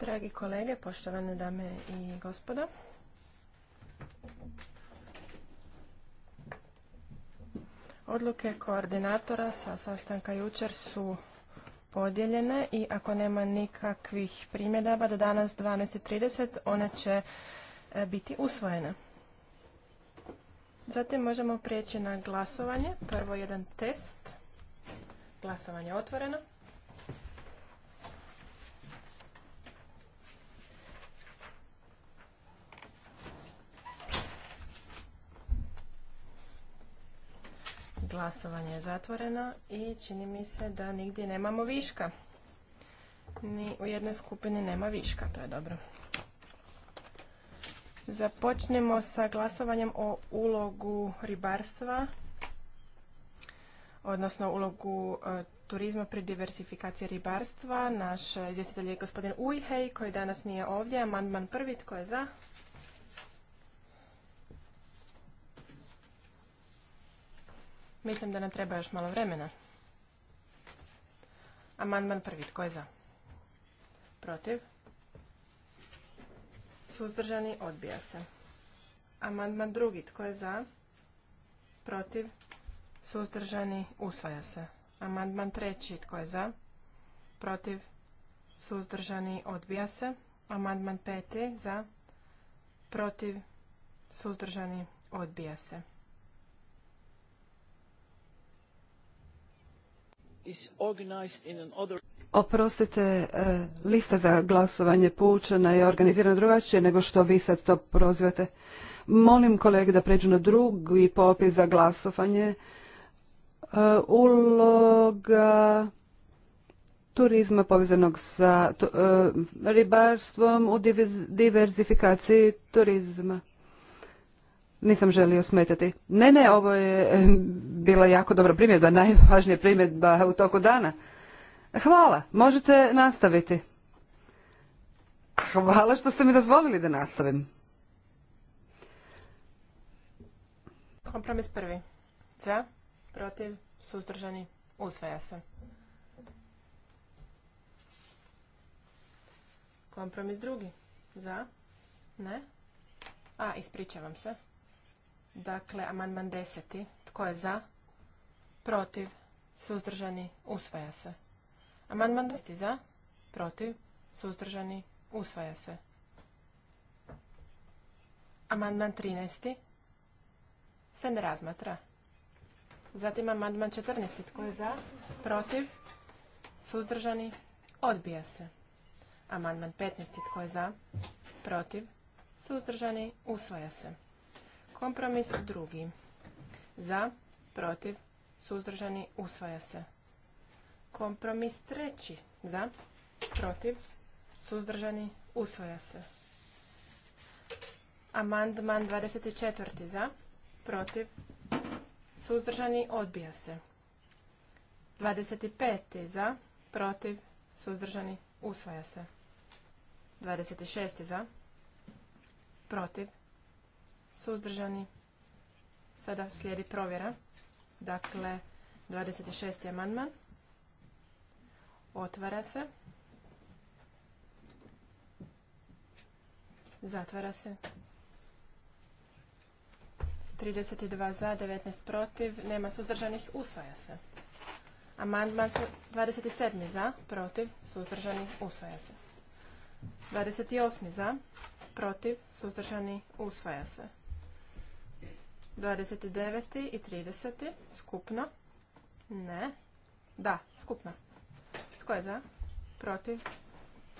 Dragi kolege, poštovane dame i gospodo. Odluke koordinatora sa sastanka jučer su podijeljene i ako nema nikakvih primjedaba do danas 12.30 ona će e, biti usvojena. Zatim možemo prijeći na glasovanje. Prvo jedan test. Glasovanje je otvoreno. Glasovanje je zatvoreno i čini mi se da nigdje nemamo viška. Ni u jednoj skupini nema viška, to je dobro. Započnemo sa glasovanjem o ulogu ribarstva, odnosno ulogu e, turizma pri diversifikaciji ribarstva. Naš e, izvjestitelj je gospodin Ujhej, koji danas nije ovdje. Amandman prvi, tko je za? Mislim da nam treba još malo vremena. Amandman prvi, tko je za? Protiv? Suzdržani odbija se. Amandman drugi, tko je za? Protiv? Suzdržani usvaja se. Amandman treći, tko je za? Protiv? Suzdržani odbija se. Amandman peti, za? Protiv? Suzdržani odbija se. Oprostite, e, lista za glasovanje poučena je organizirana drugačije nego što vi sad to prozivate. Molim kolege da pređu na drugi popis za glasovanje. E, uloga turizma povezanog sa e, ribarstvom u diverzifikaciji turizma. Nisam želio smetati. Ne, ne, ovo je eh, bila jako dobra primjedba, najvažnija primjedba u toku dana. Hvala, možete nastaviti. Hvala što ste mi dozvolili da nastavim. Kompromis prvi. Za, protiv, suzdržani, usvaja se. Kompromis drugi. Za, ne. A, ispričavam se. Dakle, amandman deseti. Tko je za? Protiv? Suzdržani? Usvaja se. Amandman deseti za? Protiv? Suzdržani? Usvaja se. Amandman 13. se ne razmatra. Zatim amandman 14. Tko je za? Protiv? Suzdržani? Odbija se. Amandman 15. Tko je za? Protiv? Suzdržani? Usvaja se. Kompromis drugi. Za, protiv, suzdržani, usvaja se. Kompromis treći. Za, protiv, suzdržani, usvaja se. Amandman 24. Za, protiv, suzdržani, odbija se. 25. Za, protiv, suzdržani, usvaja se. 26. Za, protiv, suzdržani. Sada slijedi provjera. Dakle, 26. amandman. Otvara se. Zatvara se. 32 za, 19 protiv, nema suzdržanih, usvaja se. Amandman 27 za, protiv, suzdržani, usvaja se. 28 za, protiv, suzdržani, usvaja se. 29. i 30. Skupno. Ne. Da, skupno. Tko je za? Protiv.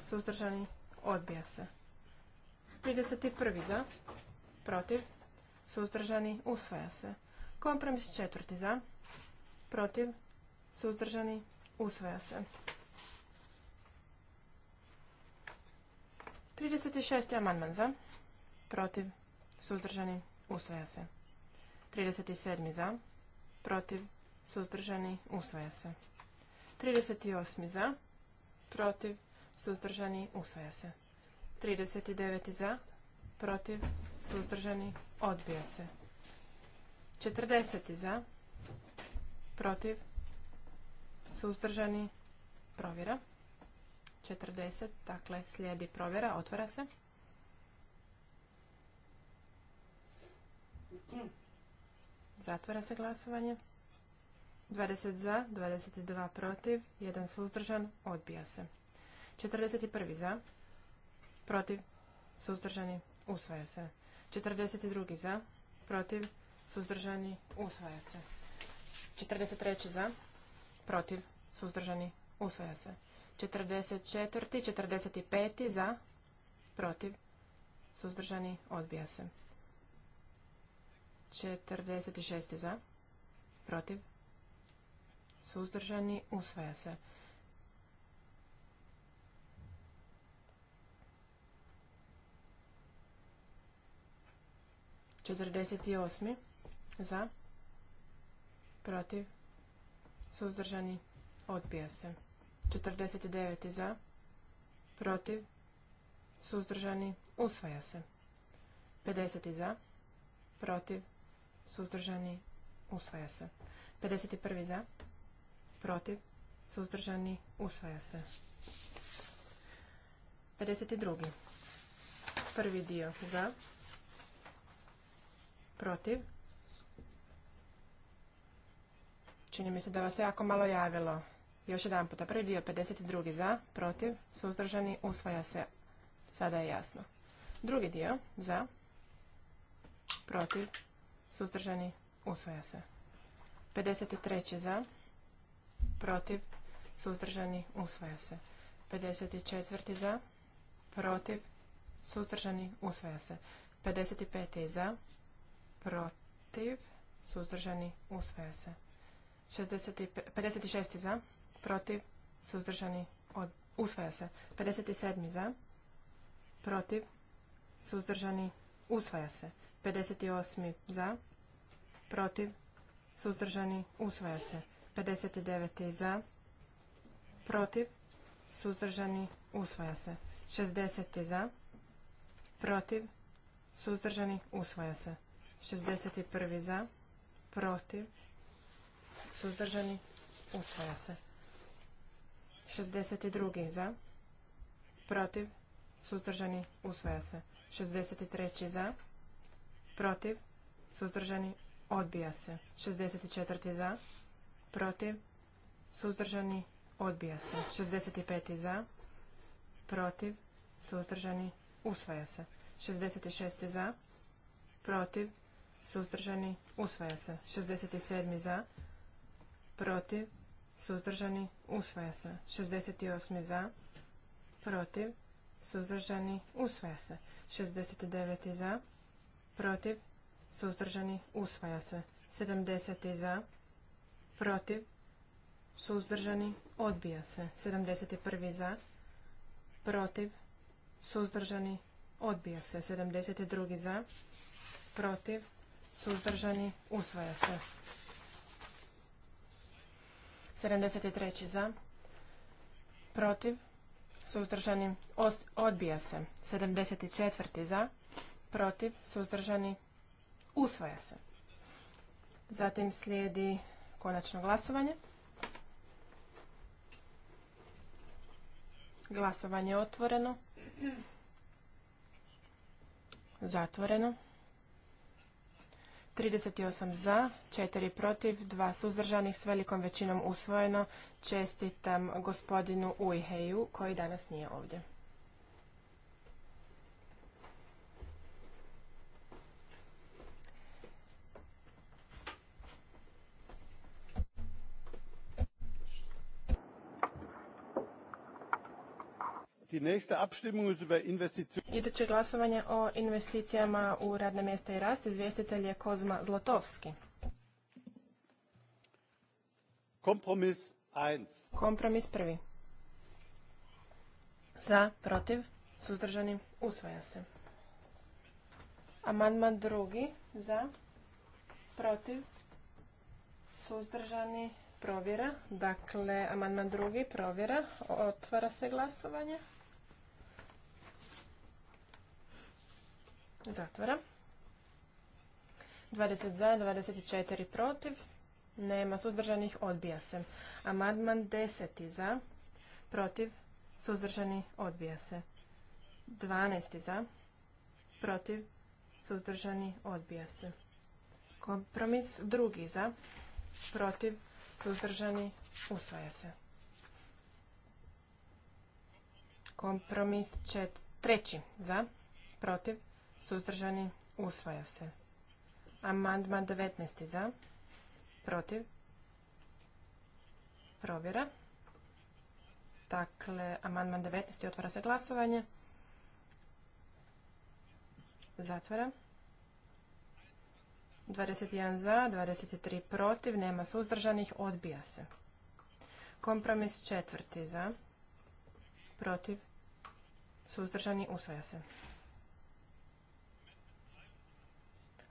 Suzdržani. Odbija se. 31. za. Protiv. Suzdržani. Usvaja se. Kompromis četvrti za. Protiv. Suzdržani. Usvaja se. 36. amandman za. Protiv. Suzdržani. Usvaja se. 37. za, protiv, suzdržani, usvaja se. 38. za, protiv, suzdržani, usvaja se. 39. za, protiv, suzdržani, odbija se. 40. za, protiv, suzdržani, provjera. 40, dakle slijedi provjera, otvara se. Zatvara se glasovanje. 20 za, 22 protiv, 1 suzdržan, odbija se. 41 za, protiv, suzdržani, usvaja se. 42 za, protiv, suzdržani, usvaja se. 43 za, protiv, suzdržani, usvaja se. 44, 45 za, protiv, suzdržani, odbija se. 46. za, protiv, suzdržani, usvaja se. Četrdeset osmi za, protiv, suzdržani, odbija se. Četrdeset deveti za, protiv, suzdržani, usvaja se. Pedeseti za, protiv, suzdržani, usvaja se. 51. za, protiv, suzdržani, usvaja se. 52. Prvi dio za, protiv. Čini mi se da vas je jako malo javilo. Još jedan puta. Prvi dio 52. za, protiv, suzdržani, usvaja se. Sada je jasno. Drugi dio za, protiv, Suzdržani? Usvaja se. 53. za. Protiv? Suzdržani? Usvaja se. 54. za. Protiv? Suzdržani? Usvaja se. 55. za. Protiv? Suzdržani? Usvaja se. 56. za. Protiv? Suzdržani? usvaja se. 57. za. Protiv? Suzdržani? Usvaja se. 58. za, protiv, suzdržani, usvaja se. 59. za, protiv, suzdržani, usvaja se. 60. za, protiv, suzdržani, usvaja se. 61. za, protiv, suzdržani, usvaja se. 62. za, protiv, suzdržani, usvaja se. 63. za, protiv, protiv, suzdržani, odbija se. 64. za, protiv, suzdržani, odbija se. 65. za, protiv, suzdržani, usvaja se. 66. za, protiv, suzdržani, usvaja se. 67. za, protiv, suzdržani, usvaja se. 68. za, protiv, suzdržani, usvaja se. 69. za, protiv, protiv, suzdržani, usvaja se. 70. za, protiv, suzdržani, odbija se. 71. za, protiv, suzdržani, odbija se. 72. za, protiv, suzdržani, usvaja se. 73. za, protiv, suzdržani, odbija se. 74. za, protiv, suzdržani, usvaja se. Zatim slijedi konačno glasovanje. Glasovanje je otvoreno. Zatvoreno. 38 za, 4 protiv, 2 suzdržanih, s velikom većinom usvojeno. Čestitam gospodinu Ujheju koji danas nije ovdje. Iduće glasovanje o investicijama u radne mjesta i rast izvjestitelj je Kozma Zlotovski. Kompromis Kompromis prvi. Za, protiv, suzdržani, usvaja se. Amandman drugi, za, protiv, suzdržani, provjera. Dakle, amandman drugi, provjera. Otvara se glasovanje. zatvoram. 20 za, 24 protiv. Nema suzdržanih, odbija se. Amandman 10 za, protiv, suzdržani, odbija se. 12 za, protiv, suzdržani, odbija se. Kompromis drugi za, protiv, suzdržani, usvaja se. Kompromis čet, treći za, protiv, suzdržani, usvaja se. Amandman 19. za, protiv, provjera. Dakle, amandman 19. otvara se glasovanje. Zatvara. 21 za, 23 protiv, nema suzdržanih, odbija se. Kompromis četvrti za, protiv, suzdržani, usvaja se.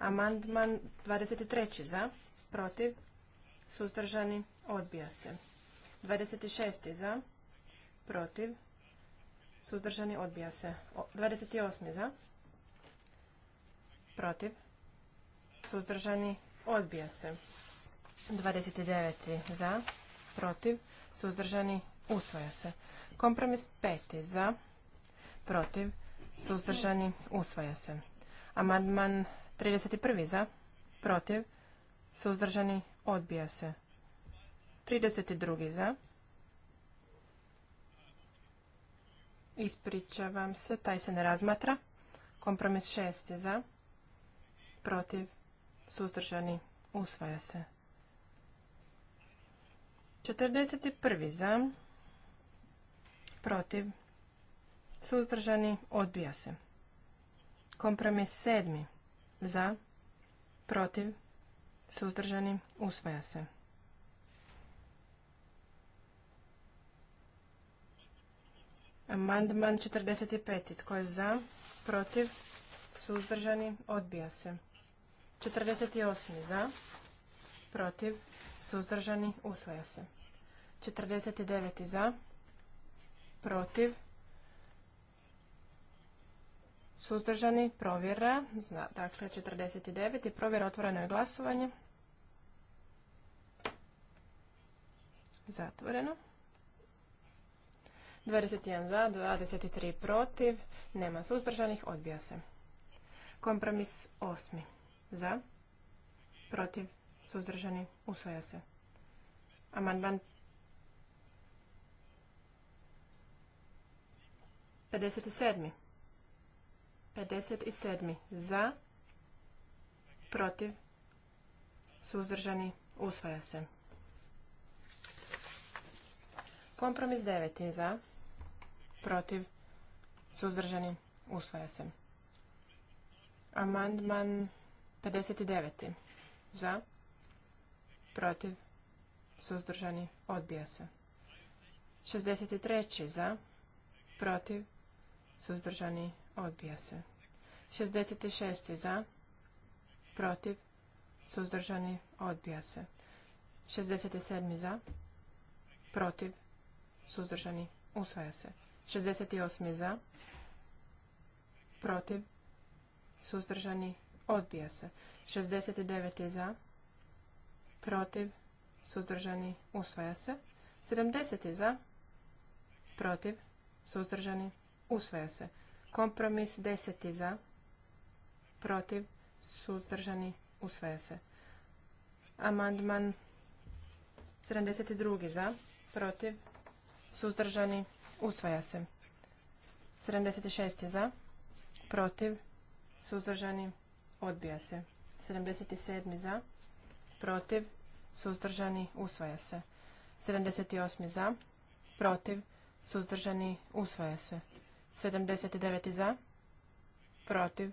Amandman 23. za, protiv, suzdržani, odbija se. 26. za, protiv, suzdržani, odbija se. 28. za, protiv, suzdržani, odbija se. 29. za, protiv, suzdržani, usvaja se. Kompromis 5. za, protiv, suzdržani, usvaja se. Amandman 31. za, protiv, suzdržani, odbija se. 32. za, ispričavam se, taj se ne razmatra. Kompromis 6. za, protiv, suzdržani, usvaja se. 41. za, protiv, suzdržani, odbija se. Kompromis 7 za, protiv, suzdržani, usvaja se. Amandman 45. tko je za, protiv, suzdržani, odbija se. 48. za, protiv, suzdržani, usvaja se. 49. za, protiv, Suzdržani? Provjera. Zna, dakle, 49. I provjera otvoreno je glasovanje. Zatvoreno. 21 za, 23 protiv, nema suzdržanih, odbija se. Kompromis osmi. Za, protiv, suzdržani, usvoja se. Amandman 57. 57. za, protiv, suzdržani, usvaja se. Kompromis 9. za, protiv, suzdržani, usvaja se. Amandman 59. za, protiv, suzdržani, odbija se. 63. za, protiv, suzdržani, Odbija se. 66. za. Protiv. Suzdržani. Odbija se. 67. za. Protiv. Suzdržani. Usvaja se. 68. za. Protiv. Suzdržani. Odbija se. 69. za. Protiv. Suzdržani. Usvaja se. 70. za. Protiv. Suzdržani. Usvaja se. Kompromis deseti za, protiv, suzdržani, usvaja se. Amandman 72. za, protiv, suzdržani, usvaja se. 76. za, protiv, suzdržani, odbija se. 77. za, protiv, suzdržani, usvaja se. 78. za, protiv, suzdržani, usvaja se. 79. za, protiv,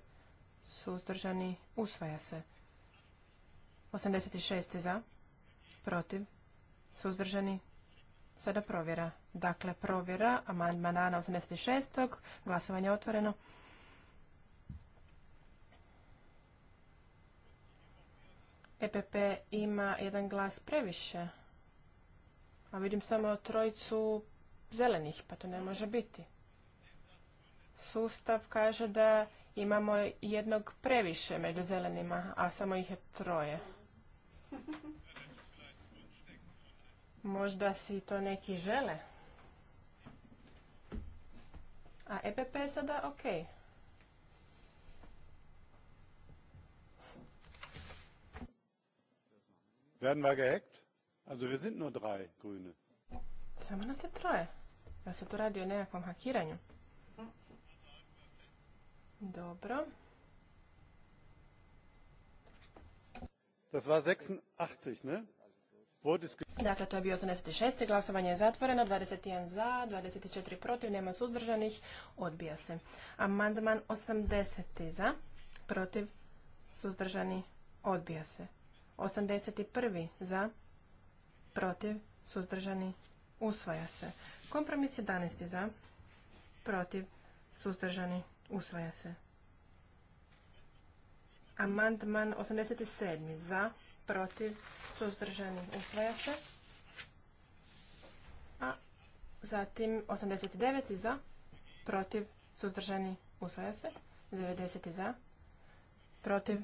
suzdržani, usvaja se. 86. za, protiv, suzdržani, sada provjera. Dakle, provjera amandmana na 86. Glasovanje otvoreno. EPP ima jedan glas previše, a vidim samo trojicu zelenih, pa to ne može biti sustav kaže da imamo jednog previše među zelenima, a samo ih je troje. Možda si to neki žele. A EPP je sada ok. Werden wir Samo nas je troje. Da se tu radi o nekakvom hakiranju. Dobro. Das war 86, ne? Dakle, to je bio 86. Glasovanje je zatvoreno, 21 za, 24 protiv, nema suzdržanih, odbija se. Amandman 80. za, protiv, suzdržani, odbija se. 81. za, protiv, suzdržani, usvaja se. Kompromis 11. za, protiv, suzdržani, Usvaja se. Amandman 87. Za, protiv, suzdržani. Usvaja se. A zatim 89. Za, protiv, suzdržani. Usvaja se. 90. Za, protiv,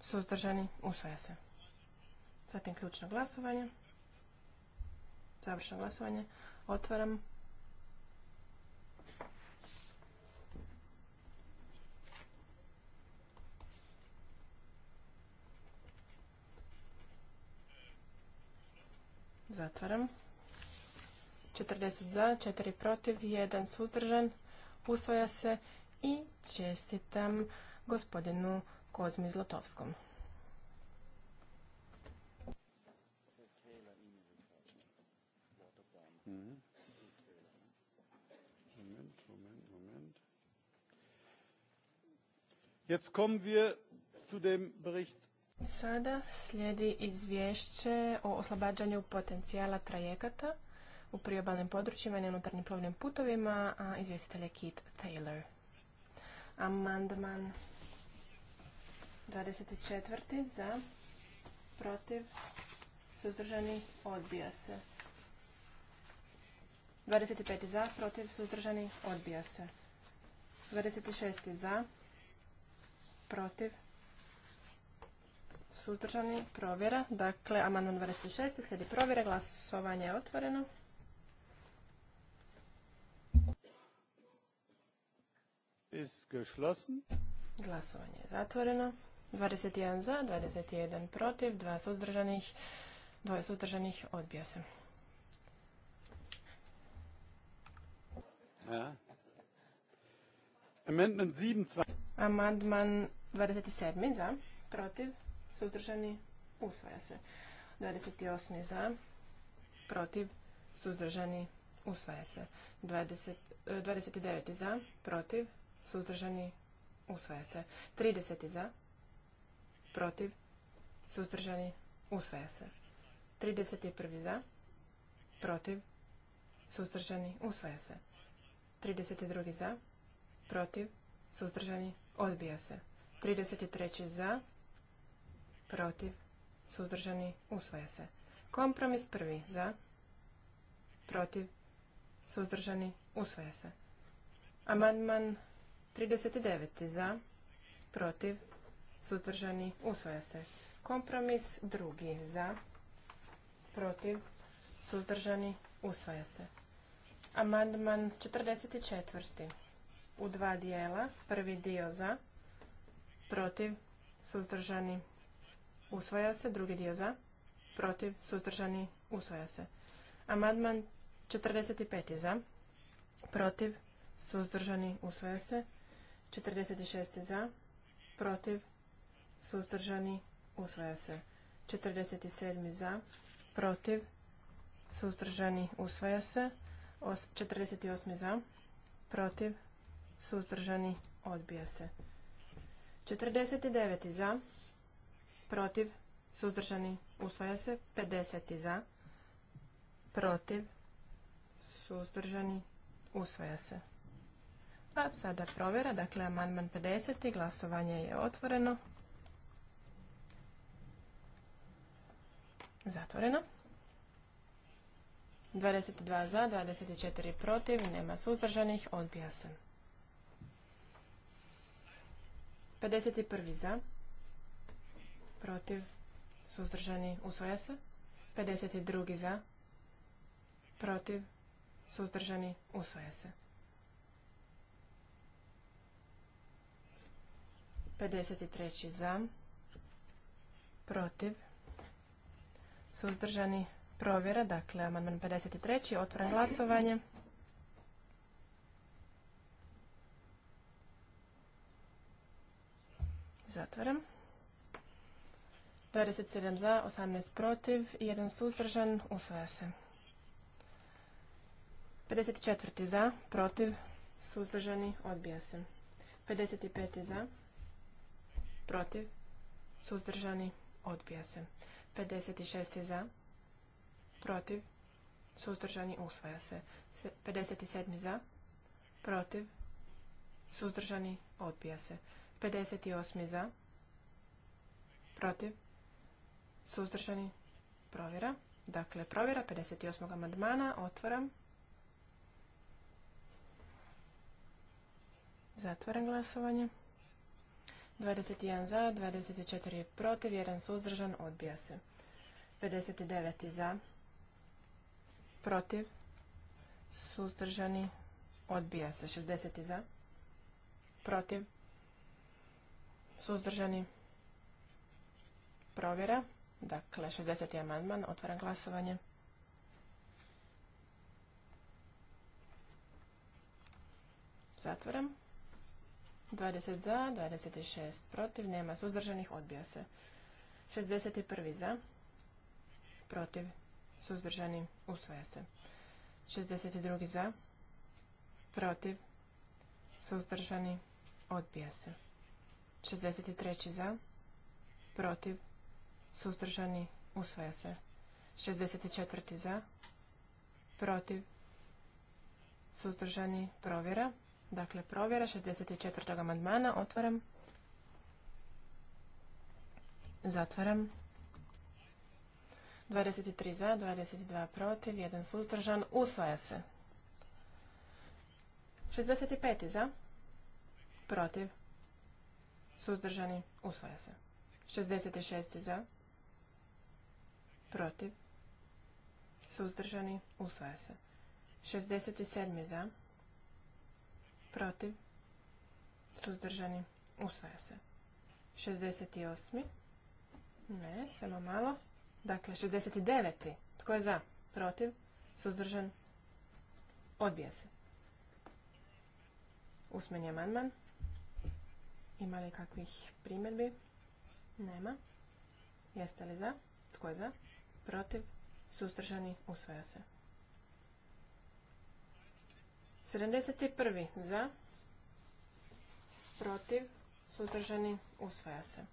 suzdržani. Usvaja se. Zatim ključno glasovanje. Završno glasovanje. Otvaram. Zatvaram. 40 za, 4 protiv, 1 suzdržan. Usvoja se i čestitam gospodinu Kozmi Zlatovskom. Moment, moment. Jetzt kommen wir zu dem Bericht Sada slijedi izvješće o oslobađanju potencijala trajekata u priobalnim područjima i unutarnjim plovnim putovima, a izvjestitelj je Keith Taylor. Amandman 24. za protiv suzdržani odbija se. 25. za protiv suzdržani odbija se. 26. za protiv suzdržani, provjera. Dakle, amandman 26. slijedi provjera, glasovanje je otvoreno. Ist geschlossen. Glasovanje je zatvoreno. 21 za, 21 protiv, 2 suzdržanih, dvoje suzdržanih odbija se. Amandman 27. Amandman 27. za, protiv, suzdržani, usvaja se. 28. za, protiv, suzdržani, usvaja se. 29. E, za, protiv, suzdržani, usvaja se. 30. za, protiv, suzdržani, usvaja se. 31. za, protiv, suzdržani, usvaja se. 32. za, protiv, suzdržani, odbija se. 33. za, protiv, suzdržani, usvaja se. Kompromis prvi za, protiv, suzdržani, usvaja se. Amandman 39. za, protiv, suzdržani, usvaja se. Kompromis drugi za, protiv, suzdržani, usvaja se. Amandman 44. u dva dijela, prvi dio za, protiv, suzdržani, usvaja se. Drugi dio za, protiv, suzdržani, usvaja se. Amandman 45. za, protiv, suzdržani, usvaja se. 46. za, protiv, suzdržani, usvaja se. 47. za, protiv, suzdržani, usvaja se. 48. za, protiv, suzdržani, odbija se. 49. za, protiv, suzdržani, usvaja se. 50. za, protiv, suzdržani, usvaja se. A sada provjera, dakle amandman 50. Glasovanje je otvoreno. Zatvoreno. 22 za, 24 protiv, nema suzdržanih, odbija se. 51 za, protiv, suzdržani, usvaja se. 52. za, protiv, suzdržani, usvaja se. 53. za, protiv, suzdržani, provjera, dakle, amandman 53. otvoren glasovanje. Zatvaram. 27 za, 18 protiv, 1 suzdržan, usvaja se. 54. za, protiv, suzdržani, odbija se. 55. za, protiv, suzdržani, odbija se. 56. za, protiv, suzdržani, usvaja se. 57. za, protiv, suzdržani, odbija se. 58. za, protiv, Suzdržani? Provjera. Dakle, provjera 58. amandmana. Otvaram. Zatvaram glasovanje. 21 za, 24 protiv, 1 suzdržan, odbija se. 59 za, protiv, suzdržani, odbija se. 60 za, protiv, suzdržani, provjera. Dakle, 60. amandman, otvaram glasovanje. Zatvaram. 20 za, 26 protiv, nema suzdržanih, odbija se. 61. za, protiv, suzdržani, usvaja se. 62. za, protiv, suzdržani, odbija se. 63. za, protiv, suzdržani, usvaja se. 64. za, protiv, suzdržani, provjera. Dakle, provjera 64. amandmana, otvaram, zatvaram. 23 za, 22 protiv, 1 suzdržan, usvaja se. 65 za, protiv, suzdržani, usvaja se. 66 za, protiv, suzdržani, usvaja se. 67. za, protiv, suzdržani, usvaja se. 68. Ne, samo malo. Dakle, 69. Tko je za? Protiv? Suzdržan? Odbija se. Usmeni amandman. Ima li kakvih primjedbi? Nema. Jeste li za? Tko je za? protiv, suzdržani, usvaja se. 71. za, protiv, suzdržani, usvaja se.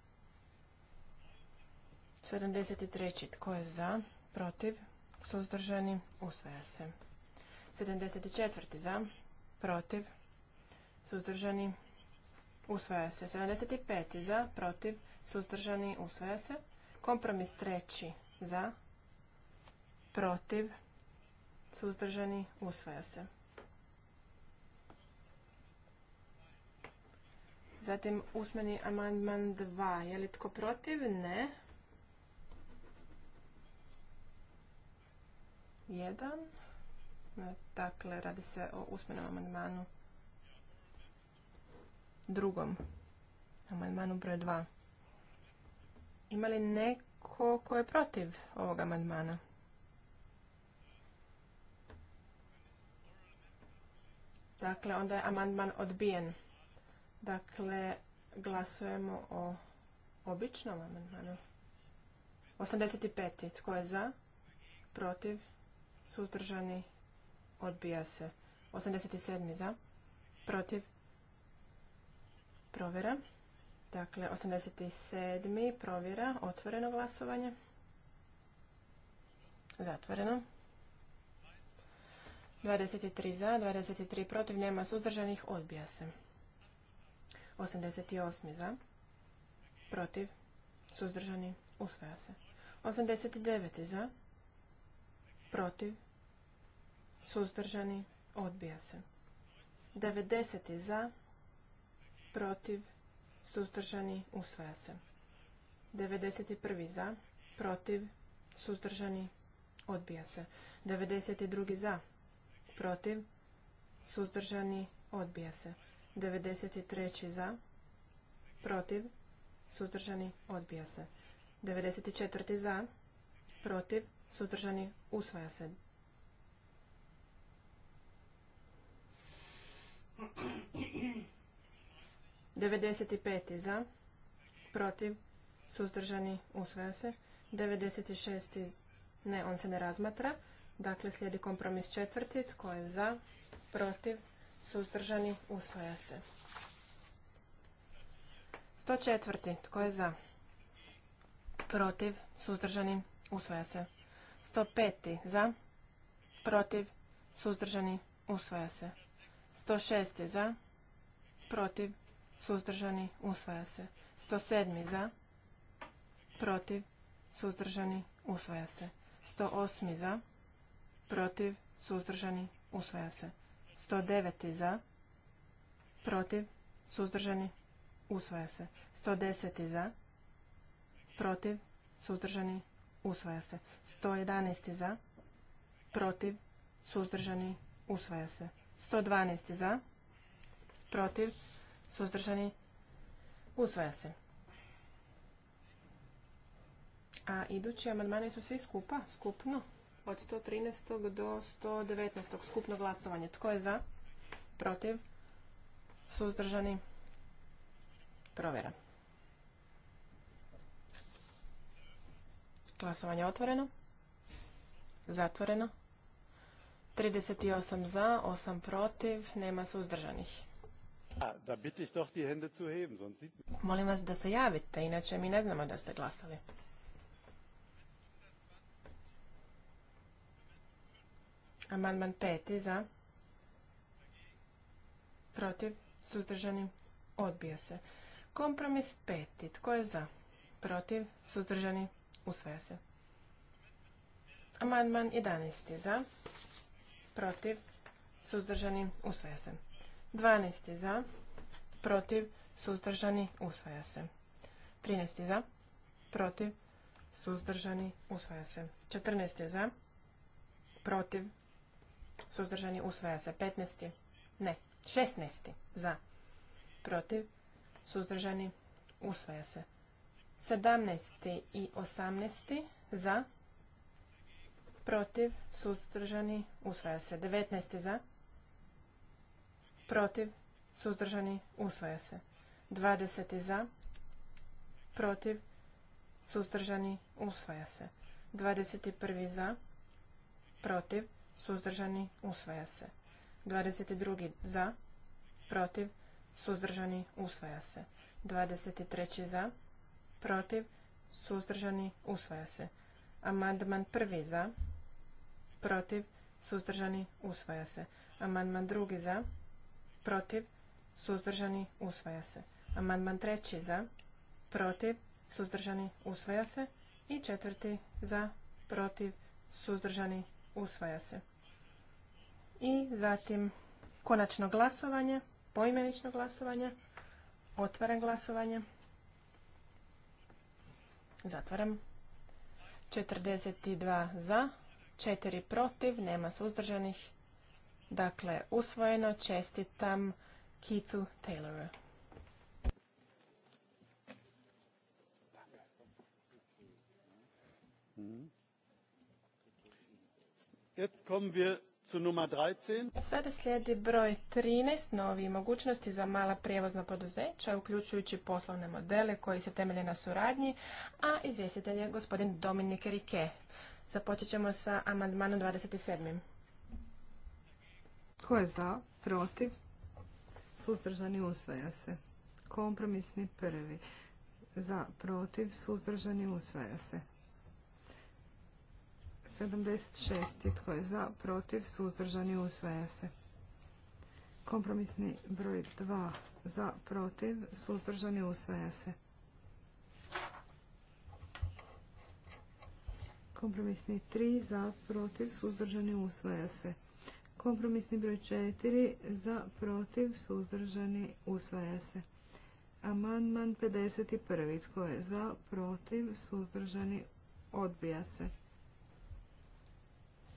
73. tko je za, protiv, suzdržani, usvaja se. 74. za, protiv, suzdržani, usvaja se. 75. za, protiv, suzdržani, usvaja se. Kompromis treći za, protiv, suzdržani, usvaja se. Zatim usmeni amandman 2. Je li tko protiv? Ne. 1. Dakle, radi se o usmenom amandmanu drugom. Amandmanu broj 2. Ima li neko Ko, ko je protiv ovog amandmana? Dakle, onda je amandman odbijen. Dakle, glasujemo o običnom amandmanu. 85. Tko je za? Protiv? Suzdržani? Odbija se. 87. za? Protiv? Provjera. Dakle, 87. provjera, otvoreno glasovanje. Zatvoreno. 23 za, 23 protiv, nema suzdržanih, odbija se. 88 za, protiv, suzdržani, usvaja se. 89 za, protiv, suzdržani, odbija se. 90 za, protiv, suzdržani, usvaja se. 91. za, protiv, suzdržani, odbija se. 92. za, protiv, suzdržani, odbija se. 93. za, protiv, suzdržani, odbija se. 94. za, protiv, suzdržani, usvaja se. 95. za, protiv, suzdržani, usvaja se. 96. ne, on se ne razmatra. Dakle, slijedi kompromis četvrti, tko je za, protiv, suzdržani, usvaja se. 104. tko je za, protiv, suzdržani, usvaja se. 105. za, protiv, suzdržani, usvaja se. 106. za, protiv, suzdržani, usvaja se. 107. za, protiv, suzdržani, usvaja se. 108. za, protiv, suzdržani, usvaja se. 109. za, protiv, suzdržani, usvaja se. 110. za, protiv, suzdržani, usvaja se. 111. za, protiv, suzdržani, usvaja se. 112. za, protiv, Suzdržani? Usvaja se. A idući amandmani su svi skupa, skupno, od 113. do 119. skupno glasovanje. Tko je za? Protiv? Suzdržani? Provjera. Glasovanje otvoreno. Zatvoreno. 38 za, 8 protiv, nema suzdržanih. Molim vas da se javite, inače mi ne znamo da ste glasali. Amandman peti za. Protiv. Suzdržani. Odbija se. Kompromis peti. Tko je za? Protiv. Suzdržani. Usvaja se. Amandman 11. Za. Protiv. Suzdržani. Usvaja se. 12. za, protiv, suzdržani, usvaja se. 13. za, protiv, suzdržani, usvaja se. 14. za, protiv, suzdržani, usvaja se. 15. ne, 16. za, protiv, suzdržani, usvaja se. 17. i 18. za, protiv, suzdržani, usvaja se. 19. za, protiv, suzdržani, usvaja se. 20 za, protiv, suzdržani, usvaja se. 21 za, protiv, suzdržani, usvaja se. 22 za, protiv, suzdržani, usvaja se. 23 za, protiv, suzdržani, usvaja se. Amandman prvi za, protiv, suzdržani, usvaja se. Amandman drugi za, protiv, suzdržani, usvaja se. Amandman treći za, protiv, suzdržani, usvaja se. I četvrti za, protiv, suzdržani, usvaja se. I zatim konačno glasovanje, poimenično glasovanje, otvaram glasovanje, zatvaram. 42 za, 4 protiv, nema suzdržanih, Dakle, usvojeno čestitam Keithu Tayloru. Jetzt Sada slijedi broj 13, novi mogućnosti za mala prijevozna poduzeća, uključujući poslovne modele koji se temelje na suradnji, a izvjestitelj je gospodin Dominik Rike. Započet ćemo sa amandmanom 27. Tko je za? Protiv? Suzdržani usvaja se. Kompromisni prvi. Za, protiv, suzdržani usvaja se. 76. Tko je za, protiv, suzdržani usvaja se. Kompromisni broj 2. Za, protiv, suzdržani usvaja se. Kompromisni 3. Za, protiv, suzdržani usvaja se. Kompromisni broj 4 za protiv suzdržani usvaja se. Amandman 51. Tko je za protiv suzdržani odbija se.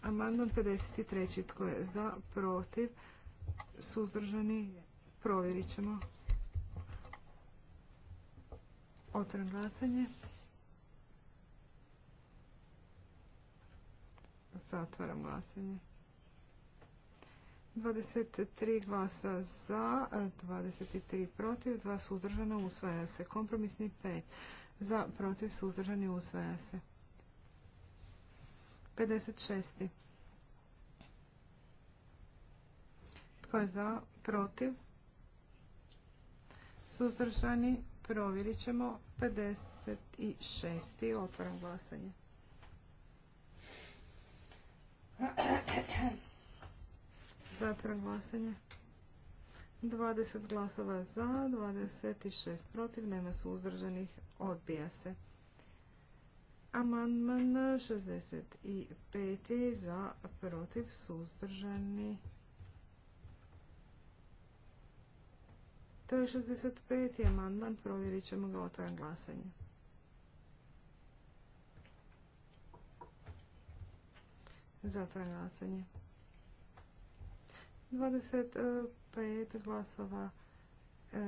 Amandman 53. Tko je za protiv suzdržani provjerit ćemo. Otvoren glasanje. Zatvaram glasanje. 23 glasa za, 23 protiv, 2 suzdržana usvaja se. Kompromisni 5 za, protiv, suzdržani usvaja se. 56. Tko je za, protiv, suzdržani, provjerit ćemo 56. Otvaram glasanje. Zatvaram glasanje. 20 glasova za, 26 protiv, nema suzdržanih, odbija se. Amandman 65 za, protiv, suzdržani. To je 65. amandman, provjerit ćemo ga otvoran glasanje. Zatvoran glasanje. 25 glasova e,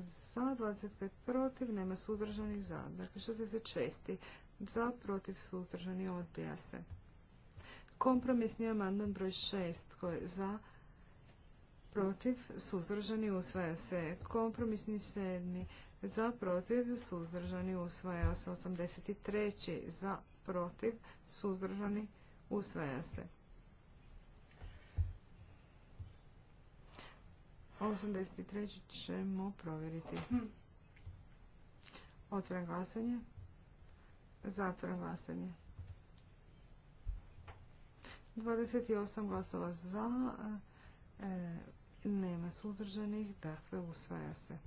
za, 25 protiv, nema suzdržanih za. Dakle, 66 za, protiv, suzdržani, odbija se. Kompromisni amandman broj 6 koji je za, protiv, suzdržani, usvaja se. Kompromisni sedmi za, protiv, suzdržani, usvaja se. 83 za, protiv, suzdržani, usvaja se. 83. ćemo provjeriti. Otvoren glasanje. Zatvoren glasanje. 28 glasova za. E, nema suzdržanih. Dakle, usvaja se.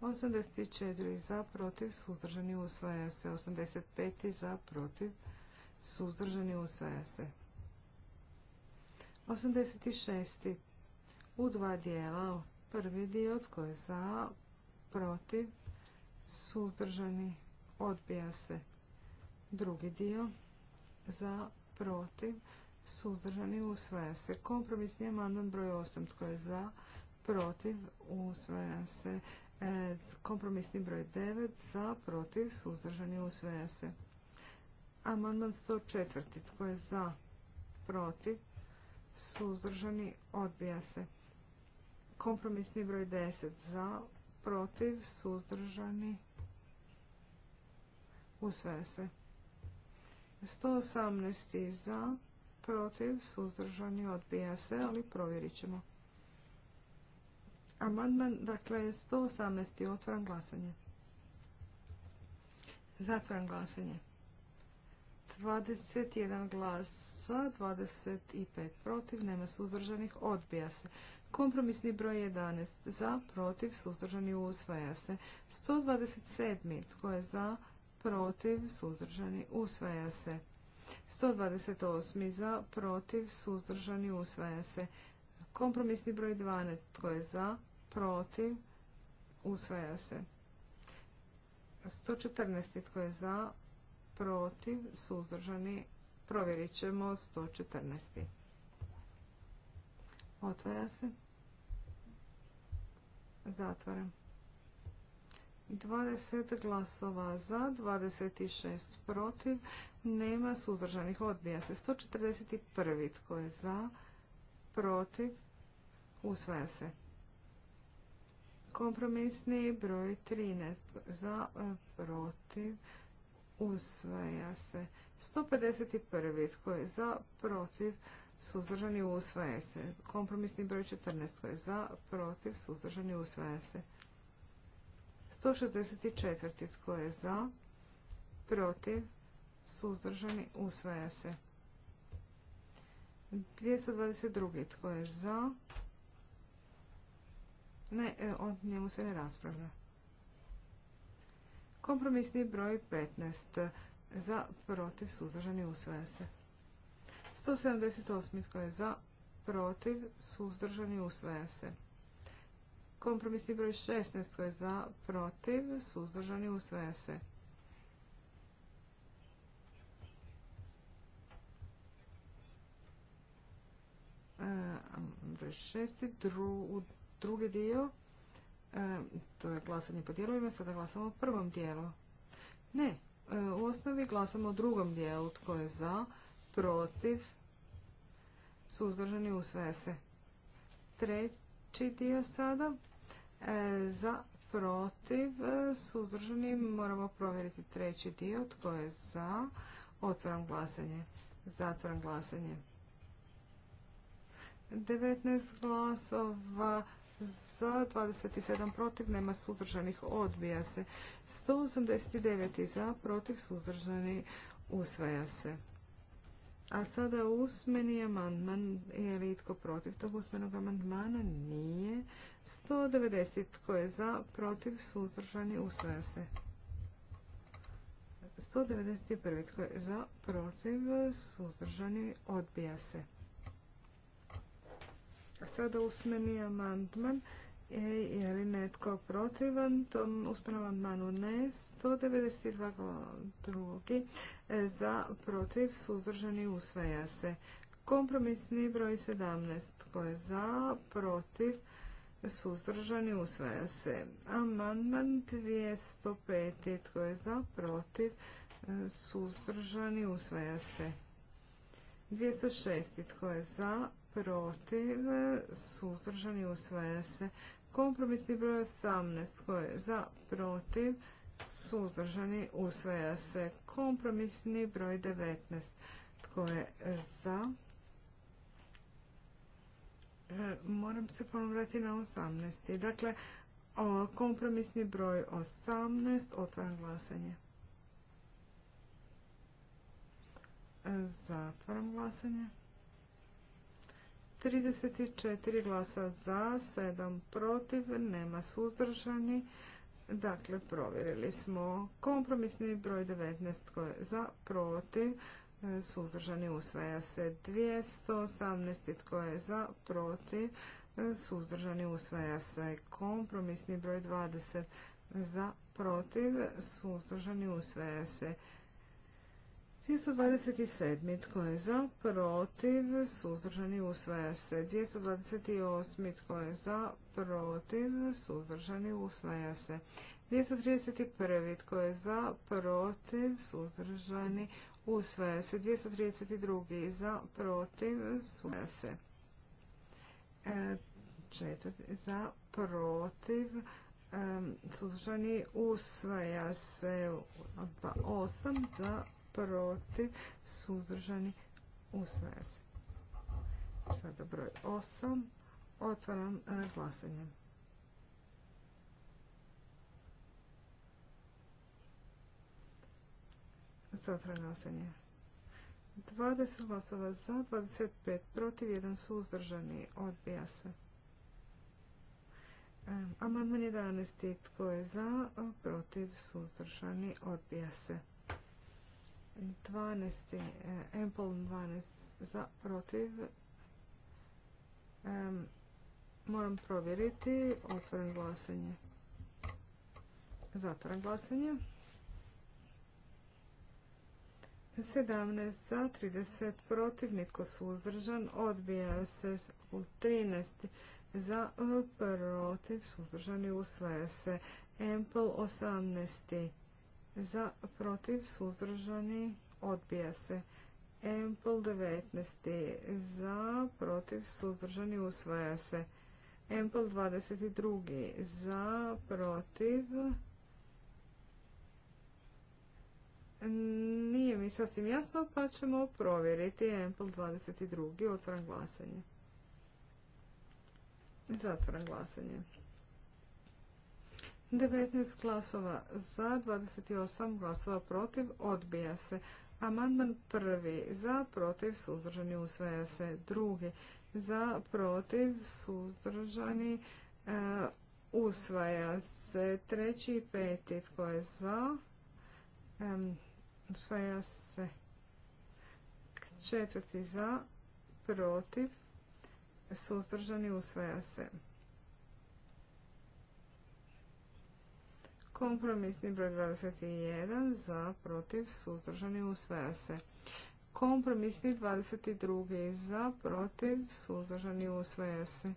84 za, protiv, suzdržani usvaja se. 85 za, protiv, suzdržani usvaja se. 86. U dva dijela. Prvi dio tko je za, protiv, suzdržani, odbija se. Drugi dio za, protiv, suzdržani, usvaja se. Kompromisni amandman broj 8. Tko je za, protiv, usvaja se. E, kompromisni broj 9. Za, protiv, suzdržani, usvaja se. Amandman 104. Tko je za, protiv, suzdržani, odbija se. Kompromisni broj 10 za, protiv, suzdržani, usvaja se. 118 za, protiv, suzdržani, odbija se, ali provjerit ćemo. Amandman, dakle, 118. Otvaram glasanje. Zatvaram glasanje. 21 glas za, 25 protiv, nema suzdržanih, odbija se. Kompromisni broj 11 za, protiv, suzdržani, usvaja se. 127. Tko je za, protiv, suzdržani, usvaja se. 128. za, protiv, suzdržani, usvaja se. Kompromisni broj 12. Tko je za, protiv, usvaja se. 114. Tko je za, protiv, suzdržani, provjerit ćemo 114. Otvara se. Zatvaram. 20 glasova za, 26 protiv, nema suzdržanih, odbija se. 141. Tko je za, protiv, usvaja se. Kompromisni broj 13 za, protiv, usvaja se. 151. tko je za, protiv, suzdržani, usvaja se. Kompromisni broj 14. tko je za, protiv, suzdržani, usvaja se. 164. tko je za, protiv, suzdržani, usvaja se. 222. tko je za, ne, e, o njemu se ne raspravlja. Kompromisni broj 15. Za, protiv, suzdržani, usvaja se. 178. Tko je za, protiv, suzdržani, usvaja se. Kompromisni broj 16. Tko je za, protiv, suzdržani, usvaja se. E, broj 6. drugi dio E, to je glasanje po dijelovima, sada glasamo o prvom dijelu. Ne, e, u osnovi glasamo o drugom dijelu, tko je za, protiv, suzdržani sve se. Treći dio sada, e, za, protiv, suzdržani, moramo provjeriti treći dio, tko je za, otvaram glasanje, zatvaram glasanje. 19 glasova, za, 27 protiv, nema suzdržanih, odbija se. 189 za, protiv, suzdržani, usvaja se. A sada usmeni amandman, je li itko protiv tog usmenog amandmana? Nije. 190 tko je za, protiv, suzdržani, usvaja se. 191 tko je za, protiv, suzdržani, odbija se. Sada usmeni amandman. E, je li netko protivan tom usmenom amandmanu? Ne. 192 drugi. E, za, protiv, suzdržani, usvaja se. Kompromisni broj 17. Tko je za, protiv, suzdržani, usvaja se. Amandman 205. Tko je za, protiv, suzdržani, usvaja se. 206. Tko je za, protiv, suzdržani usvaja se. Kompromisni broj 18 tko je za, protiv, suzdržani usvaja se. Kompromisni broj 19 tko je za, e, moram se ponovno na 18. Dakle, kompromisni broj 18, otvaram glasanje. E, zatvaram glasanje. 34 glasa za, 7 protiv, nema suzdržani. Dakle, provjerili smo kompromisni broj 19 koji je e, e, za, protiv, suzdržani usvaja se 218 tko je za, protiv, suzdržani usvaja se kompromisni broj 20 za, protiv, suzdržani usvaja se 227. Tko je za? Protiv. Suzdržani usvaja se. 228. Tko je za? Protiv. Suzdržani usvaja se. 231. Tko je za? Protiv. Suzdržani usvaja se. 232. Za? Protiv. Usvaja se. E, za? Protiv. E, suzdržani usvaja se. 8. Za? protiv, suzdržani, u se. Sada broj 8. Otvaram e, glasanje. Zatvaram glasanje. 20 glasova za, 25 protiv, 1 suzdržani. Odbija se. E, amandman 11. Tko je za, protiv, suzdržani. Odbija se. 12. Ample 12 za protiv. moram provjeriti. Otvoren glasanje. Zatvoren glasanje. 17 za, 30 protiv, nitko suzdržan, odbija se u 13 za, eh, protiv, suzdržani, usvaja se. Ample 18 za protiv suzdržani odbija se. Ample 19 za protiv suzdržani usvaja se. Ample 22 za protiv nije mi sasvim jasno pa ćemo provjeriti Ample 22. Otvoran glasanje. Zatvoran glasanje. 19 glasova za, 28 glasova protiv, odbija se. Amandman prvi za, protiv, suzdržani, usvaja se. Drugi za, protiv, suzdržani, e, usvaja se. Treći i peti tko je za, e, usvaja se. Četvrti za, protiv, suzdržani, usvaja se. Kompromisni broj 21 za, protiv, suzdržani, usvaja se. Kompromisni 22 za, protiv, suzdržani, usvaja se.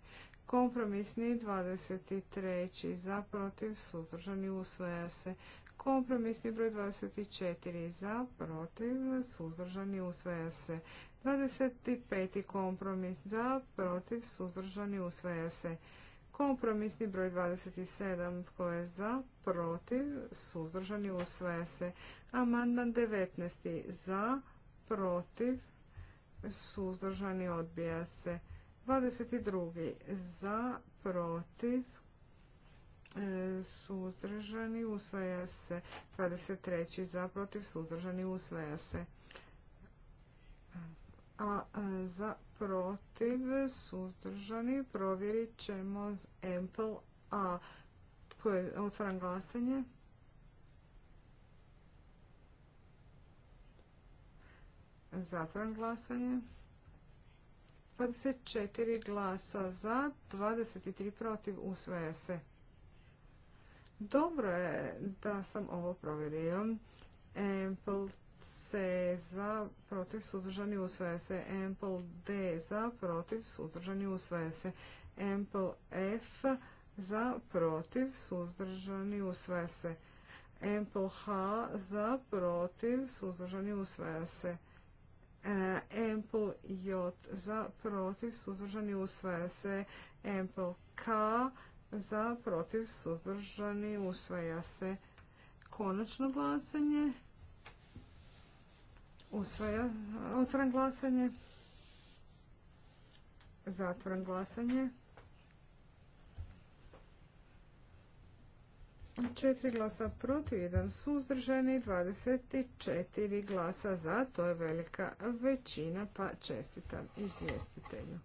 Kompromisni 23 za, protiv, suzdržani, usvaja se. Kompromisni broj 24 za, protiv, suzdržani, usvaja se. 25. kompromis za, protiv, suzdržani, usvaja se. Kompromisni broj 27. Tko je za? Protiv. Suzdržani usvaja se. Amandman 19. Za. Protiv. Suzdržani odbija se. 22. Za. Protiv. E, Suzdržani usvaja se. 23. Za. Protiv. Suzdržani usvaja se. A e, za protiv, suzdržani, provjerit ćemo Ample A. je otvaram glasanje. Zatvaram glasanje. 24 glasa za, 23 protiv, usvaja se. Dobro je da sam ovo provjerio. Empel se za, protiv, suzdržani, usvaja se. MPL D za, protiv, suzdržani, usvaja se. MP F za, protiv, suzdržani, usvaja se. MPL H za, protiv, suzdržani, usvaja se. E, Ample J za, protiv, suzdržani, usvaja se. MP K za, protiv, suzdržani, usvaja se. Konačno glasanje. Usvaja. Otvoren glasanje. Zatvoren glasanje. Četiri glasa protiv, jedan suzdržani, 24 glasa za, to je velika većina, pa čestitam izvjestitelju.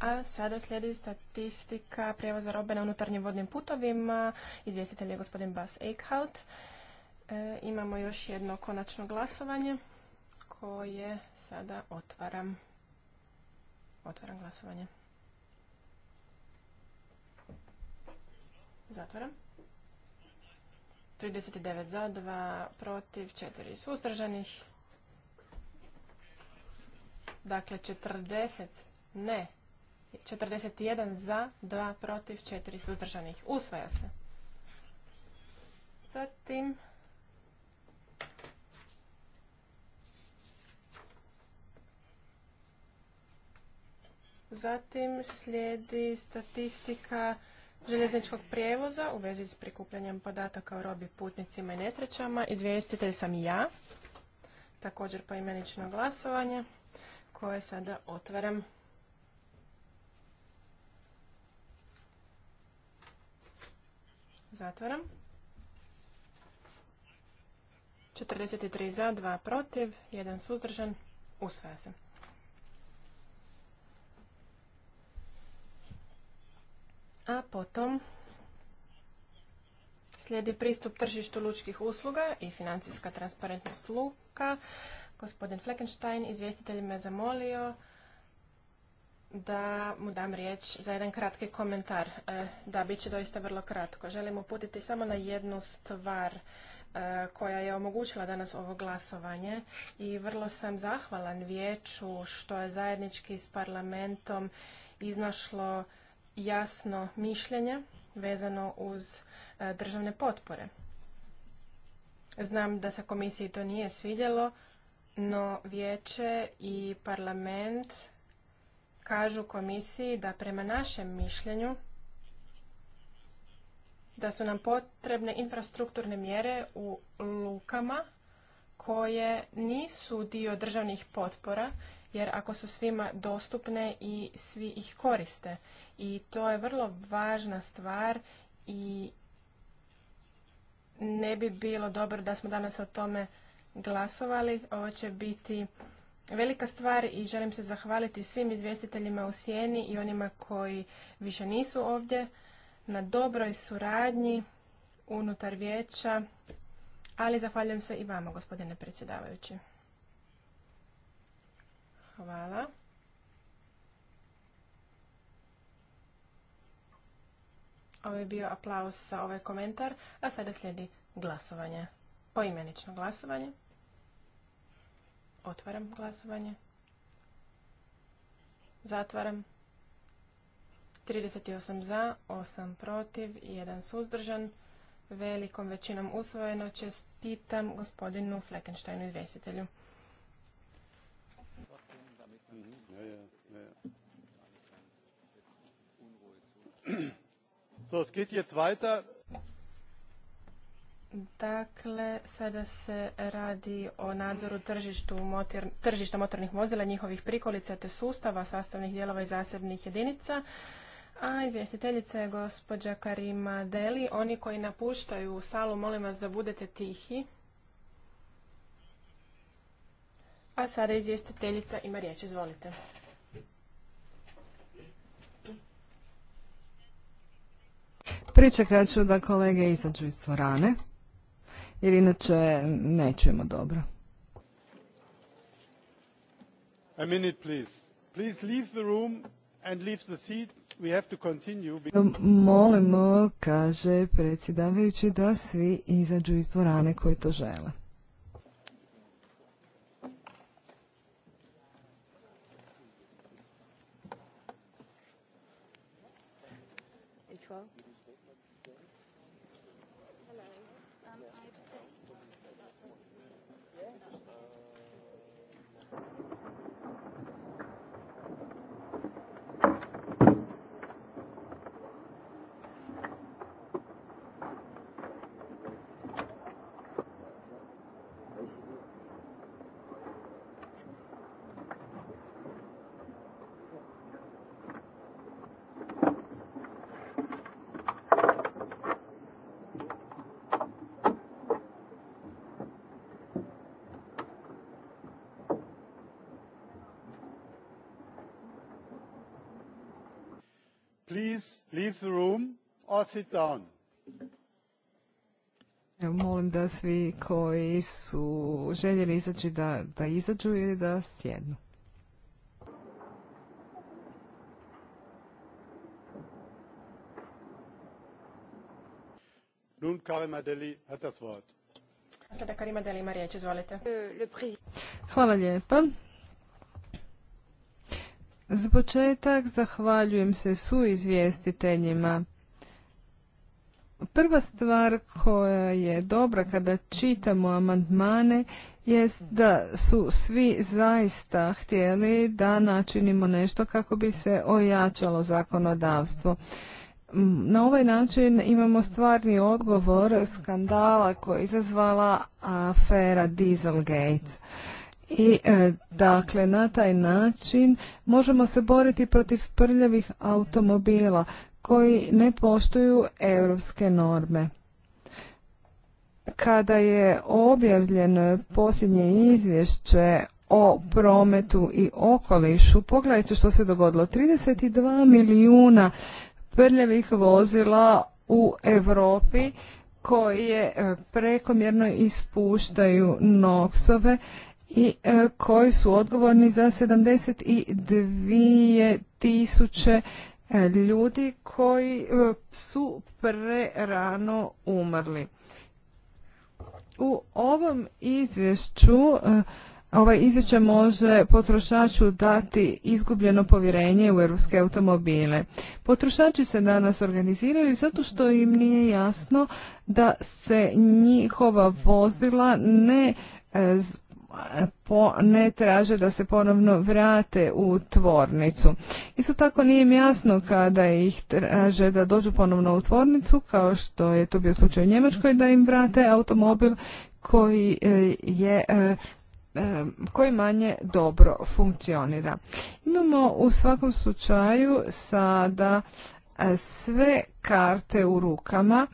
A sada slijedi statistika prijevoza robe na unutarnjim vodnim putovima. Izvjestitelj je gospodin Bas Eichhout. E, imamo još jedno konačno glasovanje koje sada otvaram. Otvaram glasovanje. Zatvaram. 39 za, 2 protiv, 4 suzdržanih. Dakle, 40 ne. 41 za, 2 protiv, 4 suzdržanih. Usvaja se. Zatim... Zatim slijedi statistika željezničkog prijevoza u vezi s prikupljanjem podataka o robi putnicima i nesrećama. Izvijestitelj sam ja, također poimenično glasovanje koje sada otvaram. Zatvaram. 43 za, 2 protiv, 1 suzdržan, usvaja se. A potom slijedi pristup tržištu lučkih usluga i financijska transparentnost luka. Gospodin Fleckenstein, izvjestitelj me zamolio da mu dam riječ za jedan kratki komentar. E, da, bit će doista vrlo kratko. Želim uputiti samo na jednu stvar e, koja je omogućila danas ovo glasovanje i vrlo sam zahvalan vijeću što je zajednički s parlamentom iznašlo jasno mišljenje vezano uz e, državne potpore. Znam da se komisiji to nije svidjelo, no vijeće i parlament kažu komisiji da prema našem mišljenju da su nam potrebne infrastrukturne mjere u lukama koje nisu dio državnih potpora jer ako su svima dostupne i svi ih koriste. I to je vrlo važna stvar i ne bi bilo dobro da smo danas o tome glasovali. Ovo će biti velika stvar i želim se zahvaliti svim izvjestiteljima u Sjeni i onima koji više nisu ovdje na dobroj suradnji unutar vijeća, ali zahvaljujem se i vama, gospodine predsjedavajući. Hvala. Ovo je bio aplaus za ovaj komentar, a sada slijedi glasovanje. Poimenično glasovanje. Otvaram glasovanje. Zatvaram. 38 za, 8 protiv i 1 suzdržan. Velikom većinom usvojeno čestitam gospodinu Fleckensteinu izvjestitelju. So, es geht jetzt weiter. Dakle, sada se radi o nadzoru tržišta motornih vozila, njihovih prikolica te sustava, sastavnih dijelova i zasebnih jedinica. A izvjestiteljica je gospođa Karima Deli. Oni koji napuštaju salu, molim vas da budete tihi. A sada izvjestiteljica ima riječ, izvolite. Pričekat ću da kolege izađu iz jer inače ne čujemo dobro. A minute, please. Please leave the room and leave the seat. We have to continue. Molimo, kaže predsjedavajući, da svi izađu iz dvorane koji to žele. leave the room or sit down. Molim da svi koji su željeli izaći da, da izađu ili da sjednu. Nun Karima Deli hat das Wort. Sada Karima Deli ima riječ, izvolite. Hvala lijepa. Za početak zahvaljujem se suizvjestiteljima. Prva stvar koja je dobra kada čitamo amandmane jest da su svi zaista htjeli da načinimo nešto kako bi se ojačalo zakonodavstvo. Na ovaj način imamo stvarni odgovor skandala koji je izazvala afera Dieselgate. I e, dakle na taj način možemo se boriti protiv prljavih automobila koji ne poštuju europske norme. Kada je objavljeno posljednje izvješće o prometu i okolišu, pogledajte što se dogodilo. 32 milijuna prljavih vozila u Europi koje e, prekomjerno ispuštaju noksove i e, koji su odgovorni za 72 tisuće e, ljudi koji e, su prerano umrli. U ovom izvješću Ovaj izvješće može potrošaču dati izgubljeno povjerenje u europske automobile. Potrošači se danas organiziraju zato što im nije jasno da se njihova vozila ne ne traže da se ponovno vrate u tvornicu. Isto tako nije im jasno kada ih traže da dođu ponovno u tvornicu, kao što je to bio slučaj u Njemačkoj, da im vrate automobil koji e, je e, e, koji manje dobro funkcionira. Imamo u svakom slučaju sada sve karte u rukama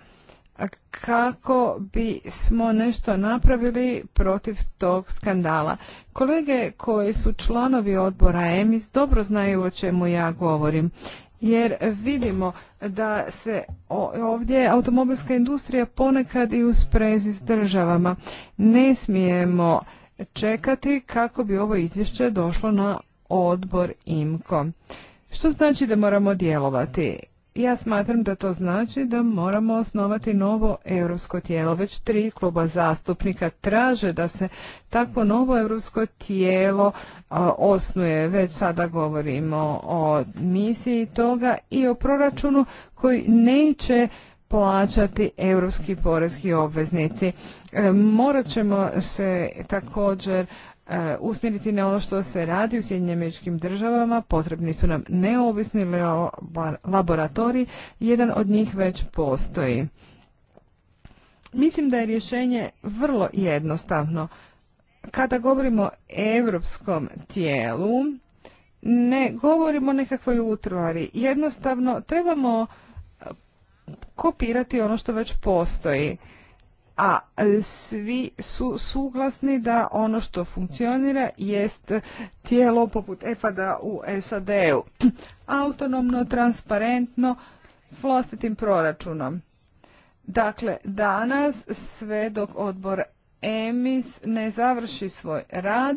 kako bismo nešto napravili protiv tog skandala. Kolege koji su članovi odbora EMIS dobro znaju o čemu ja govorim. Jer vidimo da se ovdje automobilska industrija ponekad i usprezi s državama. Ne smijemo čekati kako bi ovo izvješće došlo na odbor IMCO. Što znači da moramo djelovati? Ja smatram da to znači da moramo osnovati novo europsko tijelo. Već tri kluba zastupnika traže da se takvo novo europsko tijelo osnuje. Već sada govorimo o misiji toga i o proračunu koji neće plaćati europski porezki obveznici. E, morat ćemo se također E, usmjeriti na ono što se radi u Sjedinjenim državama. Potrebni su nam neovisni laboratori jedan od njih već postoji. Mislim da je rješenje vrlo jednostavno. Kada govorimo o europskom tijelu, ne govorimo o nekakvoj utvari. Jednostavno trebamo kopirati ono što već postoji a e, svi su suglasni da ono što funkcionira jest tijelo poput efada u SAD-u. Autonomno, transparentno, s vlastitim proračunom. Dakle, danas sve dok odbor EMIS ne završi svoj rad,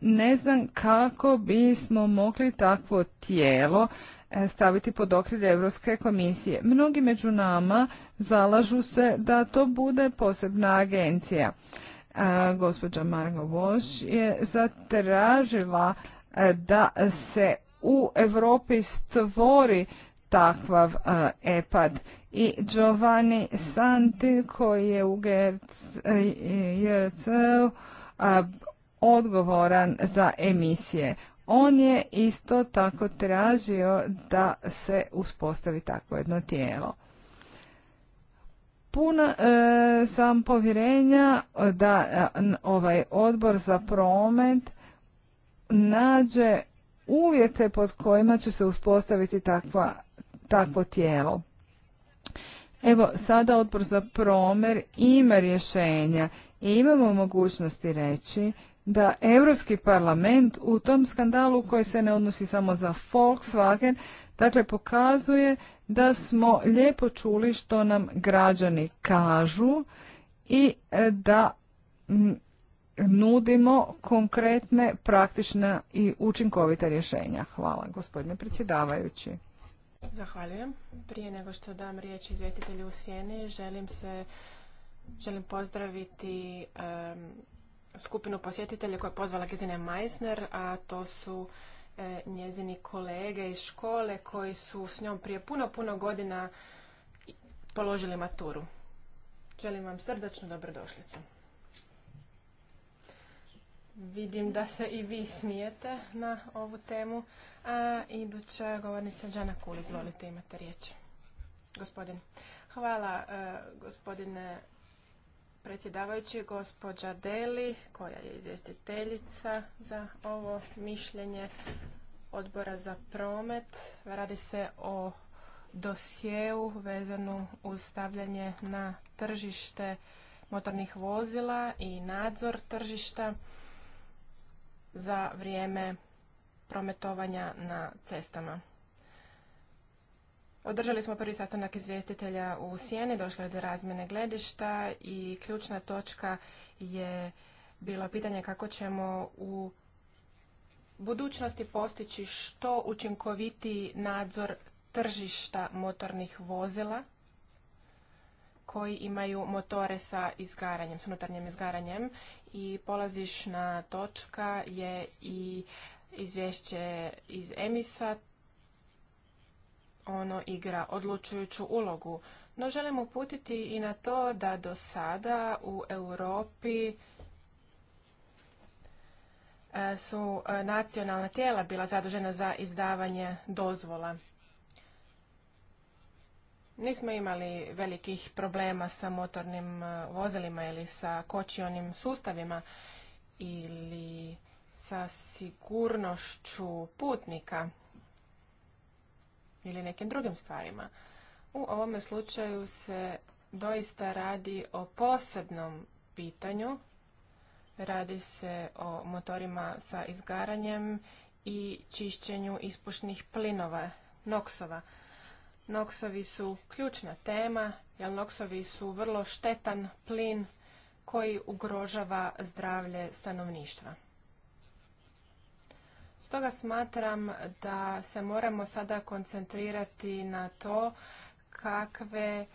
ne znam kako bismo mogli takvo tijelo E, staviti pod okrilje Europske komisije. Mnogi među nama zalažu se da to bude posebna agencija. E, gospođa Margo Walsh je zatražila e, da se u Europi stvori takav EPAD i Giovanni Santi koji je u GRC odgovoran za emisije. On je isto tako tražio da se uspostavi takvo jedno tijelo. Puna e, sam povjerenja da e, ovaj odbor za promet nađe uvjete pod kojima će se uspostaviti takva, takvo tijelo. Evo, sada odbor za promer ima rješenja i imamo mogućnosti reći da Europski parlament u tom skandalu koji se ne odnosi samo za Volkswagen, dakle pokazuje da smo lijepo čuli što nam građani kažu i e, da nudimo konkretne, praktična i učinkovita rješenja. Hvala, gospodine predsjedavajući. Zahvaljujem. Prije nego što dam riječ izvjestitelju u sjeni, želim se pozdraviti skupinu posjetitelja koja je pozvala Gizine Meissner, a to su e, njezini kolege iz škole koji su s njom prije puno, puno godina položili maturu. Želim vam srdačnu dobrodošlicu. Vidim da se i vi smijete na ovu temu. A iduća govornica Đana Kul, izvolite, imate riječ. Gospodin. Hvala, e, gospodine predsjedavajući gospođa Deli, koja je izvjestiteljica za ovo mišljenje odbora za promet. Radi se o dosjeu vezanu uz stavljanje na tržište motornih vozila i nadzor tržišta za vrijeme prometovanja na cestama. Održali smo prvi sastanak izvjestitelja u sjeni, došlo je do razmjene gledišta i ključna točka je bilo pitanje kako ćemo u budućnosti postići što učinkovitiji nadzor tržišta motornih vozila koji imaju motore sa izgaranjem, s unutarnjim izgaranjem i polazišna točka je i izvješće iz EMISA, ono igra odlučujuću ulogu. No želim uputiti i na to da do sada u Europi e, su e, nacionalna tijela bila zadužena za izdavanje dozvola. Nismo imali velikih problema sa motornim e, vozilima ili sa kočionim sustavima ili sa sigurnošću putnika ili nekim drugim stvarima. U ovome slučaju se doista radi o posebnom pitanju. Radi se o motorima sa izgaranjem i čišćenju ispušnih plinova, noksova. Noksovi su ključna tema, jer noksovi su vrlo štetan plin koji ugrožava zdravlje stanovništva. Stoga smatram da se moramo sada koncentrirati na to kakve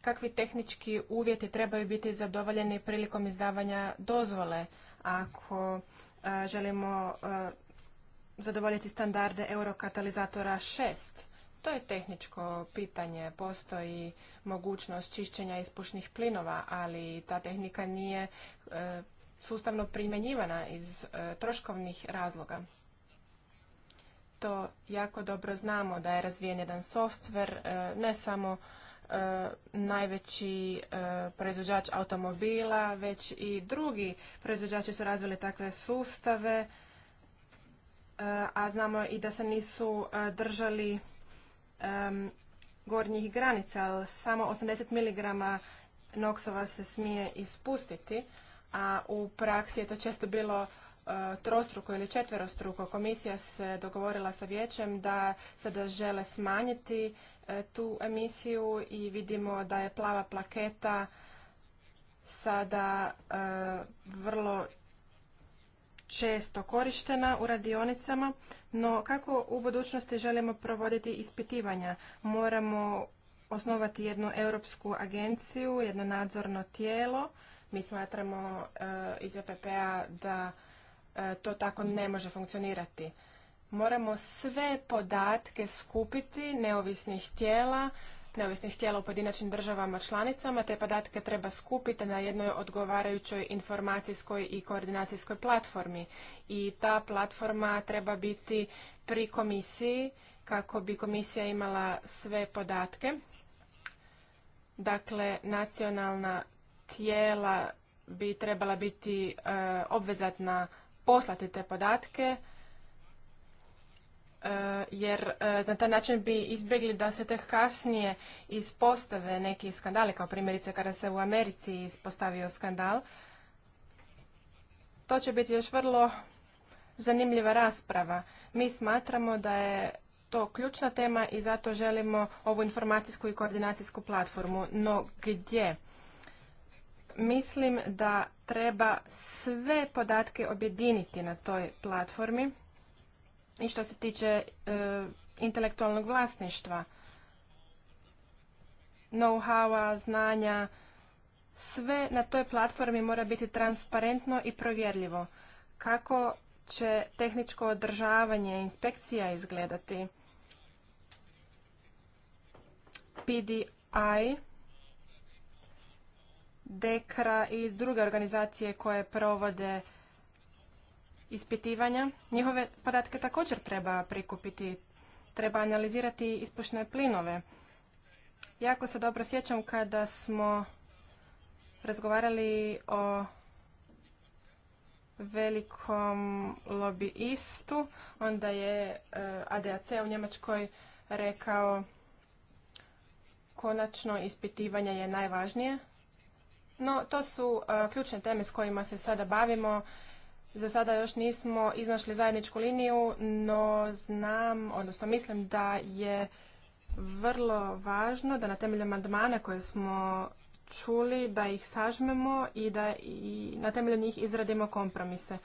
kakvi tehnički uvjeti trebaju biti zadovoljeni prilikom izdavanja dozvole ako e, želimo e, zadovoljiti standarde eurokatalizatora 6. To je tehničko pitanje. Postoji mogućnost čišćenja ispušnih plinova, ali ta tehnika nije e, sustavno primjenjivana iz e, troškovnih razloga. To jako dobro znamo da je razvijen jedan softver, e, ne samo e, najveći proizvođač automobila, već i drugi proizvođači su razvili takve sustave, a znamo i da se nisu držali gornjih granica, ali samo 80 mg noksova se smije ispustiti a u praksi je to često bilo e, trostruko ili četverostruko. Komisija se dogovorila sa vijećem da sada žele smanjiti e, tu emisiju i vidimo da je plava plaketa sada e, vrlo često korištena u radionicama, no kako u budućnosti želimo provoditi ispitivanja? Moramo osnovati jednu europsku agenciju, jedno nadzorno tijelo mi smatramo eh, iz EPP-a da eh, to tako ne može funkcionirati. Moramo sve podatke skupiti neovisnih tijela, neovisnih tijela u pojedinačnim državama članicama. Te podatke treba skupiti na jednoj odgovarajućoj informacijskoj i koordinacijskoj platformi. I ta platforma treba biti pri komisiji kako bi komisija imala sve podatke. Dakle, nacionalna tijela bi trebala biti e, obvezatna poslati te podatke e, jer e, na taj način bi izbjegli da se tek kasnije ispostave neki skandali, kao primjerice kada se u Americi ispostavio skandal. To će biti još vrlo zanimljiva rasprava. Mi smatramo da je to ključna tema i zato želimo ovu informacijsku i koordinacijsku platformu. No gdje? Mislim da treba sve podatke objediniti na toj platformi i što se tiče e, intelektualnog vlasništva, know a znanja, sve na toj platformi mora biti transparentno i provjerljivo. Kako će tehničko održavanje inspekcija izgledati? PDI DEKRA i druge organizacije koje provode ispitivanja. Njihove podatke također treba prikupiti, treba analizirati ispušne plinove. Jako se dobro sjećam kada smo razgovarali o velikom lobiistu, onda je e, ADAC u Njemačkoj rekao konačno ispitivanje je najvažnije no, to su e, ključne teme s kojima se sada bavimo. Za sada još nismo iznašli zajedničku liniju, no znam, odnosno mislim da je vrlo važno da na temelju amandmana koje smo čuli, da ih sažmemo i da na temelju njih izradimo kompromise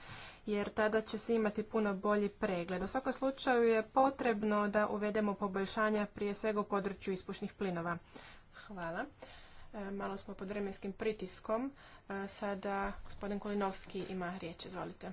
jer tada će svi imati puno bolji pregled. U svakom slučaju je potrebno da uvedemo poboljšanja prije svega u području ispušnih plinova. Hvala. E, malo smo pod vremenskim pritiskom. E, sada gospodin Kolinovski ima riječ. Izvolite.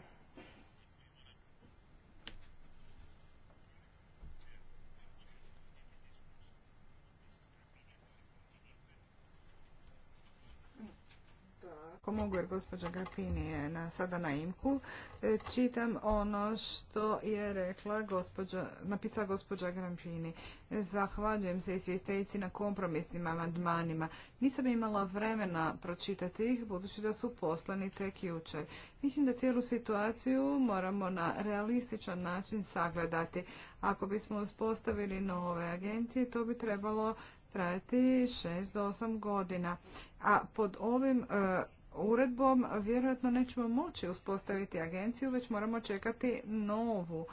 ako mogu, jer gospođa Grapini je na, sada na imku, e, čitam ono što je rekla gospođa, napisala gospođa Grapini. Zahvaljujem se izvjestiteljici na kompromisnim amandmanima. Nisam imala vremena pročitati ih, budući da su poslani tek jučer. Mislim da cijelu situaciju moramo na realističan način sagledati. Ako bismo uspostavili nove agencije, to bi trebalo trajati 6 do 8 godina. A pod ovim e, uredbom vjerojatno nećemo moći uspostaviti agenciju, već moramo čekati novu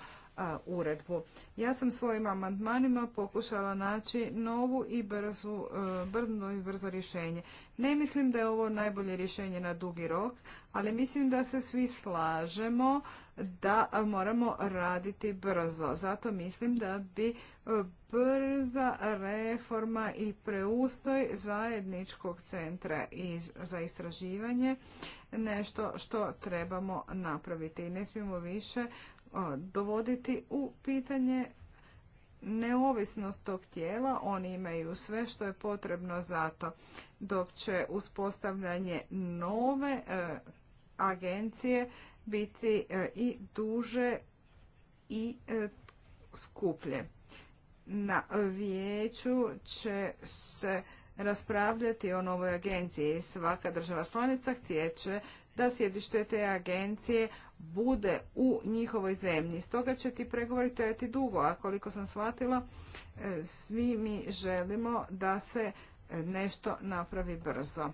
uredbu. Ja sam svojim amandmanima pokušala naći novu i brzu, e, i brzo rješenje. Ne mislim da je ovo najbolje rješenje na dugi rok, ali mislim da se svi slažemo da moramo raditi brzo. Zato mislim da bi e, brza reforma i preustoj zajedničkog centra za istraživanje nešto što trebamo napraviti. Ne smijemo više dovoditi u pitanje neovisnost tog tijela, oni imaju sve što je potrebno za to, dok će uspostavljanje nove e, agencije biti e, i duže i e, skuplje. Na vijeću će se raspravljati o novoj agenciji. Svaka država članica htjeće da sjedište te agencije bude u njihovoj zemlji. Stoga će ti pregovori trajati dugo, a koliko sam shvatila, e, svi mi želimo da se e, nešto napravi brzo.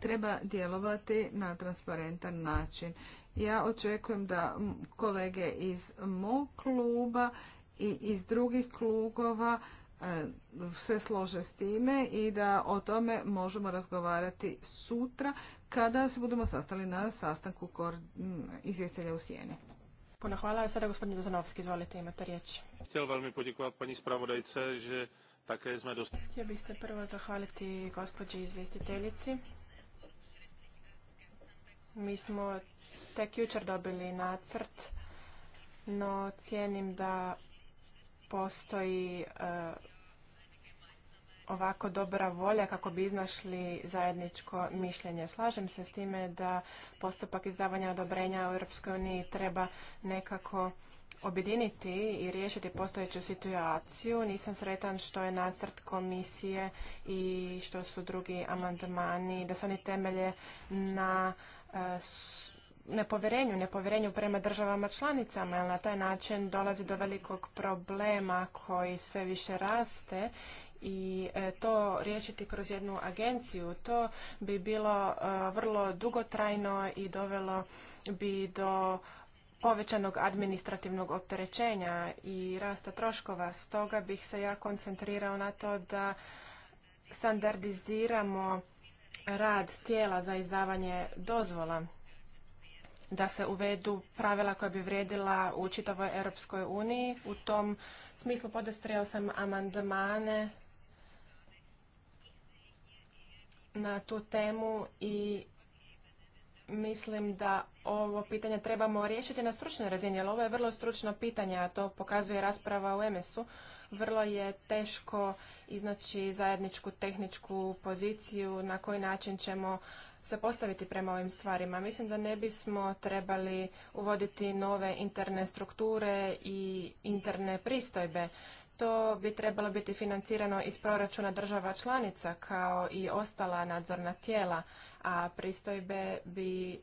Treba djelovati na transparentan način. Ja očekujem da kolege iz mog kluba i iz drugih klubova se slože s time i da o tome možemo razgovarati sutra kada se budemo sastali na sastanku izvjestelja u Sijeni. Puno hvala. Sada gospodin Dozanovski, izvolite, imate riječ. Htio vam pani spravodajce, Htio bih se prvo zahvaliti gospođi izvjestiteljici. Mi smo tek jučer dobili nacrt, no cijenim da postoji e, ovako dobra volja kako bi iznašli zajedničko mišljenje. Slažem se s time da postupak izdavanja odobrenja u EU treba nekako objediniti i riješiti postojeću situaciju. Nisam sretan što je nacrt komisije i što su drugi amandmani, da se oni temelje na e, nepovjerenju, nepovjerenju prema državama članicama, jer na taj način dolazi do velikog problema koji sve više raste i e, to riješiti kroz jednu agenciju, to bi bilo e, vrlo dugotrajno i dovelo bi do povećanog administrativnog opterećenja i rasta troškova. Stoga bih se ja koncentrirao na to da standardiziramo rad tijela za izdavanje dozvola da se uvedu pravila koja bi vrijedila u čitavoj Europskoj uniji. U tom smislu podestrio sam amandmane na tu temu i mislim da ovo pitanje trebamo riješiti na stručnoj razini, jer ovo je vrlo stručno pitanje, a to pokazuje rasprava u MS-u. Vrlo je teško iznaći zajedničku tehničku poziciju na koji način ćemo se postaviti prema ovim stvarima. Mislim da ne bismo trebali uvoditi nove interne strukture i interne pristojbe to bi trebalo biti financirano iz proračuna država članica kao i ostala nadzorna tijela, a pristojbe bi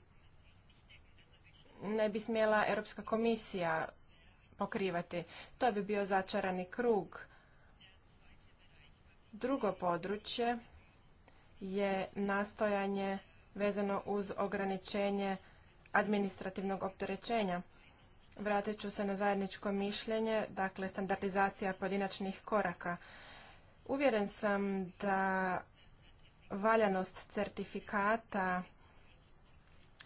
ne bi smjela Europska komisija pokrivati. To bi bio začarani krug. Drugo područje je nastojanje vezano uz ograničenje administrativnog opterećenja. Vratit ću se na zajedničko mišljenje, dakle standardizacija pojedinačnih koraka. Uvjeren sam da valjanost certifikata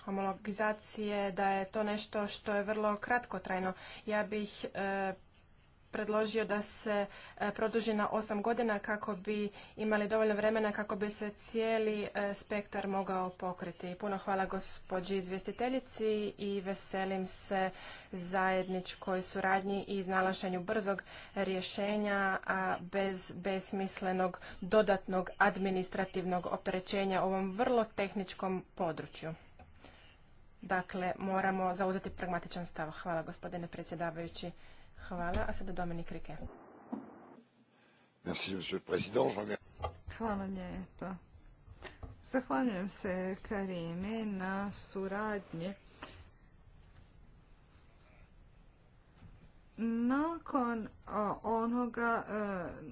homologizacije, da je to nešto što je vrlo kratkotrajno. Ja bih e, predložio da se e, produži na osam godina kako bi imali dovoljno vremena kako bi se cijeli e, spektar mogao pokriti. Puno hvala gospođi izvjestiteljici i veselim se zajedničkoj suradnji i iznalaženju brzog rješenja, a bez besmislenog dodatnog administrativnog opterećenja ovom vrlo tehničkom području. Dakle, moramo zauzeti pragmatičan stav. Hvala gospodine predsjedavajući. Hvala, a sada Dominik Rike. Hvala lijepa. Zahvaljujem se Karimi na suradnji. Nakon onoga,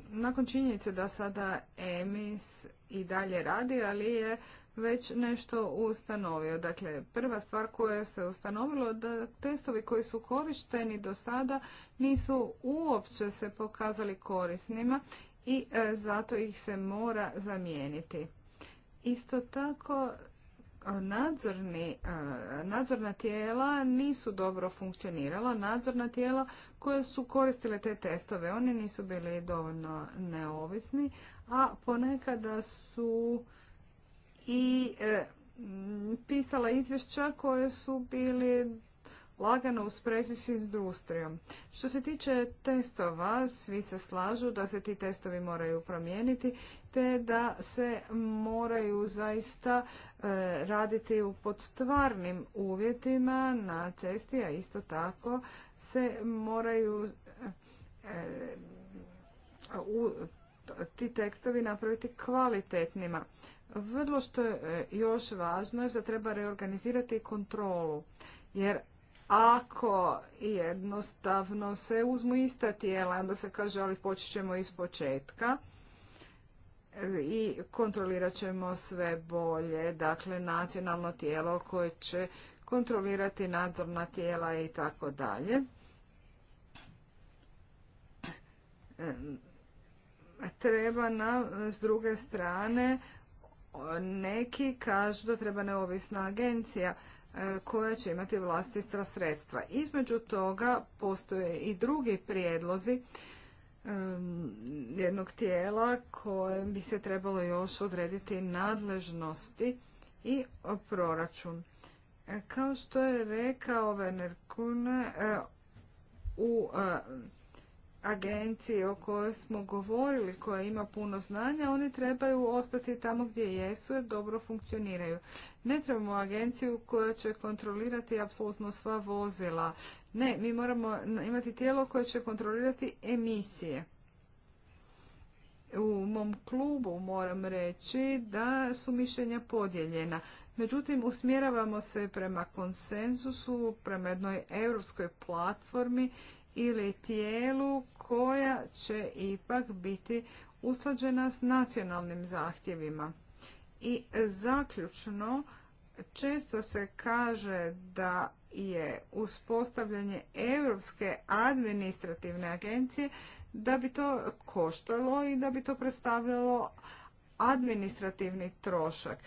nakon činjenice da sada EMIS i dalje radi, ali je već nešto ustanovio. Dakle, prva stvar koja se ustanovilo da testovi koji su korišteni do sada nisu uopće se pokazali korisnima i e, zato ih se mora zamijeniti. Isto tako, nadzorni, e, nadzorna tijela nisu dobro funkcionirala. Nadzorna tijela koje su koristile te testove, oni nisu bili dovoljno neovisni, a ponekada su i e, pisala izvješća koje su bili lagano u sprezi s industrijom. Što se tiče testova, svi se slažu da se ti testovi moraju promijeniti, te da se moraju zaista e, raditi u podstvarnim uvjetima na cesti, a isto tako se moraju e, ti tekstovi napraviti kvalitetnima. Vrlo što je e, još važno je da treba reorganizirati kontrolu, jer ako jednostavno se uzmu ista tijela, onda se kaže ali počet ćemo iz početka e, i kontrolirat ćemo sve bolje, dakle nacionalno tijelo koje će kontrolirati nadzorna tijela i tako dalje. E, treba nam s druge strane neki kažu da treba neovisna agencija e, koja će imati vlastita sredstva. Između toga postoje i drugi prijedlozi jednog tijela kojem bi se trebalo još odrediti nadležnosti i proračun. E, kao što je rekao Kuhn, e, u Agencije o kojoj smo govorili, koja ima puno znanja, oni trebaju ostati tamo gdje jesu jer dobro funkcioniraju. Ne trebamo agenciju koja će kontrolirati apsolutno sva vozila. Ne, mi moramo imati tijelo koje će kontrolirati emisije. U mom klubu moram reći da su mišljenja podijeljena. Međutim, usmjeravamo se prema konsenzusu, prema jednoj europskoj platformi ili tijelu koja će ipak biti usklađena s nacionalnim zahtjevima. I zaključno, često se kaže da je uspostavljanje Europske administrativne agencije da bi to koštalo i da bi to predstavljalo administrativni trošak.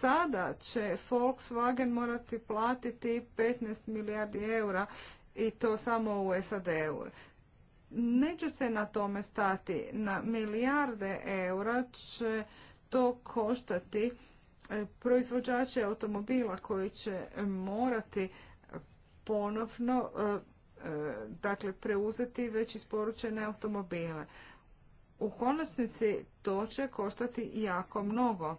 Sada će Volkswagen morati platiti 15 milijardi eura i to samo u SAD-u. Neće se na tome stati. Na milijarde eura će to koštati e, proizvođače automobila koji će morati ponovno e, e, dakle preuzeti već isporučene automobile. U konačnici to će koštati jako mnogo.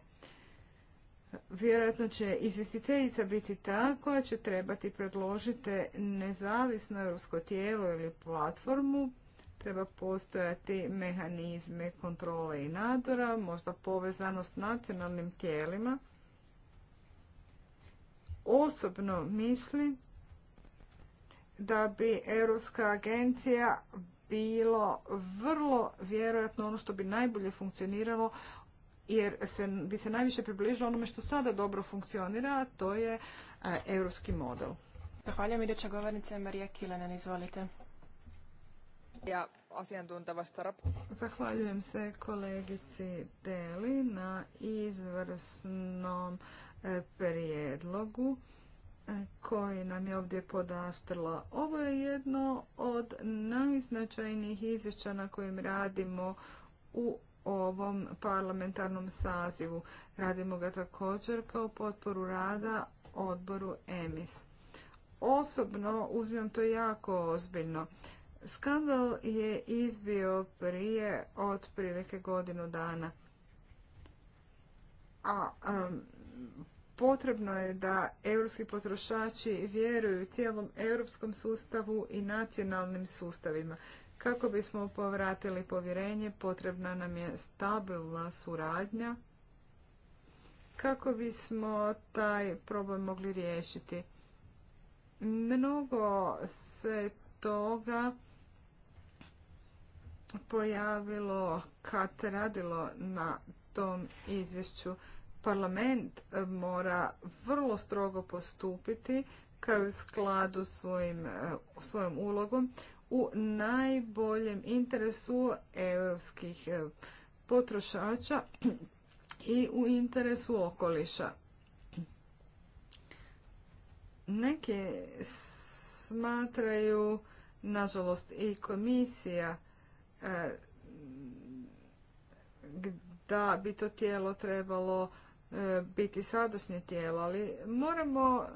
Vjerojatno će izvjestiteljica biti ta koja će trebati predložiti nezavisno europsko tijelo ili platformu. Treba postojati mehanizme kontrole i nadzora, možda povezanost nacionalnim tijelima. Osobno mislim da bi Europska agencija bilo vrlo vjerojatno ono što bi najbolje funkcioniralo jer se, bi se najviše približilo onome što sada dobro funkcionira, a to je europski model. Zahvaljujem iduća govornica Marija Kilanen, izvolite. Ja Zahvaljujem se kolegici Deli na izvrsnom e, prijedlogu e, koji nam je ovdje podastrla. Ovo je jedno od najznačajnijih izvješća na kojim radimo u ovom parlamentarnom sazivu. Radimo ga također kao potporu rada odboru EMIS. Osobno uzmem to jako ozbiljno. Skandal je izbio prije otprilike godinu dana. A potrebno je da europski potrošači vjeruju cijelom europskom sustavu i nacionalnim sustavima. Kako bismo povratili povjerenje, potrebna nam je stabilna suradnja kako bismo taj problem mogli riješiti. Mnogo se toga pojavilo kad radilo na tom izvješću. Parlament mora vrlo strogo postupiti kao u skladu svojim, svojom ulogom u najboljem interesu europskih eh, potrošača i u interesu okoliša. Neki smatraju, nažalost i komisija, eh, da bi to tijelo trebalo eh, biti sadašnje tijelo, ali moramo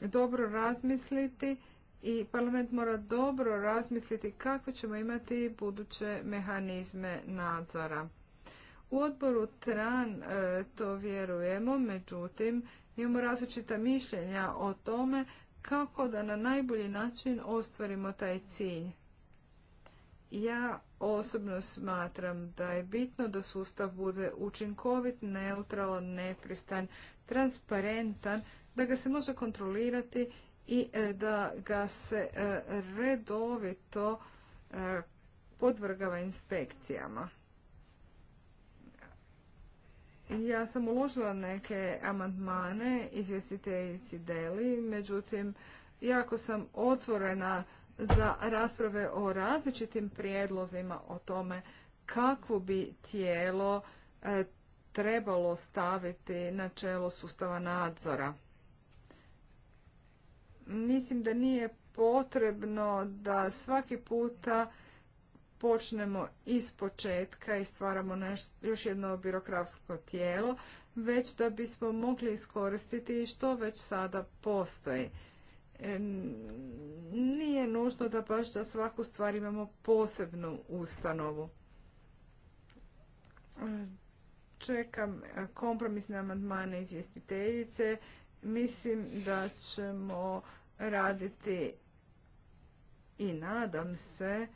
dobro razmisliti i parlament mora dobro razmisliti kako ćemo imati buduće mehanizme nadzora. U odboru TRAN e, to vjerujemo, međutim imamo različita mišljenja o tome kako da na najbolji način ostvarimo taj cilj. Ja osobno smatram da je bitno da sustav bude učinkovit, neutralan, nepristan, transparentan, da ga se može kontrolirati i e, da ga se e, redovito e, podvrgava inspekcijama. Ja sam uložila neke amandmane izvjestiteljici Deli, međutim, jako sam otvorena za rasprave o različitim prijedlozima o tome kako bi tijelo trebalo staviti na čelo sustava nadzora mislim da nije potrebno da svaki puta počnemo iz početka i stvaramo još jedno birokratsko tijelo, već da bismo mogli iskoristiti što već sada postoji. E, nije nužno da baš za svaku stvar imamo posebnu ustanovu. E, čekam kompromisne amandmane izvjestiteljice Mislim da ćemo raditi i nadam se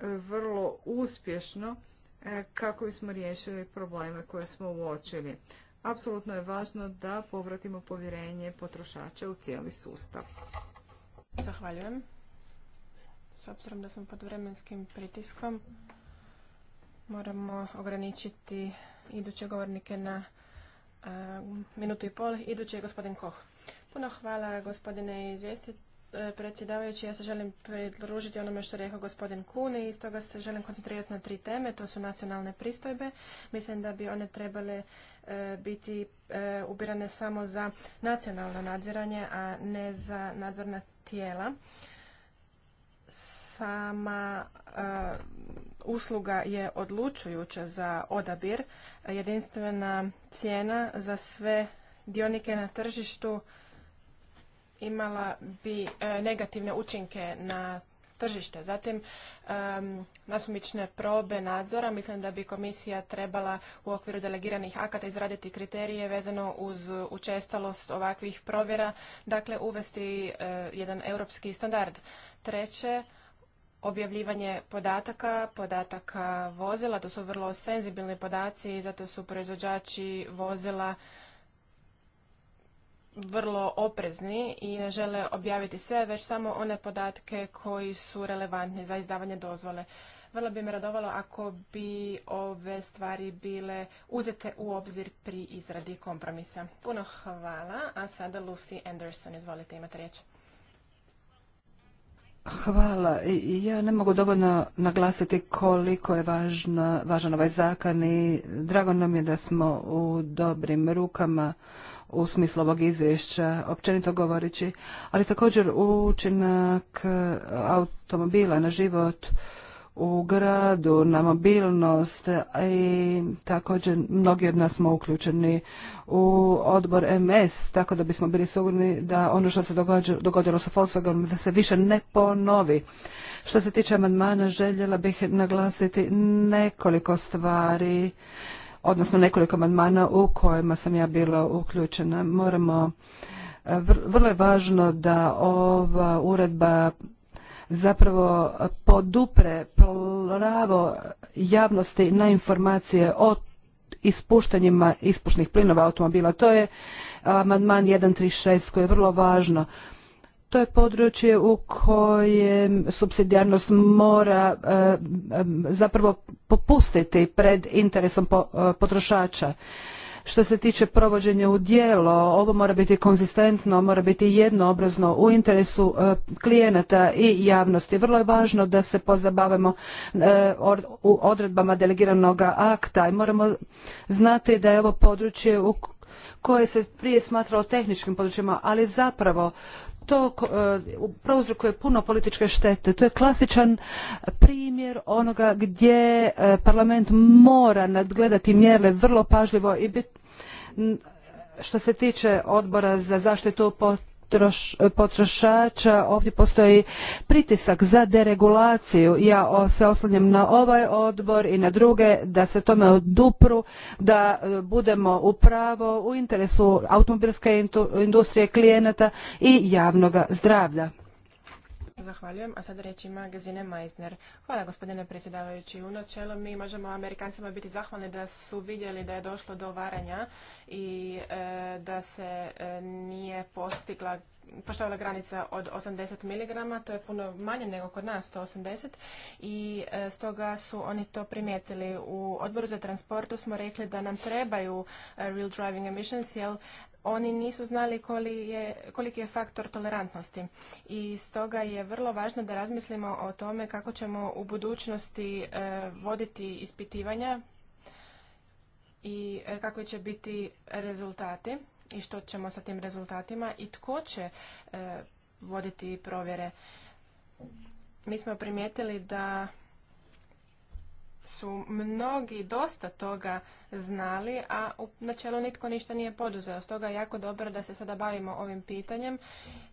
vrlo uspješno e, kako bismo riješili probleme koje smo uočili. Apsolutno je važno da povratimo povjerenje potrošača u cijeli sustav. Zahvaljujem. S obzirom da sam pod vremenskim pritiskom, moramo ograničiti iduće govornike na minutu i pol. Idući je gospodin Koh. Puno hvala gospodine izvijesti e, predsjedavajući, ja se želim pridružiti onome što je rekao gospodin Kune i toga se želim koncentrirati na tri teme, to su nacionalne pristojbe. Mislim da bi one trebale e, biti e, ubirane samo za nacionalno nadziranje, a ne za nadzorna tijela sama e, usluga je odlučujuća za odabir. Jedinstvena cijena za sve dionike na tržištu imala bi e, negativne učinke na tržište. Zatim, nasumične probe nadzora. Mislim da bi komisija trebala u okviru delegiranih akata izraditi kriterije vezano uz učestalost ovakvih provjera, dakle uvesti e, jedan europski standard. Treće, objavljivanje podataka, podataka vozila, to su vrlo senzibilni podaci i zato su proizvođači vozila vrlo oprezni i ne žele objaviti sve, već samo one podatke koji su relevantni za izdavanje dozvole. Vrlo bi me radovalo ako bi ove stvari bile uzete u obzir pri izradi kompromisa. Puno hvala, a sada Lucy Anderson, izvolite, imate riječ. Hvala. Ja ne mogu dovoljno naglasiti koliko je važna, važan ovaj zakon i drago nam je da smo u dobrim rukama u smislu ovog izvješća, općenito govoreći, ali također učinak automobila na život u gradu, na mobilnost i također mnogi od nas smo uključeni u odbor MS, tako da bismo bili sigurni da ono što se događa, dogodilo sa Volkswagenom da se više ne ponovi. Što se tiče amandmana, željela bih naglasiti nekoliko stvari odnosno nekoliko amandmana u kojima sam ja bila uključena. Moramo vrlo je važno da ova uredba zapravo podupre pravo javnosti na informacije o ispuštanjima ispušnih plinova automobila. To je amandman 136 koji je vrlo važno. To je područje u kojem subsidijarnost mora eh, zapravo popustiti pred interesom eh, potrošača. Što se tiče provođenja u djelo, ovo mora biti konzistentno, mora biti jednoobrazno u interesu e, klijenata i javnosti. Vrlo je važno da se pozabavimo e, u odredbama delegiranog akta i moramo znati da je ovo područje u koje se prije smatralo tehničkim područjima, ali zapravo to e, prouzrokuje puno političke štete. To je klasičan primjer onoga gdje e, parlament mora nadgledati mjere vrlo pažljivo i bit, što se tiče odbora za zaštitu potrošača ovdje postoji pritisak za deregulaciju. Ja se oslanjam na ovaj odbor i na druge da se tome odupru, da e, budemo upravo u interesu automobilske industrije klijenata i javnog zdravlja. Zahvaljujem. A sada reći ima Meisner. Hvala gospodine predsjedavajući. U načelu mi možemo Amerikancima biti zahvalni da su vidjeli da je došlo do varanja i e, da se e, nije postigla poštovala granica od 80 mg, to je puno manje nego kod nas 180 i e, stoga su oni to primijetili. U odboru za transportu smo rekli da nam trebaju real driving emissions, jer oni nisu znali je, koliki je faktor tolerantnosti i stoga je vrlo važno da razmislimo o tome kako ćemo u budućnosti e, voditi ispitivanja i e, kakvi će biti rezultati i što ćemo sa tim rezultatima i tko će e, voditi provjere. Mi smo primijetili da su mnogi dosta toga znali, a u načelu nitko ništa nije poduzeo. Stoga je jako dobro da se sada bavimo ovim pitanjem,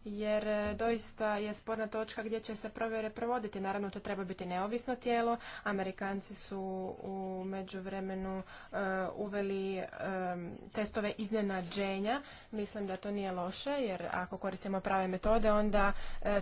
jer e, doista je sporna točka gdje će se provjere provoditi. Naravno, to treba biti neovisno tijelo. Amerikanci su u međuvremenu e, uveli e, testove iznenađenja. Mislim da to nije loše, jer ako koristimo prave metode, onda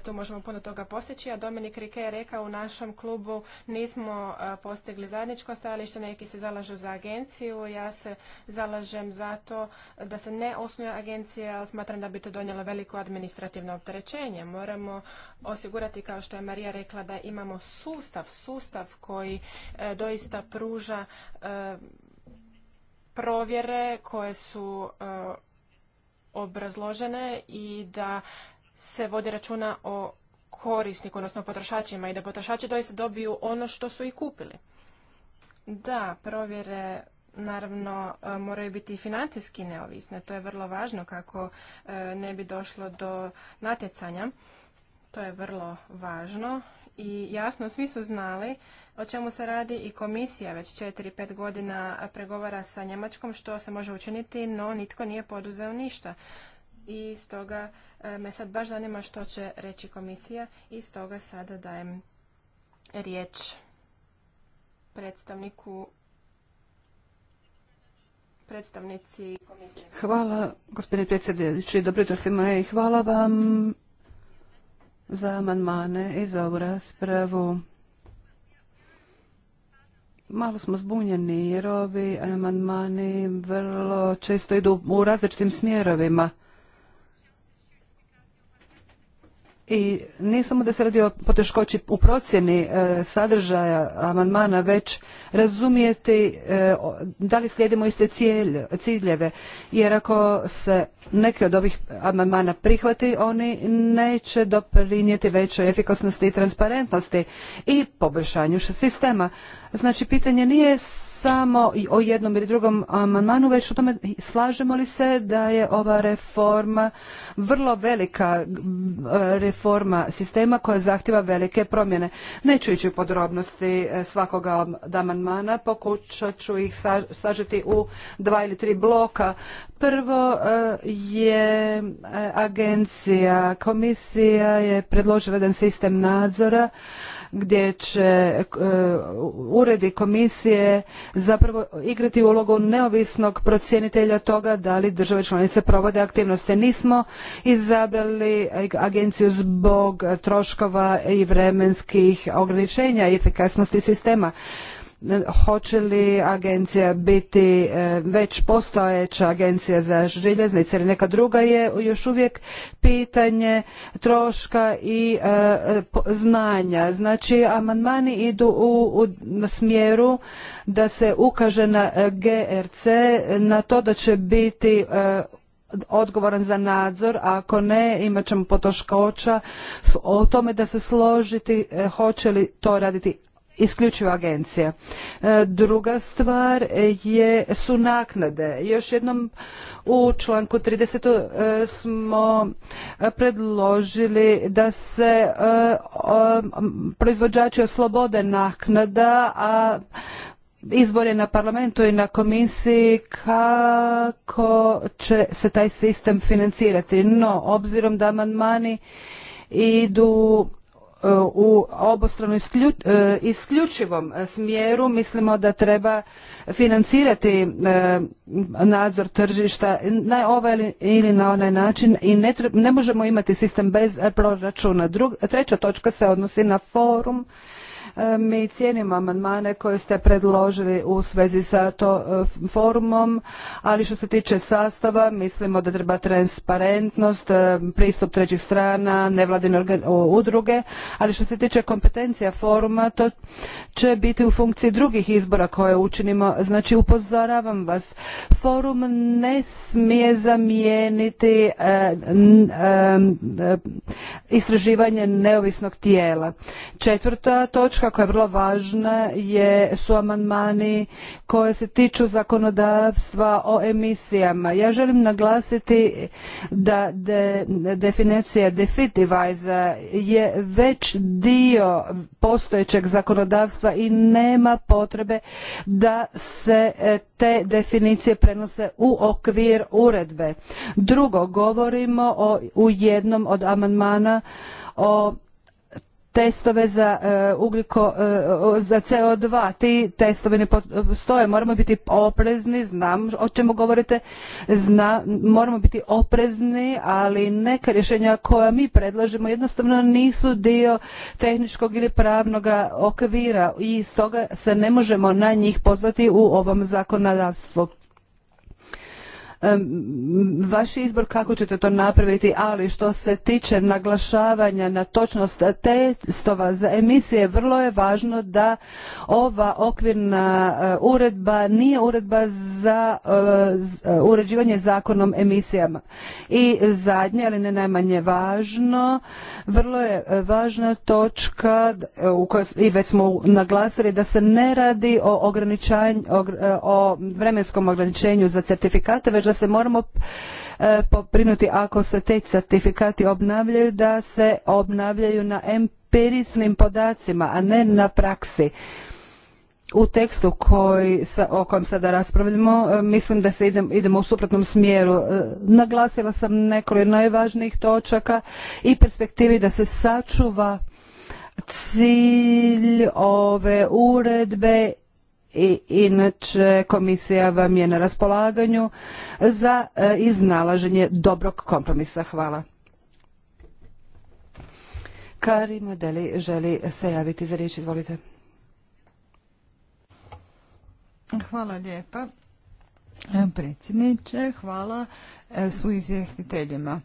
tu možemo puno toga postići. A Dominik Rike je rekao u našem klubu nismo postigli zajedničko stajalište, neki se zalažu za agenciju, ja se zalažem za to da se ne osnuje agencija, ali smatram da bi to donijelo veliko administrativno opterećenje. Moramo osigurati, kao što je Marija rekla, da imamo sustav, sustav koji e, doista pruža e, provjere koje su e, obrazložene i da se vodi računa o korisniku, odnosno potrošačima i da potrošači doista dobiju ono što su i kupili. Da, provjere naravno e, moraju biti i financijski neovisne. To je vrlo važno kako e, ne bi došlo do natjecanja. To je vrlo važno i jasno svi su znali o čemu se radi i komisija već 4-5 godina pregovara sa Njemačkom što se može učiniti, no nitko nije poduzeo ništa. I stoga e, me sad baš zanima što će reći komisija i stoga sada dajem riječ predstavniku predstavnici komisije. Hvala gospodine predsjedniče, dobro jutro svima i hvala vam za amandmane i za ovu raspravu. Malo smo zbunjeni jer ovi amandmani vrlo često idu u različitim smjerovima. i ne samo da se radi o poteškoći u procjeni e, sadržaja amandmana, već razumijeti e, da li slijedimo iste ciljeve, jer ako se neki od ovih amandmana prihvati, oni neće doprinijeti većoj efikasnosti i transparentnosti i poboljšanju sistema. Znači, pitanje nije samo o jednom ili drugom amandmanu, već o tome slažemo li se da je ova reforma vrlo velika reforma forma sistema koja zahtjeva velike promjene. Neću ići u podrobnosti e, svakoga od amandmana, pokušat ću ih sažeti u dva ili tri bloka. Prvo e, je e, agencija, komisija je predložila jedan sistem nadzora gdje će e, uredi komisije zapravo igrati ulogu neovisnog procjenitelja toga da li države članice provode aktivnosti. Nismo izabrali agenciju zbog troškova i vremenskih ograničenja i efikasnosti sistema hoće li agencija biti e, već postojeća agencija za željeznice ili neka druga je još uvijek pitanje troška i e, znanja. Znači, amandmani idu u, smjeru da se ukaže na GRC, na to da će biti e, odgovoran za nadzor, ako ne imat ćemo potoškoća o tome da se složiti hoće li to raditi isključiva agencija. E, druga stvar je, su naknade. Još jednom u članku 30. E, smo predložili da se e, proizvođači oslobode naknada, a izbor je na parlamentu i na komisiji kako će se taj sistem financirati. No, obzirom da amandmani idu u obostrano e, isključivom smjeru. Mislimo da treba financirati e, nadzor tržišta na ovaj ili na onaj način i ne, možemo imati sistem bez proračuna. treća točka se odnosi na forum E, mi cijenimo amandmane koje ste predložili u svezi sa to e, forumom, ali što se tiče sastava, mislimo da treba transparentnost, e, pristup trećih strana, nevladine udruge, ali što se tiče kompetencija foruma, to će biti u funkciji drugih izbora koje učinimo. Znači, upozoravam vas, forum ne smije zamijeniti istraživanje neovisnog tijela. Četvrta točka točka koja je vrlo važna su amandmani koje se tiču zakonodavstva o emisijama. Ja želim naglasiti da definicija defitivajza je već dio postojećeg zakonodavstva i nema potrebe da se e, te definicije prenose u okvir uredbe. Drugo, govorimo o, u jednom od amandmana o testove za e, ugljiko, e, za CO2. Ti testovi ne postoje. Moramo biti oprezni, znam o čemu govorite, moramo biti oprezni, ali neka rješenja koja mi predlažemo jednostavno nisu dio tehničkog ili pravnog okvira i stoga se ne možemo na njih pozvati u ovom zakonodavstvu vaš izbor kako ćete to napraviti, ali što se tiče naglašavanja na točnost testova za emisije, vrlo je važno da ova okvirna eh, uredba nije uredba za eh, eh, uređivanje zakonom emisijama. I zadnje, ali ne najmanje važno, vrlo je važna točka u kojoj i već smo naglasili da se ne radi o, o vremenskom ograničenju za certifikate, već da se moramo e, poprinuti ako se te certifikati obnavljaju da se obnavljaju na empiricnim podacima, a ne na praksi. U tekstu koji, o kojem sada raspravljamo, e, mislim da se idemo u suprotnom smjeru. E, naglasila sam nekoliko najvažnijih točaka i perspektivi da se sačuva cilj ove uredbe i inače komisija vam je na raspolaganju za e, iznalaženje dobrog kompromisa. Hvala. Karima Deli želi se javiti za riječ, izvolite. Hvala lijepa e, predsjedniče, hvala e, su izvjestiteljima.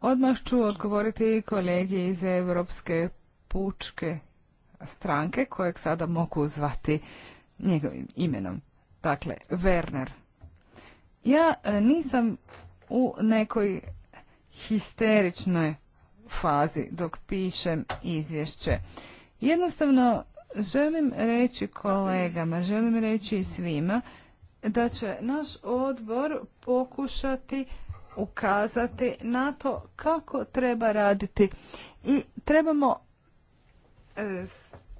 Odmah ću odgovoriti kolegi iz Europske pučke stranke kojeg sada mogu zvati njegovim imenom. Dakle, Werner. Ja e, nisam u nekoj histeričnoj fazi dok pišem izvješće. Jednostavno želim reći kolegama, želim reći i svima da će naš odbor pokušati ukazati na to kako treba raditi i trebamo e,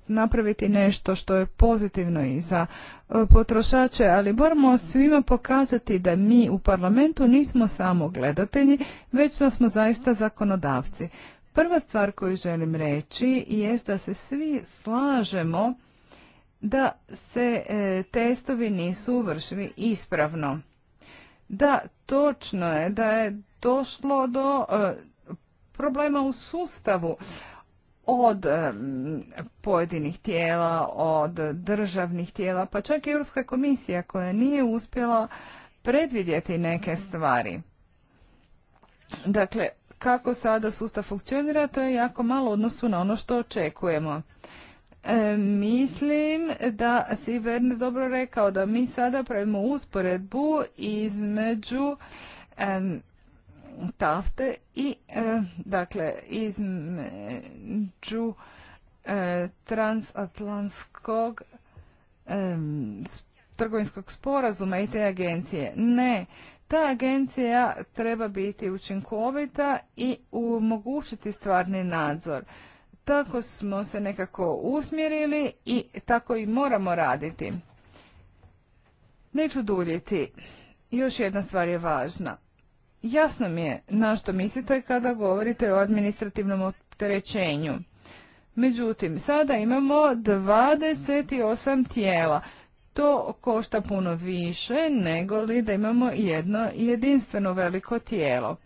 napraviti nešto što je pozitivno i za e, potrošače, ali moramo svima pokazati da mi u parlamentu nismo samo gledatelji, već da smo zaista zakonodavci. Prva stvar koju želim reći je da se svi slažemo da se e, testovi nisu vršili ispravno. Da, točno je da je došlo do e, problema u sustavu od pojedinih tijela, od državnih tijela, pa čak i Europska komisija koja nije uspjela predvidjeti neke stvari. Dakle, kako sada sustav funkcionira, to je jako malo odnosu na ono što očekujemo. E, mislim da si Verne, dobro rekao da mi sada pravimo usporedbu između tafte i e, dakle između e, transatlantskog e, trgovinskog sporazuma i te agencije. Ne, ta agencija treba biti učinkovita i omogućiti stvarni nadzor. Tako smo se nekako usmjerili i tako i moramo raditi. Neću duljiti. Još jedna stvar je važna. Jasno mi je na što mislite kada govorite o administrativnom opterećenju. Međutim, sada imamo 28 tijela. To košta puno više nego li da imamo jedno jedinstveno veliko tijelo.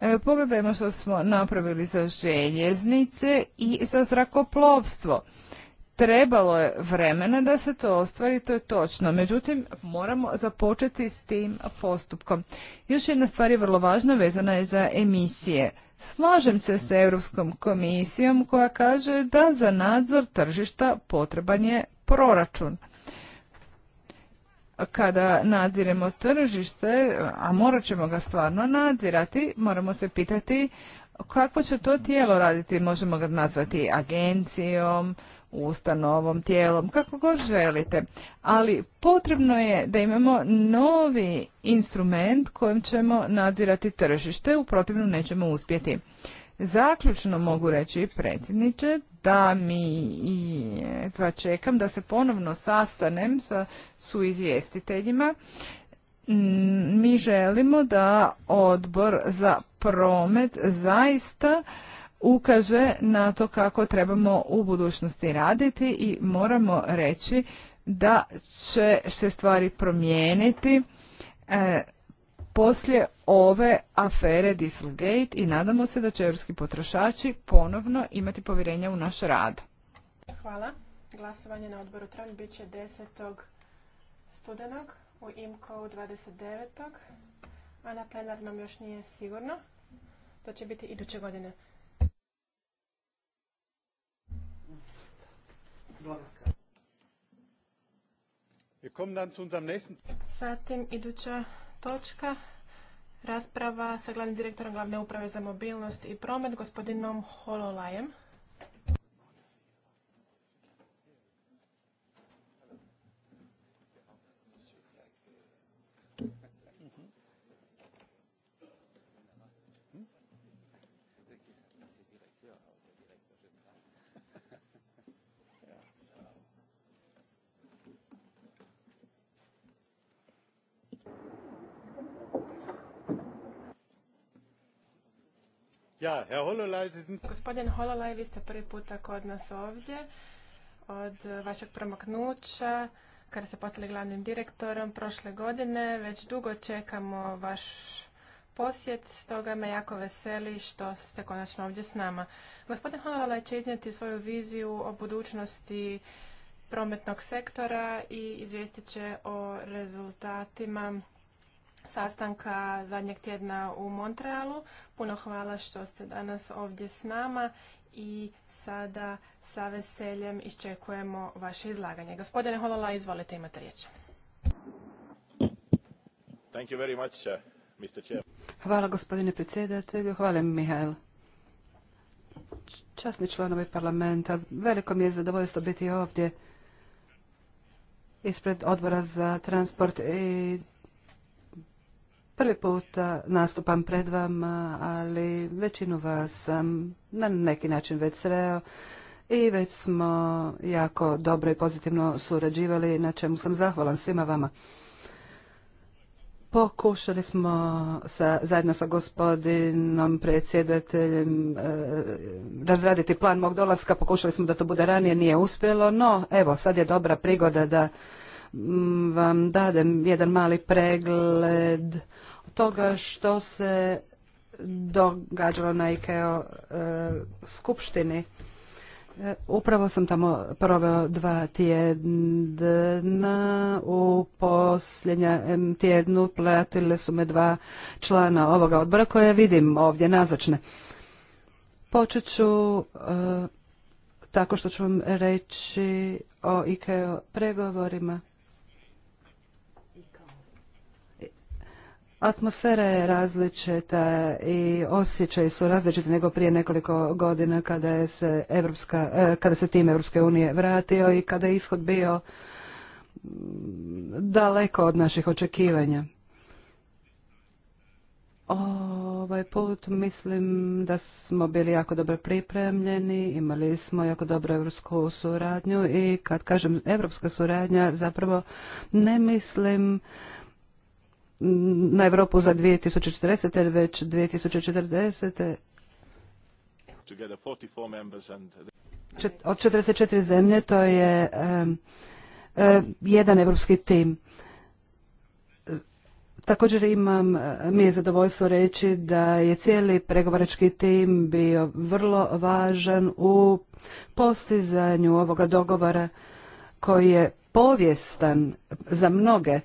E, pogledajmo što smo napravili za željeznice i za zrakoplovstvo. Trebalo je vremena da se to ostvari, to je točno. Međutim, moramo započeti s tim postupkom. Još jedna stvar je vrlo važna, vezana je za emisije. Slažem se s Europskom komisijom koja kaže da za nadzor tržišta potreban je proračun. Kada nadziremo tržište, a morat ćemo ga stvarno nadzirati, moramo se pitati kako će to tijelo raditi. Možemo ga nazvati agencijom, ustanovom, tijelom, kako god želite. Ali potrebno je da imamo novi instrument kojim ćemo nadzirati tržište, u protivnom nećemo uspjeti. Zaključno mogu reći predsjedniče da mi i čekam da se ponovno sastanem sa suizvjestiteljima. Mi želimo da odbor za promet zaista ukaže na to kako trebamo u budućnosti raditi i moramo reći da će se stvari promijeniti e, poslije ove afere Dieselgate i nadamo se da će europski potrošači ponovno imati povjerenja u naš rad. Hvala. Glasovanje na odboru Tron bit će 10. studenog u IMCO 29. a na plenarnom još nije sigurno. To će biti iduće godine. Zatim iduća točka rasprava sa glavnim direktorom glavne uprave za mobilnost i promet gospodinom Hololajem. Gospodin Hololaj, vi ste prvi puta kod nas ovdje. Od vašeg promaknuća, kada ste postali glavnim direktorom prošle godine, već dugo čekamo vaš posjet, stoga me jako veseli što ste konačno ovdje s nama. Gospodin Hololaj će iznijeti svoju viziju o budućnosti prometnog sektora i izvijestit će o rezultatima sastanka zadnjeg tjedna u Montrealu. Puno hvala što ste danas ovdje s nama i sada sa veseljem iščekujemo vaše izlaganje. Gospodine Holola, izvolite, imate riječ. Thank you very much, uh, Mr. Hvala gospodine predsjedatelju, hvala Mihael. Časni članovi parlamenta, veliko mi je zadovoljstvo biti ovdje ispred odbora za transport i prvi puta nastupam pred vama, ali većinu vas sam na neki način već sreo i već smo jako dobro i pozitivno surađivali, na čemu sam zahvalan svima vama. Pokušali smo sa, zajedno sa gospodinom predsjedateljem e, razraditi plan mog dolaska, pokušali smo da to bude ranije, nije uspjelo, no evo sad je dobra prigoda da mm, vam dadem jedan mali pregled toga što se događalo na IKEO e, skupštini. E, upravo sam tamo proveo dva tjedna. U posljednjem tjednu platile su me dva člana ovoga odbora koje vidim ovdje nazočne. Počet ću e, tako što ću vam reći o IKEO pregovorima. Atmosfera je različita i osjećaj su različiti nego prije nekoliko godina kada je se Evropska, e, kada se tim Evropske unije vratio i kada je ishod bio daleko od naših očekivanja. Ovaj put mislim da smo bili jako dobro pripremljeni, imali smo jako dobru evropsku suradnju i kad kažem evropska suradnja zapravo ne mislim Mm, na Europu za 2040. već 2040. Od 44 zemlje to je jedan evropski tim. Također imam, mi je zadovoljstvo reći da je cijeli pregovarački tim bio vrlo važan u postizanju ovoga dogovora koji je povijestan za mnoge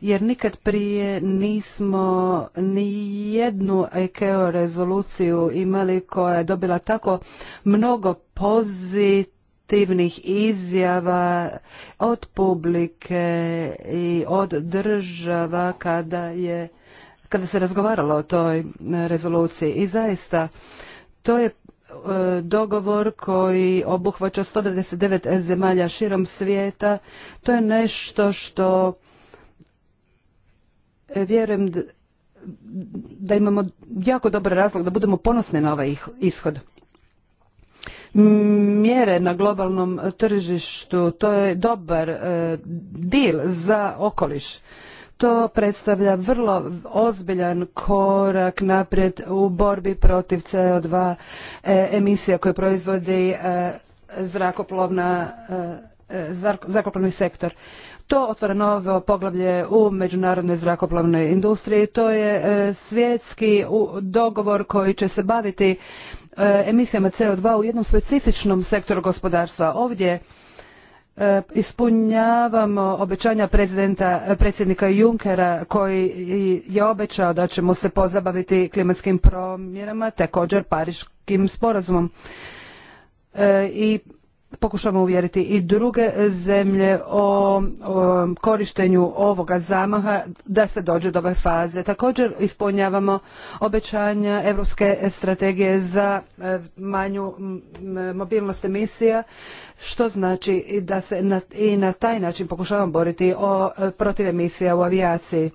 jer nikad prije nismo ni jednu EKO rezoluciju imali koja je dobila tako mnogo pozitivnih izjava od publike i od država kada je kada se razgovaralo o toj e, rezoluciji i zaista to je e, dogovor koji obuhvaća 199 zemalja širom svijeta. To je nešto što vjerujem da imamo jako dobar razlog da budemo ponosni na ovaj ishod. Mjere na globalnom tržištu, to je dobar e, dil za okoliš. To predstavlja vrlo ozbiljan korak naprijed u borbi protiv CO2 e, emisija koje proizvodi e, zrakoplovni sektor. To otvara novo poglavlje u međunarodnoj zrakoplovnoj industriji. To je e, svjetski dogovor koji će se baviti e, emisijama CO2 u jednom specifičnom sektoru gospodarstva. Ovdje e, ispunjavamo obećanja predsjednika Junckera koji je obećao da ćemo se pozabaviti klimatskim promjerama, također pariškim sporazumom. I pokušamo uvjeriti i druge zemlje o, korištenju ovoga zamaha da se dođe do ove faze. Također ispunjavamo obećanja Europske strategije za e, manju mobilnost emisija, što znači da se i na taj način pokušavamo boriti o, e, protiv emisija u avijaciji.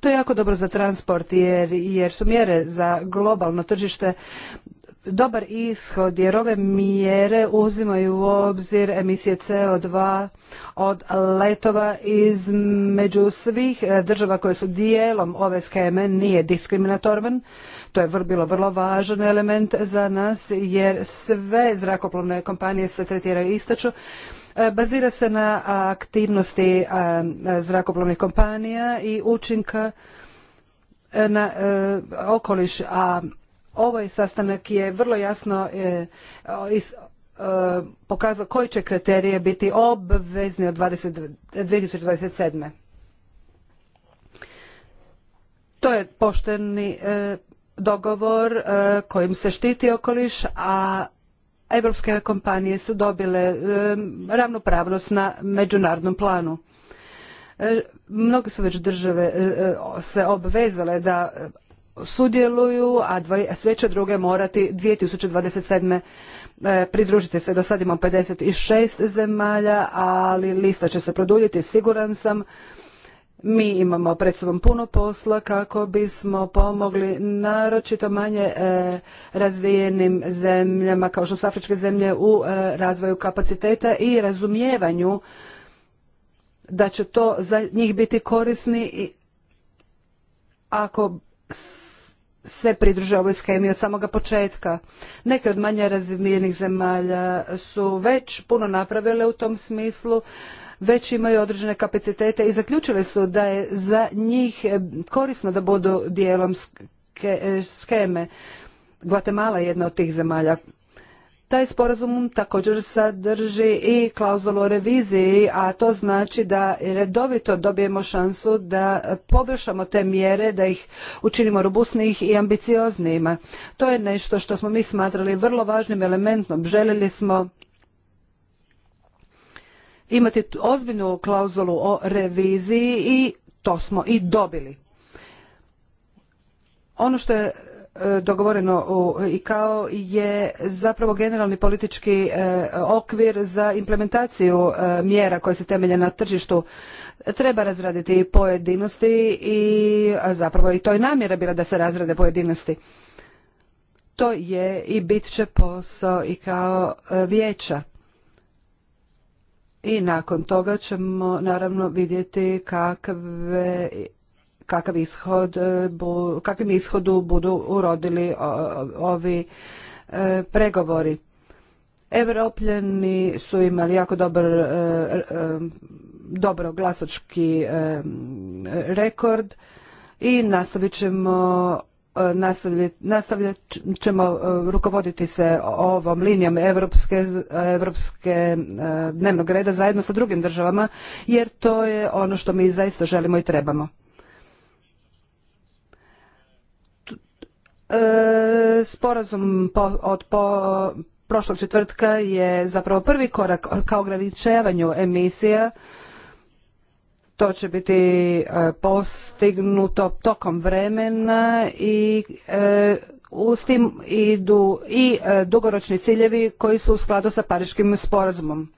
To je jako dobro za transport jer, jer su mjere za globalno tržište dobar ishod jer ove mjere uzimaju u obzir emisije CO2 od letova između svih e, država koje su dijelom ove skeme nije diskriminatorvan. To je bilo vrlo važan element za nas jer sve zrakoplovne kompanije se tretiraju istočno e, bazira se na aktivnosti e, zrakoplovnih kompanija i učinka na okoliš, a Ovaj sastanak je vrlo jasno e, e, pokazao koji će kriterije biti obvezni od 20, 2027. To je pošteni e, dogovor kojim se štiti okoliš, a europske kompanije su dobile ravnopravnost na međunarodnom planu. Mnoge su već države se obvezale da sudjeluju, a, sve će druge morati 2027. E, pridružiti se. Do sad imamo 56 zemalja, ali lista će se produljiti, siguran sam. Mi imamo pred sobom puno posla kako bismo pomogli naročito manje e, razvijenim zemljama kao što su afričke zemlje u e, razvoju kapaciteta i razumijevanju da će to za njih biti korisni ako se pridruže ovoj schemi od samoga početka. Neke od manje razvijenih zemalja su već puno napravile u tom smislu, već imaju određene kapacitete i zaključile su da je za njih eh, korisno da budu dijelom skeme. Eh, Guatemala je jedna od tih zemalja taj sporazum također sadrži i klauzulu o reviziji, a to znači da redovito dobijemo šansu da poboljšamo te mjere, da ih učinimo robustnijih i ambicioznijima. To je nešto što smo mi smatrali vrlo važnim elementom. Željeli smo imati ozbiljnu klauzulu o reviziji i to smo i dobili. Ono što je dogovoreno i kao je zapravo generalni politički e, okvir za implementaciju e, mjera koje se temelje na tržištu. Treba razraditi pojedinosti i zapravo i to je namjera bila da se razrade pojedinosti. To je i bit će posao i kao e, vijeća. I nakon toga ćemo naravno vidjeti kakve kakav ishod, e, kakvim ishodu budu urodili ovi e, pregovori. Evropljani su imali jako dobar, e, dobro glasački rekord i nastavit ćemo nastavljat ćemo rukovoditi se ovom linijom evropske, evropske dnevnog reda zajedno sa drugim državama jer to je ono što mi zaista želimo i trebamo. E, sporazum od prošlog četvrtka je zapravo prvi korak ka ograničavanju emisija. To će biti e, postignuto tokom vremena i e, uz tim idu i dugoročni ciljevi koji su u skladu sa pariškim sporazumom.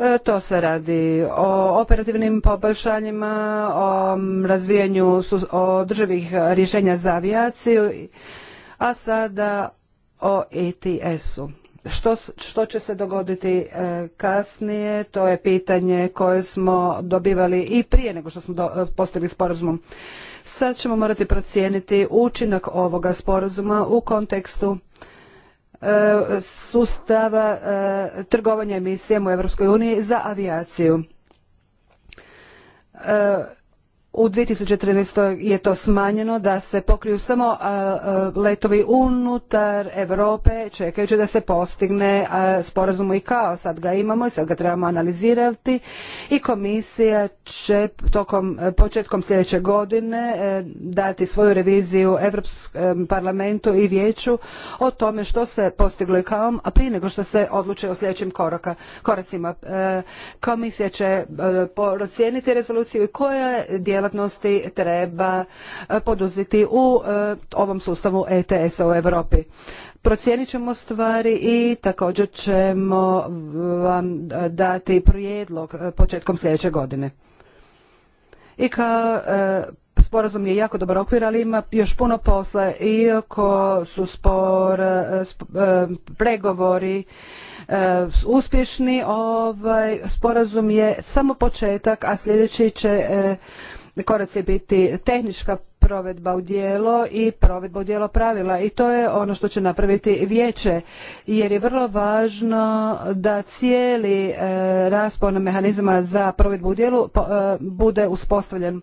E, to se radi o operativnim poboljšanjima, o razvijanju održivih rješenja za avijaciju, a sada o ETS-u. Što, će se dogoditi e, kasnije, to je pitanje koje smo dobivali i prije nego što smo e, postigli sporazumom. Sad ćemo morati procijeniti učinak ovoga sporazuma u kontekstu E, sustava e, trgovanja emisijama u Uniji za avijaciju. E, u 2013. je to smanjeno da se pokriju samo letovi unutar Europe čekajući da se postigne sporazum i kao. Sad ga imamo i sad ga trebamo analizirati i komisija će tokom, početkom sljedeće godine e, dati svoju reviziju Europskom e, parlamentu i vijeću o tome što se postiglo i kao, a prije nego što se odluče o sljedećim koracima. E, komisija će procijeniti rezoluciju i koja je djelatnosti treba e, poduzeti u e, ovom sustavu ETS-a u Europi. Procijenit ćemo stvari i također ćemo vam dati prijedlog e, početkom sljedeće godine. I kao sporazum je jako dobar okvir, ali ima još puno posla, iako su spor, pregovori uspješni, ovaj sporazum je samo početak, a sljedeći će koraci biti tehnička provedba u djelo i provedba u djelo pravila i to je ono što će napraviti vijeće jer je vrlo važno da cijeli e, raspon mehanizama za provedbu u djelu e, bude uspostavljen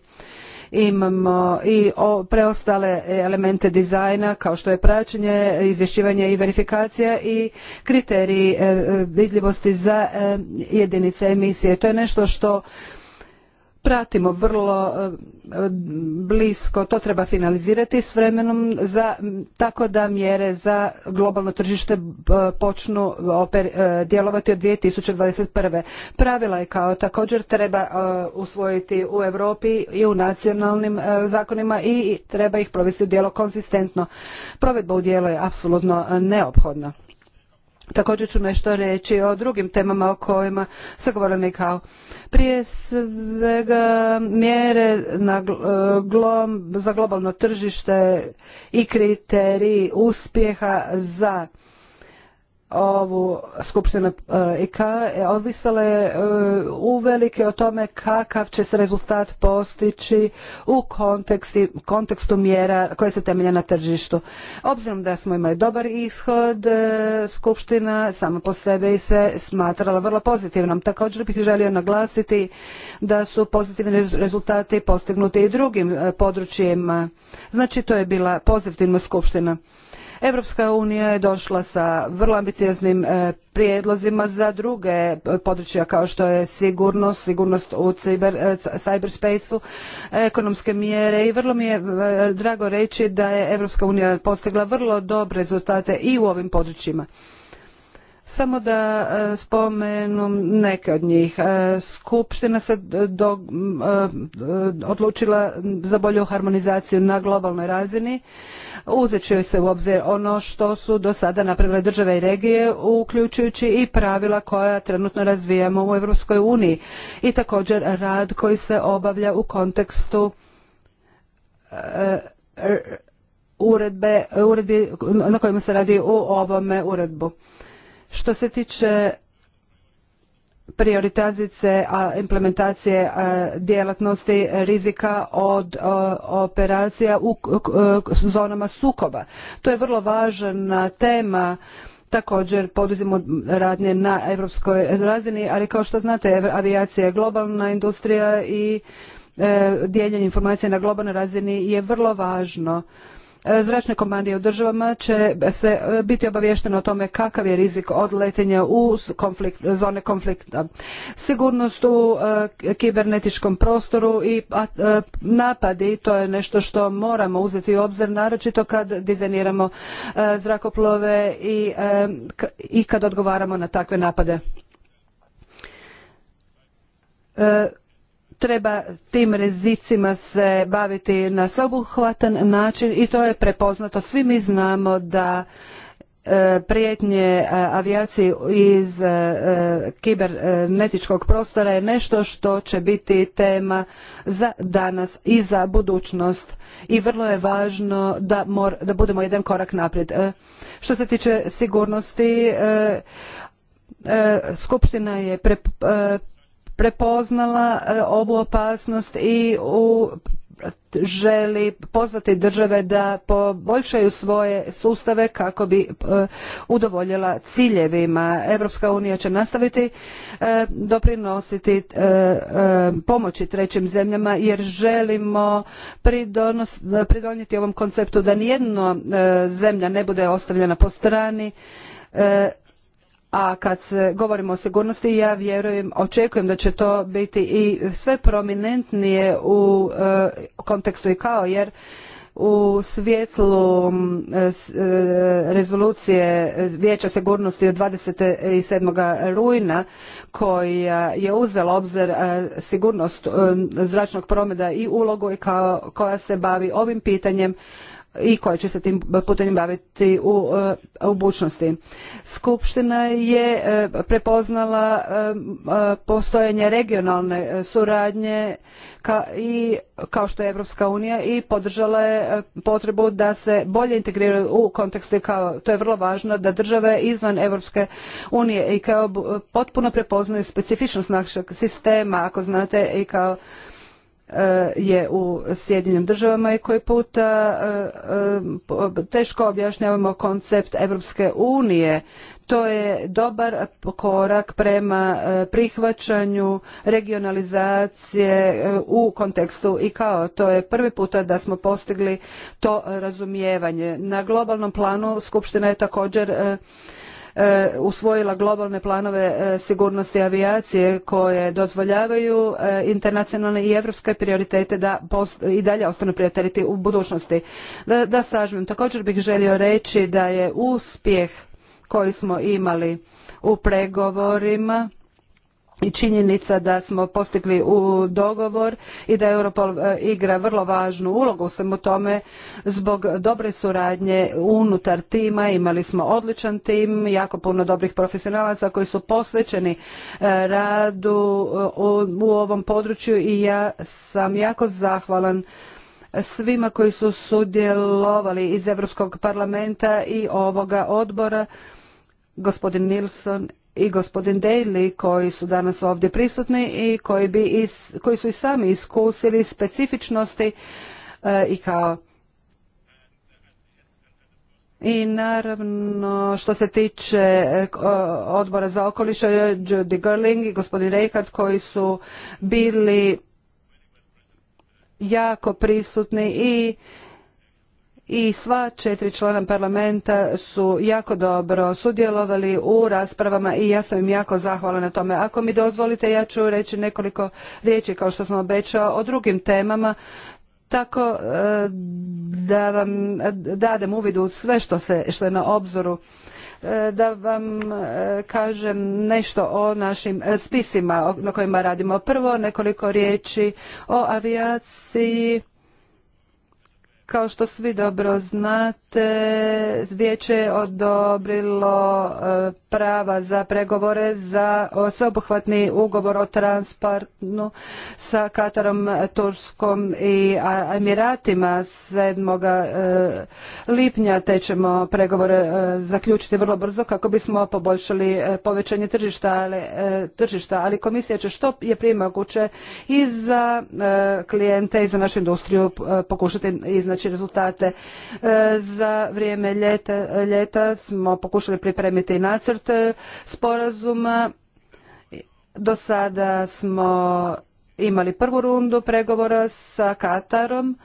imamo i preostale elemente dizajna kao što je praćenje, izvješćivanje i verifikacija i kriteriji e, vidljivosti za jedinice emisije. To je nešto što pratimo vrlo eh, blisko, to treba finalizirati s vremenom za, tako da mjere za globalno tržište eh, počnu eh, djelovati od 2021. Pravila je kao također treba usvojiti u Europi i u nacionalnim zakonima i treba ih provesti u djelo konzistentno. Provedba u djelo je apsolutno neophodna. Također ću nešto reći o drugim temama o kojima se govorili kao prije svega mjere na e, za globalno tržište i kriteriji uspjeha za ovu skupštinu eh, IK eh, odvisala je eh, uvelike o tome kakav će se rezultat postići u kontekstu mjera koje se temelje na tržištu. Obzirom da smo imali dobar ishod, skupština sama po sebi se smatrala vrlo pozitivnom. Također bih želio naglasiti da su pozitivni rezultati postignuti i drugim područjima. Znači to je bila pozitivna skupština. Europska unija je došla sa vrlo ambicioznim e, prijedlozima za druge područja kao što je sigurnost, sigurnost u e, cyberspaceu, ekonomske mjere i vrlo mi je e, drago reći da je Europska unija postigla vrlo dobre rezultate i u ovim područjima. Samo da e, spomenem neke od njih. E, Skupština se e, odlučila za bolju harmonizaciju na globalnoj razini. Uzet će se u obzir ono što su do sada napravile države i regije, uključujući i pravila koja trenutno razvijamo u Europskoj uniji i također rad koji se obavlja u kontekstu uredbe, na kojima se radi u ovome uredbu. Što se tiče prioritazice a implementacije djelatnosti rizika od operacija u zonama sukoba. To je vrlo važna tema također poduzimo radnje na europskoj razini, ali kao što znate avijacija je globalna industrija i e, dijeljenje informacija na globalnoj razini je vrlo važno. E, zračne komandije u državama će se e, biti obaviještene o tome kakav je rizik od letenja u zone konflikta. Sigurnost u e, kibernetičkom prostoru i napadi, to je nešto što moramo uzeti u obzir, naročito kad dizajniramo zrakoplove i, i kad odgovaramo na takve napade treba tim rizicima se baviti na sveobuhvatan način i to je prepoznato. Svi mi znamo da e, prijetnje e, avijaciji iz e, kibernetičkog prostora je nešto što će biti tema za danas i za budućnost i vrlo je važno da, budemo jedan korak naprijed. Što se tiče sigurnosti, Skupština je prepoznala e, ovu opasnost i u želi pozvati države da poboljšaju svoje sustave kako bi e, udovoljila ciljevima. Europska unija će nastaviti e, doprinositi pomoći trećim zemljama jer želimo pridonijeti ovom konceptu da nijedna zemlja ne bude ostavljena po strani a kad se govorimo o sigurnosti ja vjerujem očekujem da će to biti i sve prominentnije u e, kontekstu i kao jer u svjetlu e, e, rezolucije Vijeća sigurnosti od 27. rujna koja je uzela obzir sigurnost zračnog prometa i ulogu koja se bavi ovim pitanjem i koje će se tim putem baviti u, e, u bučnosti. Skupština je e, prepoznala e, postojanje regionalne suradnje i kao što je Evropska unija i podržala je potrebu da se bolje integriraju u kontekstu kao to je vrlo važno da države izvan Evropske unije i kao potpuno prepoznaju specifičnost našeg sistema ako znate i kao je u Sjedinjenim državama i koji puta e, e, teško objašnjavamo koncept Evropske unije. To je dobar korak prema e, prihvaćanju regionalizacije u kontekstu i kao to je prvi puta da smo postigli to razumijevanje. Na globalnom planu Skupština je također E, usvojila globalne planove e, sigurnosti avijacije koje dozvoljavaju e, internacionalne i europske prioritete da i dalje ostanu prioriteti u budućnosti. Da, da sažmem, također bih želio reći da je uspjeh koji smo imali u pregovorima i činjenica da smo postigli u dogovor i da Europol e, igra vrlo važnu ulogu u svemu tome zbog dobre suradnje unutar tima. Imali smo odličan tim, jako puno dobrih profesionalaca koji su posvećeni e, radu e, u ovom području i ja sam jako zahvalan svima koji su sudjelovali iz Europskog parlamenta i ovoga odbora gospodin Nilsson i gospodin Daly koji su danas ovdje prisutni i koji, bi is, koji su i sami iskusili specifičnosti eh, i kao i naravno što se tiče eh, odbora za okoliša eh, Judy Gerling i gospodin Reikard koji su bili jako prisutni i i sva četiri člana parlamenta su jako dobro sudjelovali u raspravama i ja sam im jako zahvala na tome. Ako mi dozvolite, ja ću reći nekoliko riječi kao što sam obećao o drugim temama tako e, da vam dadem uvid u sve što, se, što je na obzoru e, da vam e, kažem nešto o našim spisima na kojima radimo. Prvo nekoliko riječi o avijaciji kao što svi dobro znate, vijeće je odobrilo e, prava za pregovore za sveobuhvatni ugovor o transportnu sa Katarom, e, Turskom i Emiratima 7. E, lipnja te ćemo pregovore zaključiti vrlo brzo kako bismo poboljšali povećanje tržišta, ali, tržišta, ali komisija će što je prije moguće i za klijente i za našu industriju pokušati iznaći rezultate. E, za vrijeme ljeta, ljeta smo pokušali pripremiti nacrt sporazuma. Do sada smo imali prvu rundu pregovora sa Katarom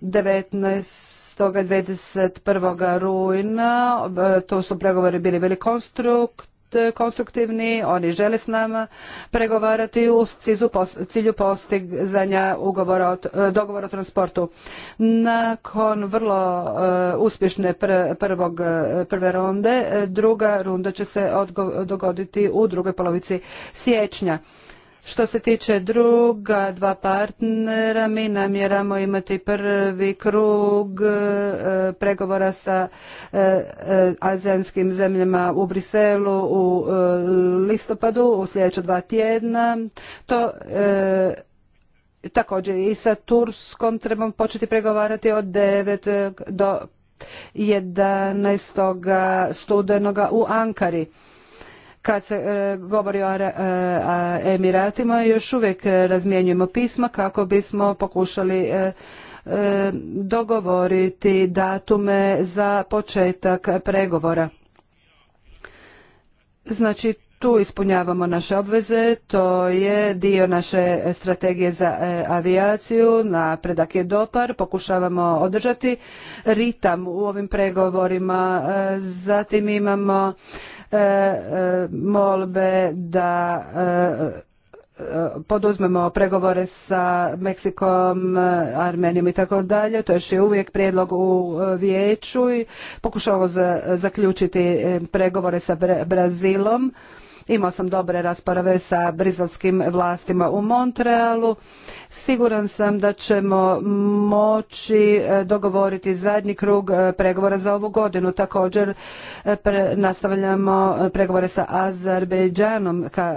19. 21. rujna, e, to su pregovori bili veli konstrukt, konstruktivni, oni žele s nama pregovarati u cilju postizanja e, dogovora o transportu. Nakon vrlo e, uspješne prvog, e, prve runde, druga runda će se dogoditi u drugoj polovici siječnja. Što se tiče druga dva partnera, mi namjeramo imati prvi krug e, pregovora sa e, e, azijanskim zemljama u Briselu u listopadu u sljedeća dva tjedna. To također i sa Turskom trebamo početi pregovarati od 9 do 11. studenoga u Ankari. Kad se e, govori o e, Emiratima, još uvijek razmjenjujemo pisma kako bismo pokušali e, dogovoriti datume za početak pregovora. Znači, tu ispunjavamo naše obveze, to je dio naše strategije za avijaciju, napredak je dopar, pokušavamo održati ritam u ovim pregovorima, zatim imamo E, e, molbe da e, poduzmemo pregovore sa Meksikom, Armenijom i tako dalje. To još je uvijek prijedlog u vijeću i pokušavamo zaključiti pregovore sa Brazilom Imao sam dobre rasprave sa brizalskim vlastima u Montrealu. Siguran sam da ćemo moći e, dogovoriti zadnji krug e, pregovora za ovu godinu. Također e, nastavljamo pregovore sa Azerbejdžanom ka,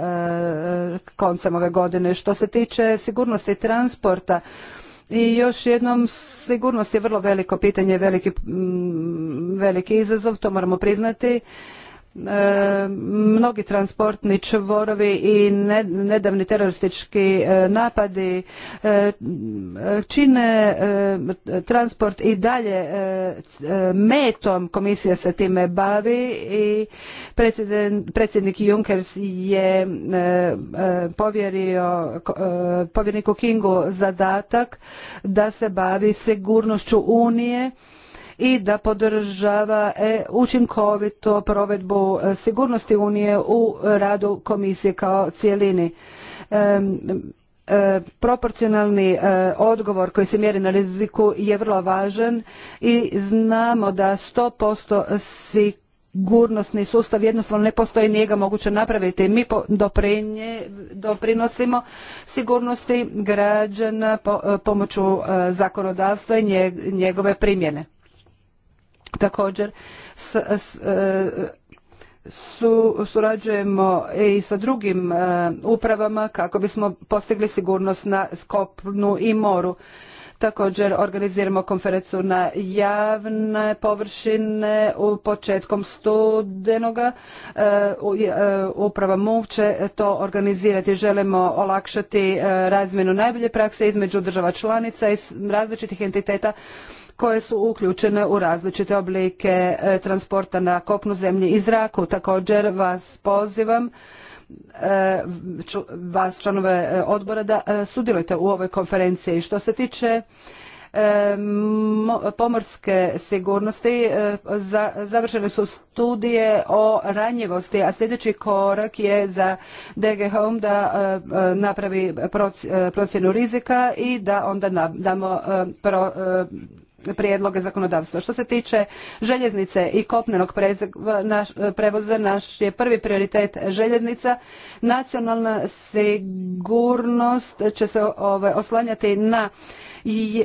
koncem ove godine. Što se tiče sigurnosti transporta, i još jednom, sigurnost je vrlo veliko pitanje, veliki izazov, to moramo priznati. E, mnogi transportni čvorovi i nedavni teroristički e, napadi e, čine transport i dalje metom komisija se time bavi i predsjednik Juncker je povjerio povjerniku Kingu zadatak da se bavi sigurnošću Unije i da podržava e, učinkovito provedbu e, sigurnosti Unije u radu komisije kao cijelini. E, proporcionalni odgovor koji se mjeri na riziku je vrlo važan i znamo da 100% sigurnosni sustav jednostavno ne postoji, nije ga moguće napraviti. Mi doprinosimo sigurnosti građana pomoću zakonodavstva i njegove primjene. Također e, su, surađujemo i sa drugim e, upravama kako bismo postigli sigurnost na Skopnu i moru. Također organiziramo konferencu na javne površine u početkom studenoga. E, uprava MUV će to organizirati. Želimo olakšati razmjenu najbolje prakse između država članica i različitih entiteta koje su uključene u različite oblike e, transporta na kopnu zemlji i zraku. Također vas pozivam e, vas članove e, odbora da sudjelujete u ovoj konferenciji. Što se tiče pomorske sigurnosti završene su studije o ranjivosti, a sljedeći korak je za DG Home da napravi procjenu rizika i da onda damo prijedloge zakonodavstva. Što se tiče željeznice i kopnenog prevoza, naš je prvi prioritet željeznica. Nacionalna sigurnost će se ovaj, oslanjati na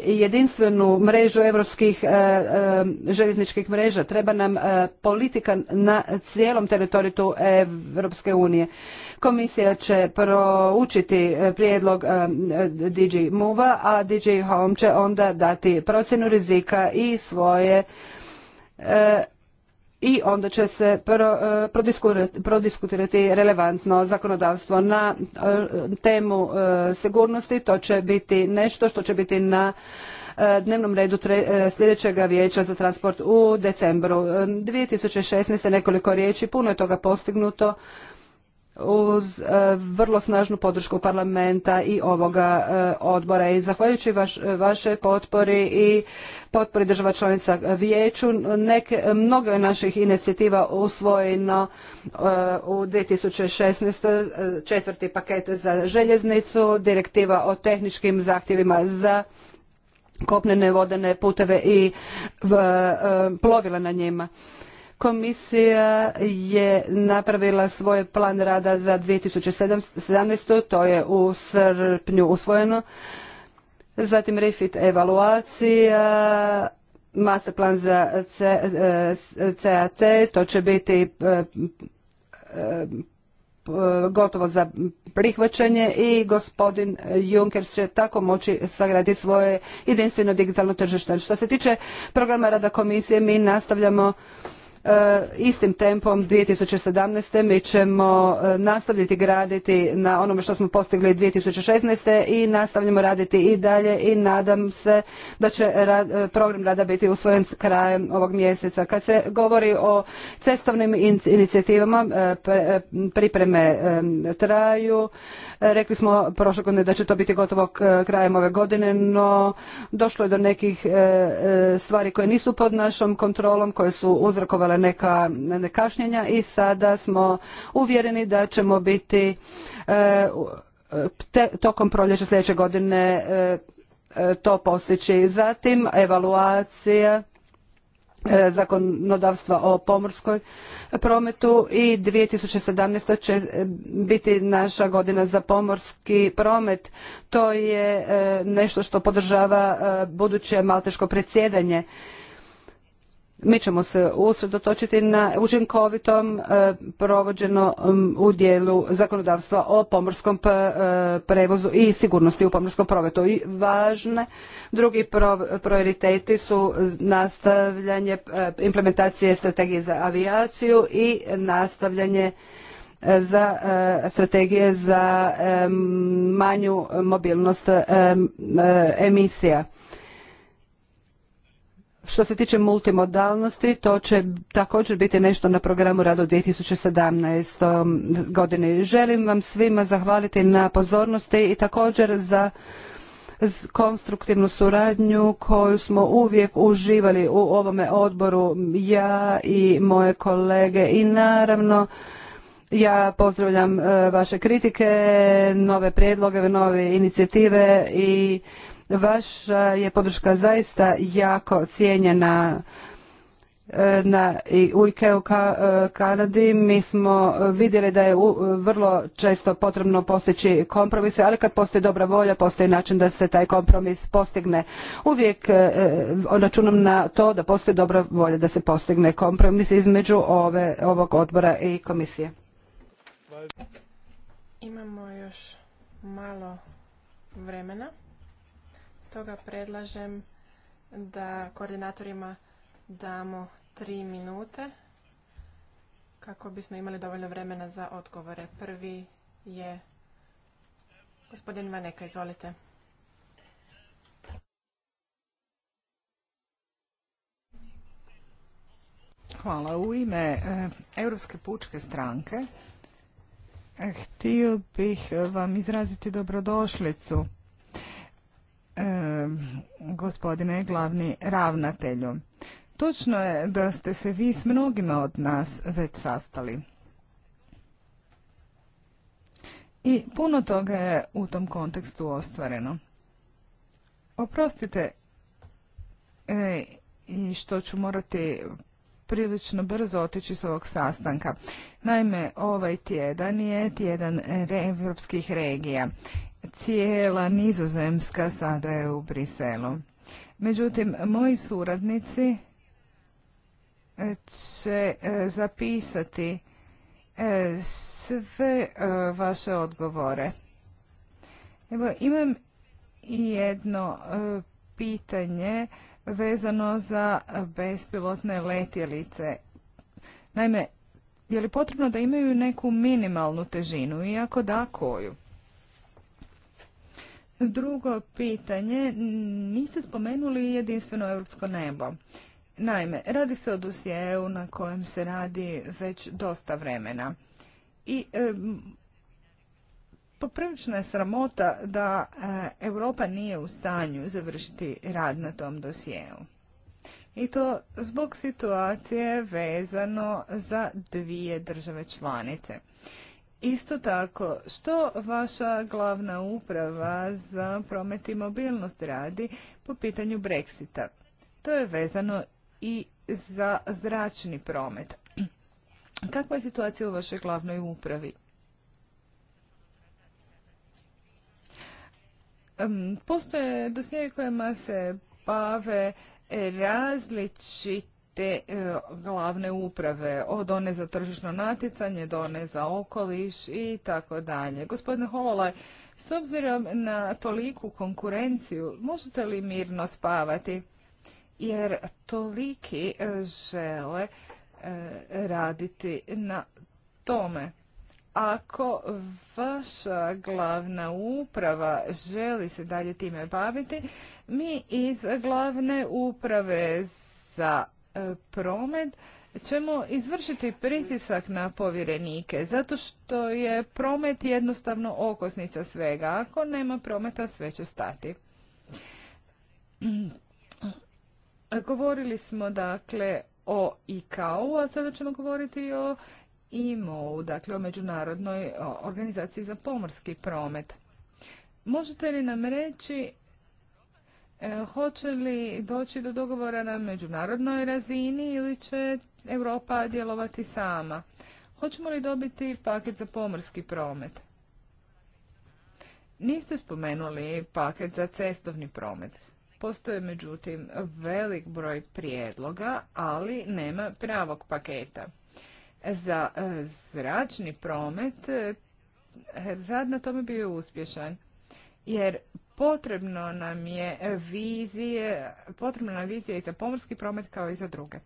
jedinstvenu mrežu europskih e, e, željezničkih mreža. Treba nam e, politika na cijelom teritoriju Europske unije. Komisija će proučiti e, prijedlog e, DG Move, a DG Home će onda dati procjenu rizika i svoje e, i onda će se prodiskutirati relevantno zakonodavstvo na temu sigurnosti. To će biti nešto što će biti na dnevnom redu sljedećeg vijeća za transport u decembru. 2016. nekoliko riječi, puno je toga postignuto uz e, vrlo snažnu podršku parlamenta i ovoga e, odbora. I zahvaljujući vaš, e, vaše potpori i potpori država članica vijeću, neke, mnoge od naših inicijativa usvojeno u 2016. četvrti paket za željeznicu, direktiva o tehničkim zahtjevima za kopnene vodene puteve i plovila na njima. Komisija je napravila svoj plan rada za 2017. To je u srpnju usvojeno. Zatim refit evaluacija, master plan za CAT, e, to će biti e, e, gotovo za prihvaćanje i gospodin Juncker će tako moći sagraditi svoje jedinstveno digitalno tržište. Što se tiče programa rada komisije, mi nastavljamo E, istim tempom 2017. mi ćemo e, nastaviti graditi na onome što smo postigli 2016. i nastavljamo raditi i dalje i nadam se da će e, program rada biti usvojen krajem ovog mjeseca. Kad se govori o cestovnim inicijativama pripreme traju. Rekli smo prošle godine da će to biti gotovo krajem ove godine, no došlo je do nekih stvari koje nisu pod našom kontrolom, koje su uzrokovale bila neka kašnjenja i sada smo uvjereni da ćemo biti e, tokom proljeća sljedeće godine e, e, to postići. Zatim evaluacija zakonodavstva o pomorskoj prometu i 2017. će biti naša godina za pomorski promet. To je nešto što podržava buduće malteško predsjedanje mi ćemo se usredotočiti na učinkovitom e, provođeno u dijelu zakonodavstva o pomorskom e, prevozu i sigurnosti u pomorskom prometu. I važne drugi prioriteti su nastavljanje e, implementacije strategije za avijaciju i nastavljanje za strategije za manju mobilnost emisija. Što se tiče multimodalnosti, to će također biti nešto na programu rada u 2017. godini. Želim vam svima zahvaliti na pozornosti i također za konstruktivnu suradnju koju smo uvijek uživali u ovome odboru ja i moje kolege i naravno ja pozdravljam e, vaše kritike, nove prijedloge, nove inicijative i Vaša je podrška zaista jako cijenjena e, na u i u e, Kanadi mi smo vidjeli da je vrlo često potrebno postići kompromise, ali kad postoji dobra volja, postoji način da se taj kompromis postigne. Uvijek e, računam na to da postoji dobra volja da se postigne kompromis između ove, ovog odbora i komisije. Imamo još malo vremena toga predlažem da koordinatorima damo tri minute kako bismo imali dovoljno vremena za odgovore. Prvi je gospodin Vaneka, izvolite. Hvala. U ime e, Europske pučke stranke e, htio bih e, vam izraziti dobrodošlicu gospodine glavni ravnatelju. Točno je da ste se vi s mnogima od nas već sastali. I puno toga je u tom kontekstu ostvareno. Oprostite e, i što ću morati prilično brzo otići s ovog sastanka. Naime, ovaj tjedan je tjedan europskih regija cijela nizozemska sada je u Briselu. Međutim, moji suradnici e, će e, zapisati e, sve vaše odgovore. Evo, imam jedno pitanje vezano za bespilotne letjelice. Naime, je li potrebno da imaju neku minimalnu težinu, iako da koju? Drugo pitanje, niste spomenuli jedinstveno europsko nebo. Naime, radi se o dosjeu na kojem se radi već dosta vremena. I e, poprilična je sramota da e, Europa nije u stanju završiti rad na tom dosjeu. I to zbog situacije vezano za dvije države članice. Isto tako, što vaša glavna uprava za promet i mobilnost radi po pitanju Brexita? To je vezano i za zračni promet. Kakva je situacija u vašoj glavnoj upravi? Postoje dosije kojima se bave različiti te e, glavne uprave, od one za tržišno natjecanje do one za okoliš i tako dalje. Gospodine Hololaj, s obzirom na toliku konkurenciju, možete li mirno spavati? Jer toliki e, žele e, raditi na tome. Ako vaša glavna uprava želi se dalje time baviti, mi iz glavne uprave za E, promet ćemo izvršiti pritisak na povjerenike, zato što je promet jednostavno okosnica svega. Ako nema prometa, sve će stati. E, govorili smo dakle o ICAO, a sada ćemo govoriti o IMO, dakle o Međunarodnoj organizaciji za pomorski promet. Možete li nam reći E, hoće li doći do dogovora na međunarodnoj razini ili će Europa djelovati sama? Hoćemo li dobiti paket za pomorski promet? Niste spomenuli paket za cestovni promet. Postoje međutim velik broj prijedloga, ali nema pravog paketa. Za e, zračni promet e, rad na tome bio uspješan, jer Potrebno nam je vizije, potrebna nam vizija i za pomorski promet kao i za druge.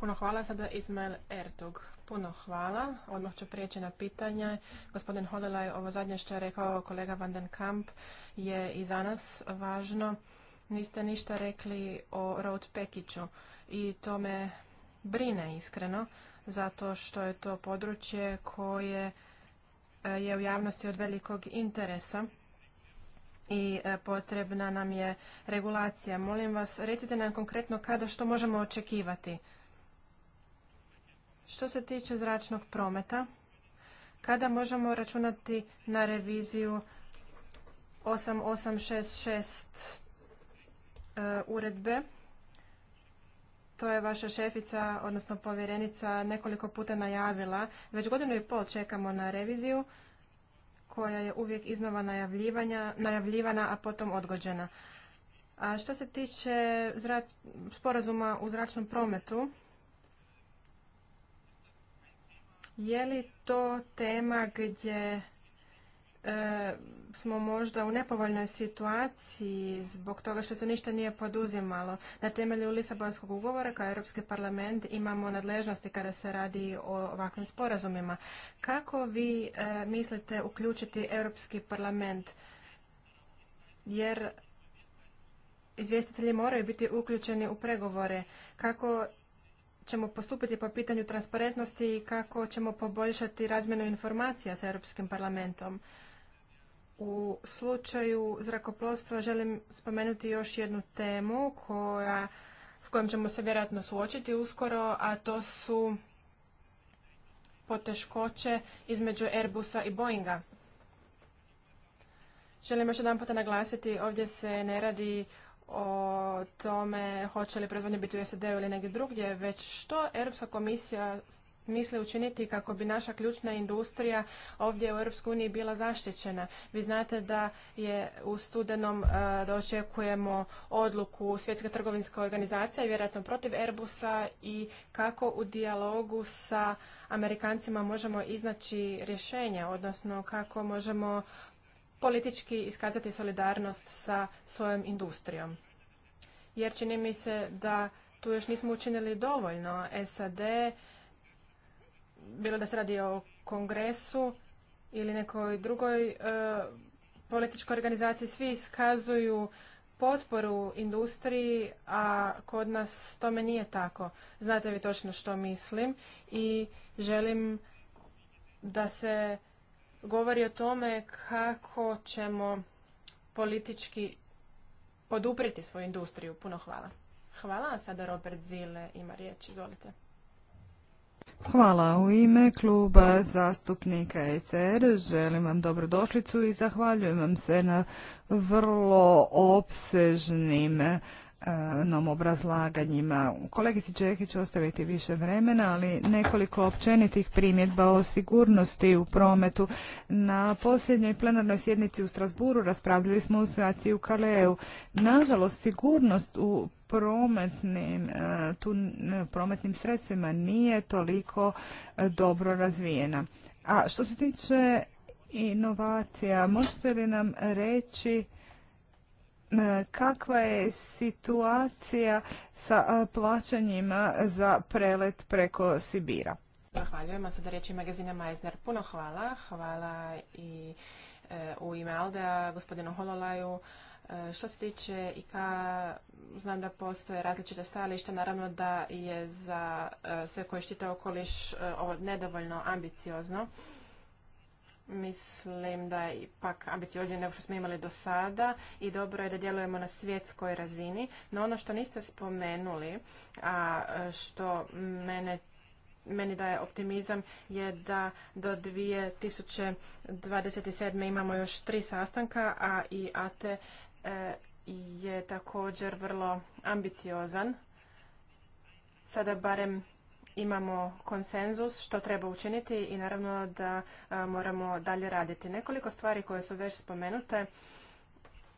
Puno hvala sada Ismail Ertug. Puno hvala. Odmah ću prijeći na pitanje. Gospodin Hodelaj, ovo zadnje što je rekao kolega Van den Kamp je i za nas važno. Niste ništa rekli o road pekiću i to me brine iskreno, zato što je to područje koje e, je u javnosti od velikog interesa i e, potrebna nam je regulacija. Molim vas, recite nam konkretno kada što možemo očekivati. Što se tiče zračnog prometa, kada možemo računati na reviziju 8866 e, uredbe? To je vaša šefica, odnosno povjerenica, nekoliko puta najavila. Već godinu i pol čekamo na reviziju koja je uvijek iznova najavljivana, a potom odgođena. A što se tiče sporazuma u zračnom prometu, je li to tema gdje E, smo možda u nepovoljnoj situaciji zbog toga što se ništa nije poduzimalo. Na temelju Lisabonskog ugovora kao Europski parlament imamo nadležnosti kada se radi o ovakvim sporazumima. Kako vi e, mislite uključiti Europski parlament? Jer izvjestitelji moraju biti uključeni u pregovore. Kako ćemo postupiti po pitanju transparentnosti i kako ćemo poboljšati razmjenu informacija sa Europskim parlamentom? U slučaju zrakoplovstva želim spomenuti još jednu temu koja, s kojom ćemo se vjerojatno suočiti uskoro, a to su poteškoće između Airbusa i Boeinga. Želim još jedan puta naglasiti, ovdje se ne radi o tome hoće li proizvodnje biti u SAD-u ili negdje drugdje, već što Europska komisija misle učiniti kako bi naša ključna industrija ovdje u Uniji bila zaštićena? Vi znate da je u studenom e, da očekujemo odluku Svjetske trgovinske organizacije, vjerojatno protiv Airbusa i kako u dijalogu sa Amerikancima možemo iznaći rješenja, odnosno kako možemo politički iskazati solidarnost sa svojom industrijom. Jer čini mi se da tu još nismo učinili dovoljno. SAD bilo da se radi o kongresu ili nekoj drugoj e, političkoj organizaciji, svi iskazuju potporu industriji, a kod nas tome nije tako. Znate vi točno što mislim i želim da se govori o tome kako ćemo politički podupriti svoju industriju. Puno hvala. Hvala, a sada Robert Zile ima riječ, izvolite. Hvala. U ime kluba zastupnika ECR želim vam dobrodošlicu i zahvaljujem vam se na vrlo opsežnim nam obrazlaganjima. Kolegici Čehić ostaviti više vremena, ali nekoliko općenitih primjedba o sigurnosti u prometu. Na posljednjoj plenarnoj sjednici u Strasburu raspravljali smo u situaciji u Kaleu. Nažalost, sigurnost u prometnim, e, tu, e, prometnim sredstvima nije toliko e, dobro razvijena. A što se tiče inovacija, možete li nam reći kakva je situacija sa plaćanjima za prelet preko Sibira? Zahvaljujem, a sada reći magazina Meisner. Puno hvala, hvala i e, u ime Alda, gospodinu Hololaju. E, što se tiče ka, znam da postoje različite stajališta, naravno da je za e, sve koje štite okoliš ovo nedovoljno ambiciozno mislim da je ipak ambicioznije nego što smo imali do sada i dobro je da djelujemo na svjetskoj razini. No ono što niste spomenuli, a što mene meni daje optimizam je da do 2027. imamo još tri sastanka, a i ATE je također vrlo ambiciozan. Sada barem imamo konsenzus što treba učiniti i naravno da e, moramo dalje raditi. Nekoliko stvari koje su već spomenute,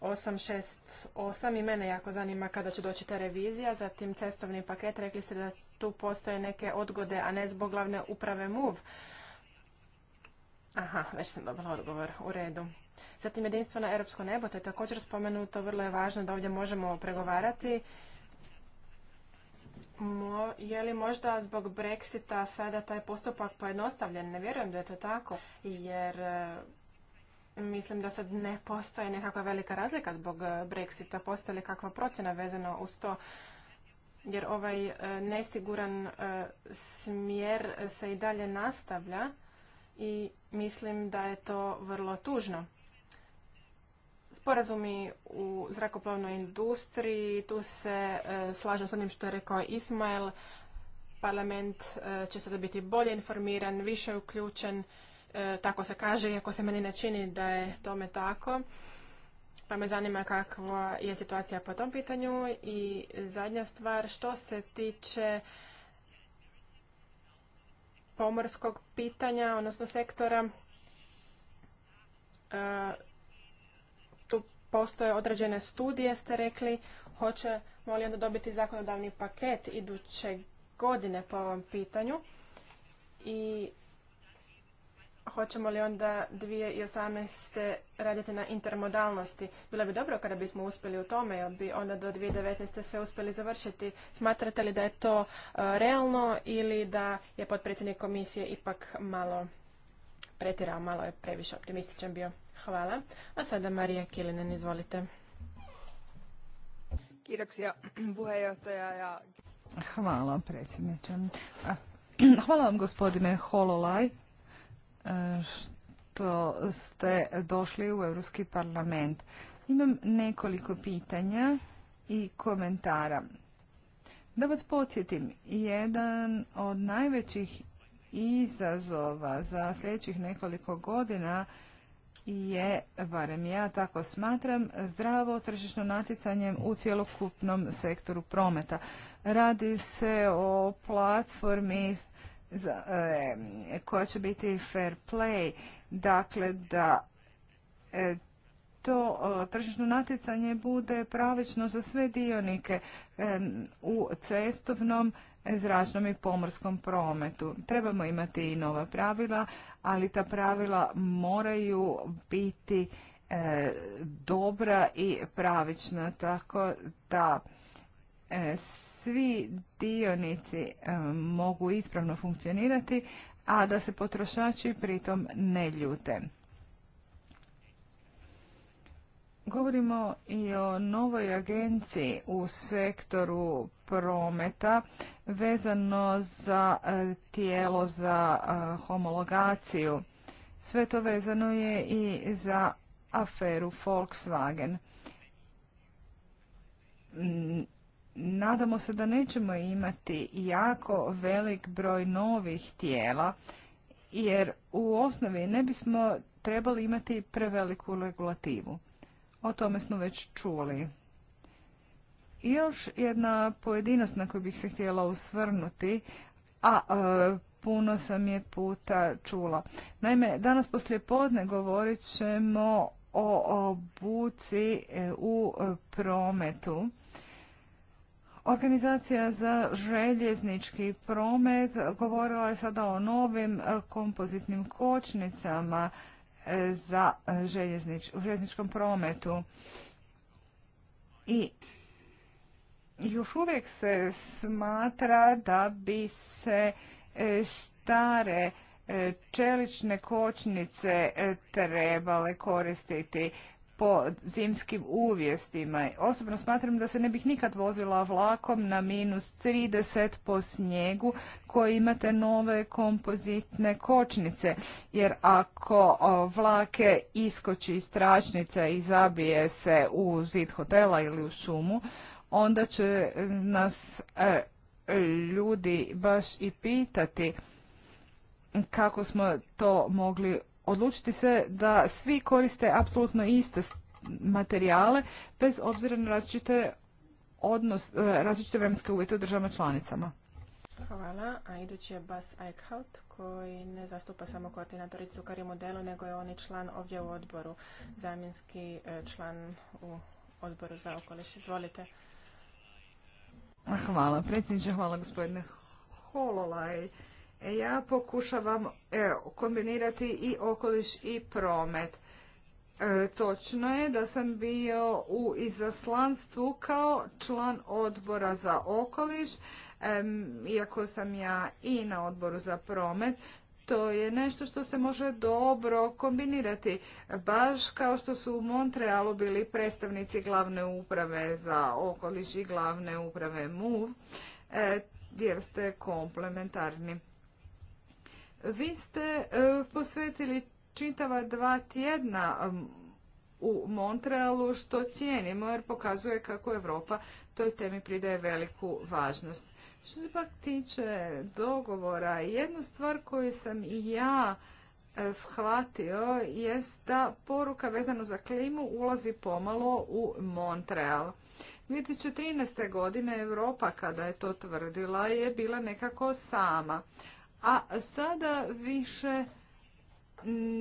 868 i mene jako zanima kada će doći ta revizija, zatim cestovni paket, rekli ste da tu postoje neke odgode, a ne zbog glavne uprave MUV. Aha, već sam dobila odgovor, u redu. Zatim na europsko nebo, to je također spomenuto, vrlo je važno da ovdje možemo pregovarati je li možda zbog Brexita sada taj postupak pojednostavljen? Ne vjerujem da je to tako, jer e, mislim da sad ne postoji nekakva velika razlika zbog e, Brexita. Postoji li kakva procjena vezana uz to? Jer ovaj e, nesiguran smjer se i dalje nastavlja i mislim da je to vrlo tužno. Sporazumi u zrakoplovnoj industriji, tu se slaže slažem s onim što je rekao Ismail, parlament e, će sada biti bolje informiran, više uključen, e, tako se kaže, iako se meni ne čini da je tome tako. Pa me zanima kakva je situacija po tom pitanju. I zadnja stvar, što se tiče pomorskog pitanja, odnosno sektora, e, postoje određene studije, ste rekli, hoće molim da dobiti zakonodavni paket iduće godine po ovom pitanju i hoćemo li onda 2018. raditi na intermodalnosti. Bilo bi dobro kada bismo uspjeli u tome, jer bi onda do 2019. sve uspjeli završiti. Smatrate li da je to e, realno ili da je potpredsjednik komisije ipak malo pretirao, malo je previše optimističan bio? Hvala. A sada Marija Kilinen, izvolite. Kiitoksia ja... Hvala predsjedniče. Hvala vam gospodine Hololaj e, što ste došli u Europski parlament. Imam nekoliko pitanja i komentara. Da vas podsjetim, jedan od najvećih izazova za sljedećih nekoliko godina je, barem ja tako smatram, zdravo tržišno natjecanjem u cjelokupnom sektoru prometa. Radi se o platformi eh, koja će biti fair play, dakle da eh, to eh, tržišno natjecanje bude pravično za sve dionike u cestovnom zračnom i pomorskom prometu. Trebamo imati i nova pravila, ali ta pravila moraju biti e, dobra i pravična, tako da e, svi dionici e, mogu ispravno funkcionirati, a da se potrošači pritom ne ljute. Govorimo i o novoj agenciji u sektoru prometa vezano za e, tijelo za e, homologaciju. Sve to vezano je i za aferu Volkswagen. Nadamo se da nećemo imati jako velik broj novih tijela, jer u osnovi ne bismo trebali imati preveliku regulativu. O tome smo već čuli. I još jedna pojedinost na koju bih se htjela usvrnuti, a e, puno sam je puta čula. Naime, danas poslije podne govorit ćemo o, o buci e, u e, prometu. Organizacija za željeznički promet govorila je sada o novim kompozitnim kočnicama za e, željezničkom prometu. I još uvijek se smatra da bi se e, stare e, čelične kočnice trebale koristiti po zimskim uvjestima. Osobno smatram da se ne bih nikad vozila vlakom na minus 30 po snijegu koji imate nove kompozitne kočnice. Jer ako vlake iskoči iz tračnica i zabije se u zid hotela ili u šumu, onda će e, nas e, ljudi baš i pitati kako smo to mogli odlučiti se da svi koriste apsolutno iste materijale bez obzira na različite odnos, e, različite vremenske uvjete u državama članicama. Hvala. A idući je Bas Eichhout koji ne zastupa samo koordinatoricu Karimu Delu, nego je on i član ovdje u odboru, zamjenski e, član u odboru za okoliš. Izvolite. Hvala predsjedniče, hvala gospodine Hololaj. E, ja pokušavam e, kombinirati i okoliš i promet. E, točno je da sam bio u izaslanstvu kao član odbora za okoliš, iako sam ja i na odboru za promet, to je nešto što se može dobro kombinirati. Baš kao što su u Montrealu bili predstavnici glavne uprave za okoliš i glavne uprave MUV, jer ste komplementarni. Vi ste e, posvetili čitava dva tjedna u Montrealu što cijenimo jer pokazuje kako Europa toj temi pridaje veliku važnost. Što se pak tiče dogovora, jednu stvar koju sam i ja e, shvatio jest da poruka vezano za klimu ulazi pomalo u Montreal. 2013. godine Europa, kada je to tvrdila, je bila nekako sama a sada više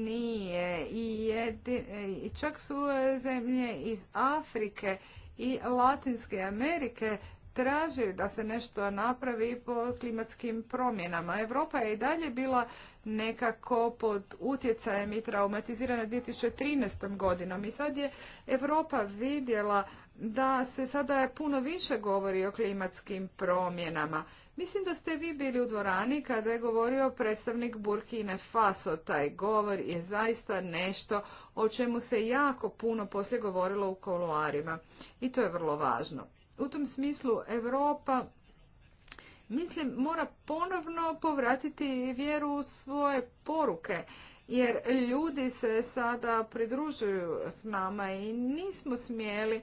nije. I čak su zemlje iz Afrike i Latinske Amerike tražili da se nešto napravi po klimatskim promjenama. Europa je i dalje bila nekako pod utjecajem i traumatizirana 2013. godinom i sad je Europa vidjela da se sada puno više govori o klimatskim promjenama. Mislim da ste vi bili u dvorani kada je govorio predstavnik Burkine Faso. Taj govor je zaista nešto o čemu se jako puno poslije govorilo u koloarima i to je vrlo važno. U tom smislu Europa mislim mora ponovno povratiti vjeru u svoje poruke jer ljudi se sada pridružuju nama i nismo smjeli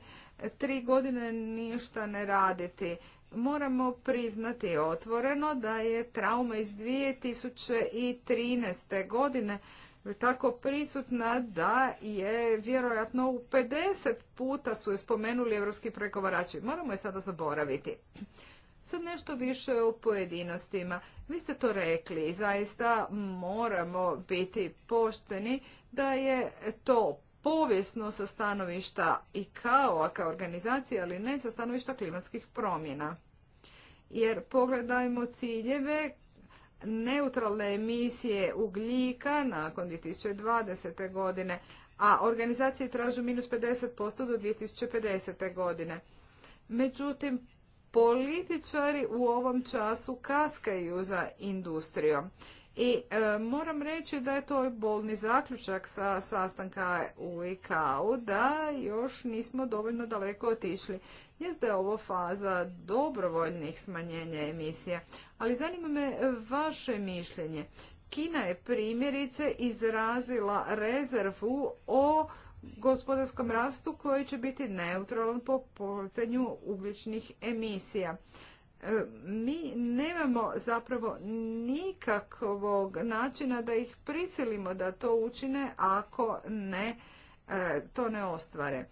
tri godine ništa ne raditi moramo priznati otvoreno da je trauma iz 2013. godine tako prisutna da je vjerojatno u 50 puta su je spomenuli evropski pregovarači. Moramo je sada zaboraviti. Sad nešto više o pojedinostima. Vi ste to rekli i zaista moramo biti pošteni da je to povijesno sa stanovišta i kao, a organizacija, ali ne sa stanovišta klimatskih promjena. Jer pogledajmo ciljeve neutralne emisije ugljika nakon 2020. godine, a organizacije tražu minus 50% do 2050. godine. Međutim, političari u ovom času kaskaju za industrijom. I e, moram reći da je to bolni zaključak sa sastanka u ICAO, da još nismo dovoljno daleko otišli. Jest da je ovo faza dobrovoljnih smanjenja emisija, ali zanima me vaše mišljenje. Kina je primjerice izrazila rezervu o gospodarskom rastu koji će biti neutralan po potenju ugljičnih emisija. E, mi nemamo zapravo nikakvog načina da ih prisilimo da to učine ako ne e, to ne ostvare.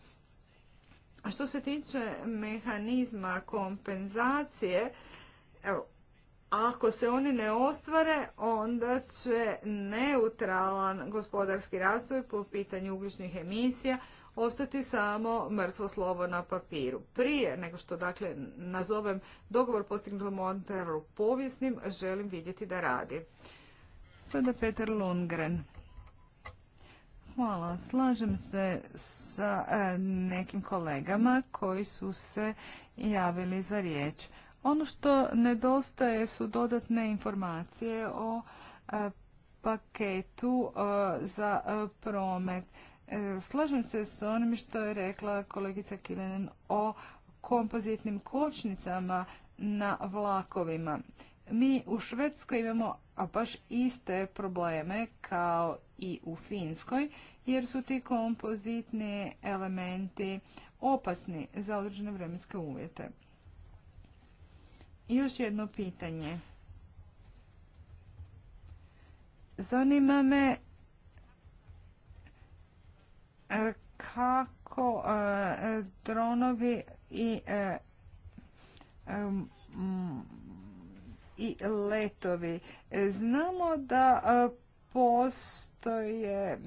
A što se tiče mehanizma kompenzacije, evo, ako se oni ne ostvare, onda će neutralan gospodarski razvoj po pitanju ugljičnih emisija ostati samo mrtvo slovo na papiru. Prije nego što dakle nazovem dogovor postignut Monteru povijesnim, želim vidjeti da radi. Sada Peter Lundgren. Hvala. Slažem se sa e, nekim kolegama koji su se javili za riječ. Ono što nedostaje su dodatne informacije o e, paketu e, za promet E, slažem se s onim što je rekla kolegica Kilenen o kompozitnim kočnicama na vlakovima. Mi u Švedskoj imamo baš iste probleme kao i u Finskoj, jer su ti kompozitni elementi opasni za određene vremenske uvjete. Još jedno pitanje. Zanima me kako e, dronovi i e, e, i letovi. Znamo da postoje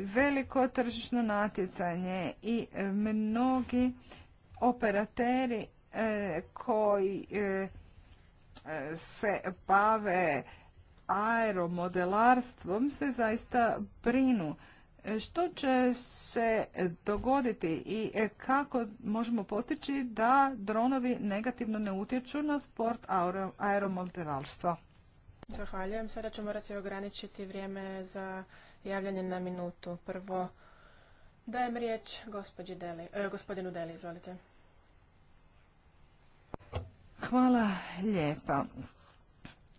veliko tržišno natjecanje i mnogi operateri koji se bave aeromodelarstvom se zaista brinu što će se dogoditi i kako možemo postići da dronovi negativno ne utječu na sport aeromodelarstva? Zahvaljujem. Sada ću morati ograničiti vrijeme za javljanje na minutu. Prvo dajem riječ Deli, e, gospodinu Deli. Izvolite. Hvala lijepa.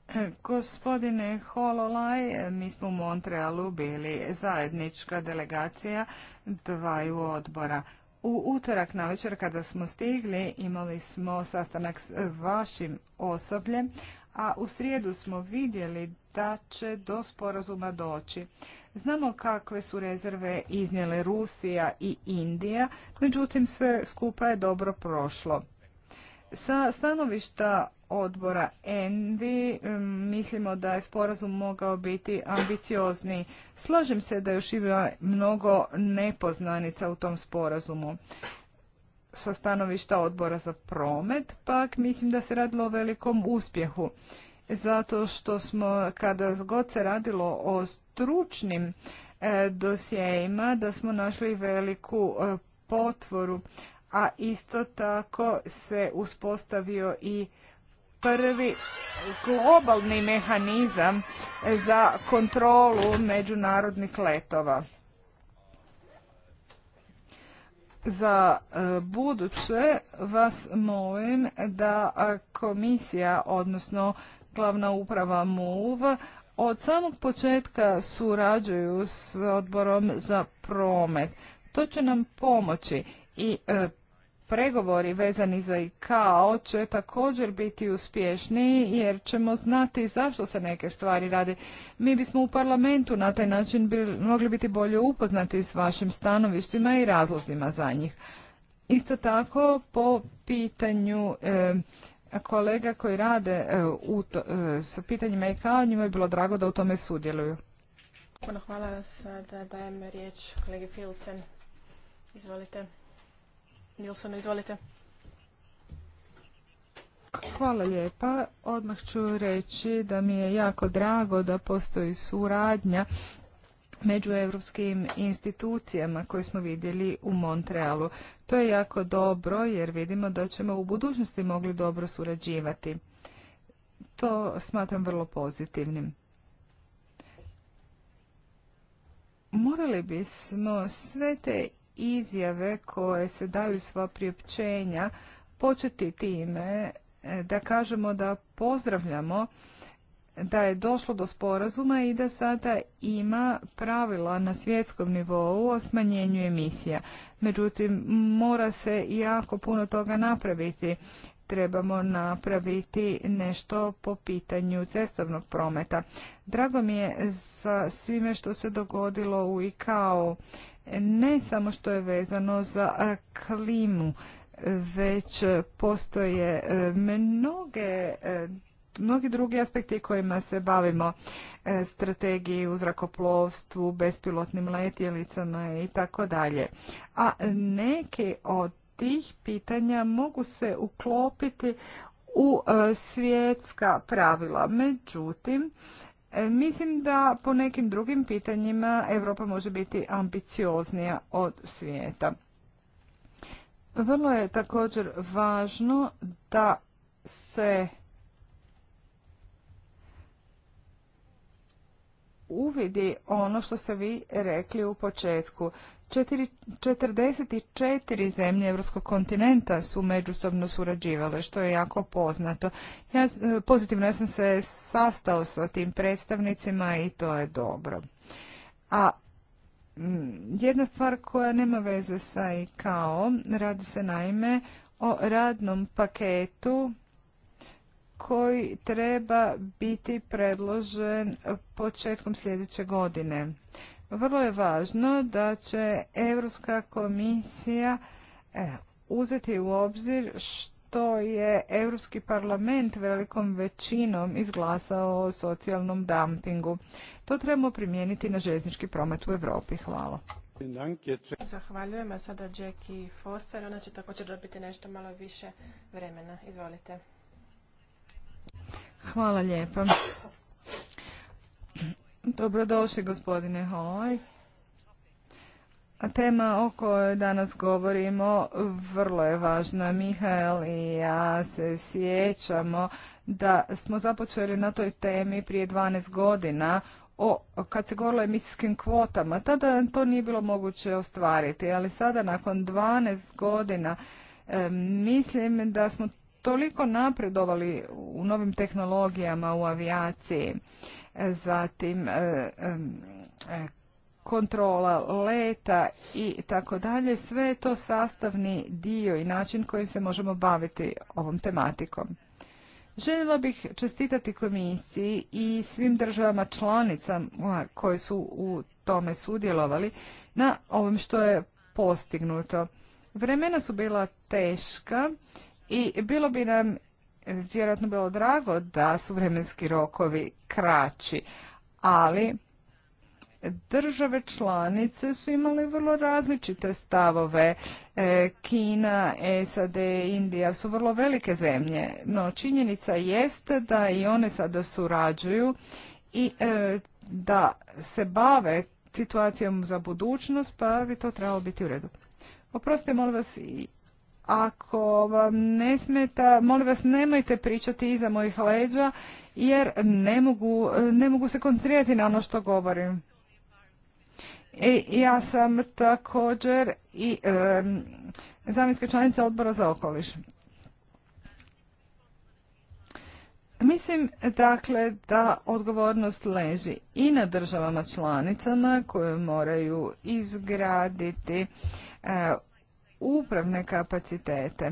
Gospodine Hololaj, mi smo u Montrealu bili zajednička delegacija dvaju odbora. U utorak večer kada smo stigli imali smo sastanak s vašim osobljem, a u srijedu smo vidjeli da će do sporazuma doći. Znamo kakve su rezerve iznijele Rusija i Indija, međutim sve skupa je dobro prošlo. Sa stanovišta odbora ENVI mislimo da je sporazum mogao biti ambiciozni. Slažem se da još ima mnogo nepoznanica u tom sporazumu. Sa stanovišta odbora za promet pak mislim da se radilo o velikom uspjehu. Zato što smo kada god se radilo o stručnim e, dosjejima da smo našli veliku e, potvoru a isto tako se uspostavio i prvi globalni mehanizam za kontrolu međunarodnih letova. Za e, buduće vas molim da komisija, odnosno glavna uprava MUV, od samog početka surađuju s odborom za promet. To će nam pomoći i e, pregovori vezani za ICAO će također biti uspješniji jer ćemo znati zašto se neke stvari rade. Mi bismo u parlamentu na taj način mogli biti bolje upoznati s vašim stanovištima i razlozima za njih. Isto tako po pitanju e, kolega koji rade eh, eh, sa pitanjima ICAO, njima je bilo drago da u tome sudjeluju. Hvala, sada dajem riječ kolegi Filcen. Izvolite. Nilsson, izvolite. Hvala lijepa. Odmah ću reći da mi je jako drago da postoji suradnja među europskim institucijama koje smo vidjeli u Montrealu. To je jako dobro jer vidimo da ćemo u budućnosti mogli dobro surađivati. To smatram vrlo pozitivnim. Morali bismo sve te izjave koje se daju sva priopćenja početi time e, da kažemo da pozdravljamo da je došlo do sporazuma i da sada ima pravila na svjetskom nivou o smanjenju emisija. Međutim, mora se jako puno toga napraviti. Trebamo napraviti nešto po pitanju cestovnog prometa. Drago mi je sa svime što se dogodilo u kao ne samo što je vezano za klimu, već postoje e, mnoge e, mnogi drugi aspekti kojima se bavimo, e, strategiji u zrakoplovstvu, bespilotnim letjelicama i tako dalje. A neke od tih pitanja mogu se uklopiti u svjetska pravila. Međutim, Mislim da po nekim drugim pitanjima Europa može biti ambicioznija od svijeta. Vrlo je također važno da se uvidi ono što ste vi rekli u početku. 44 zemlje Evropskog kontinenta su međusobno surađivale, što je jako poznato. Ja, pozitivno ja sam se sastao sa tim predstavnicima i to je dobro. A mm, jedna stvar koja nema veze sa ICAO, radi se naime o radnom paketu koji treba biti predložen početkom sljedeće godine. Vrlo je važno da će Europska komisija e, uzeti u obzir što je Europski parlament velikom većinom izglasao o socijalnom dumpingu. To trebamo primijeniti na željeznički promet u Europi. Hvala. Zahvaljujem, a sada Jackie Foster, ona će također dobiti nešto malo više vremena. Izvolite. Hvala lijepa. Dobrodošli gospodine Hoj. A tema o kojoj danas govorimo vrlo je važna. Mihael i ja se sjećamo da smo započeli na toj temi prije 12 godina o, kad se govorilo o emisijskim kvotama. Tada to nije bilo moguće ostvariti, ali sada nakon 12 godina mislim da smo toliko napredovali u novim tehnologijama u avijaciji, zatim e, e, e, kontrola leta i tako dalje, sve je to sastavni dio i način kojim se možemo baviti ovom tematikom. Željela bih čestitati komisiji i svim državama članicama koje su u tome sudjelovali na ovom što je postignuto. Vremena su bila teška i bilo bi nam vjerojatno bilo drago da su vremenski rokovi kraći, ali države članice su imale vrlo različite stavove. E, Kina, SAD, Indija su vrlo velike zemlje, no činjenica jeste da i one sada surađuju i e, da se bave situacijom za budućnost, pa bi to trebalo biti u redu. Oprostite, molim vas, ako vam ne smeta, molim vas nemojte pričati iza mojih leđa jer ne mogu, ne mogu se koncentrirati na ono što govorim. I e, ja sam također i e, zamjenska članica odbora za okoliš. Mislim dakle da odgovornost leži i na državama članicama koje moraju izgraditi upravne kapacitete.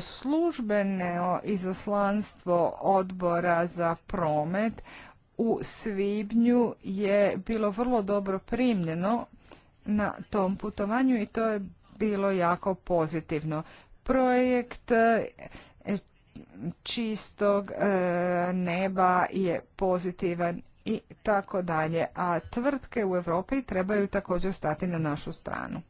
Službeno izaslanstvo odbora za promet u Svibnju je bilo vrlo dobro primljeno na tom putovanju i to je bilo jako pozitivno. Projekt e, čistog e, neba je pozitivan i tako dalje. A tvrtke u Europi trebaju također stati na našu stranu.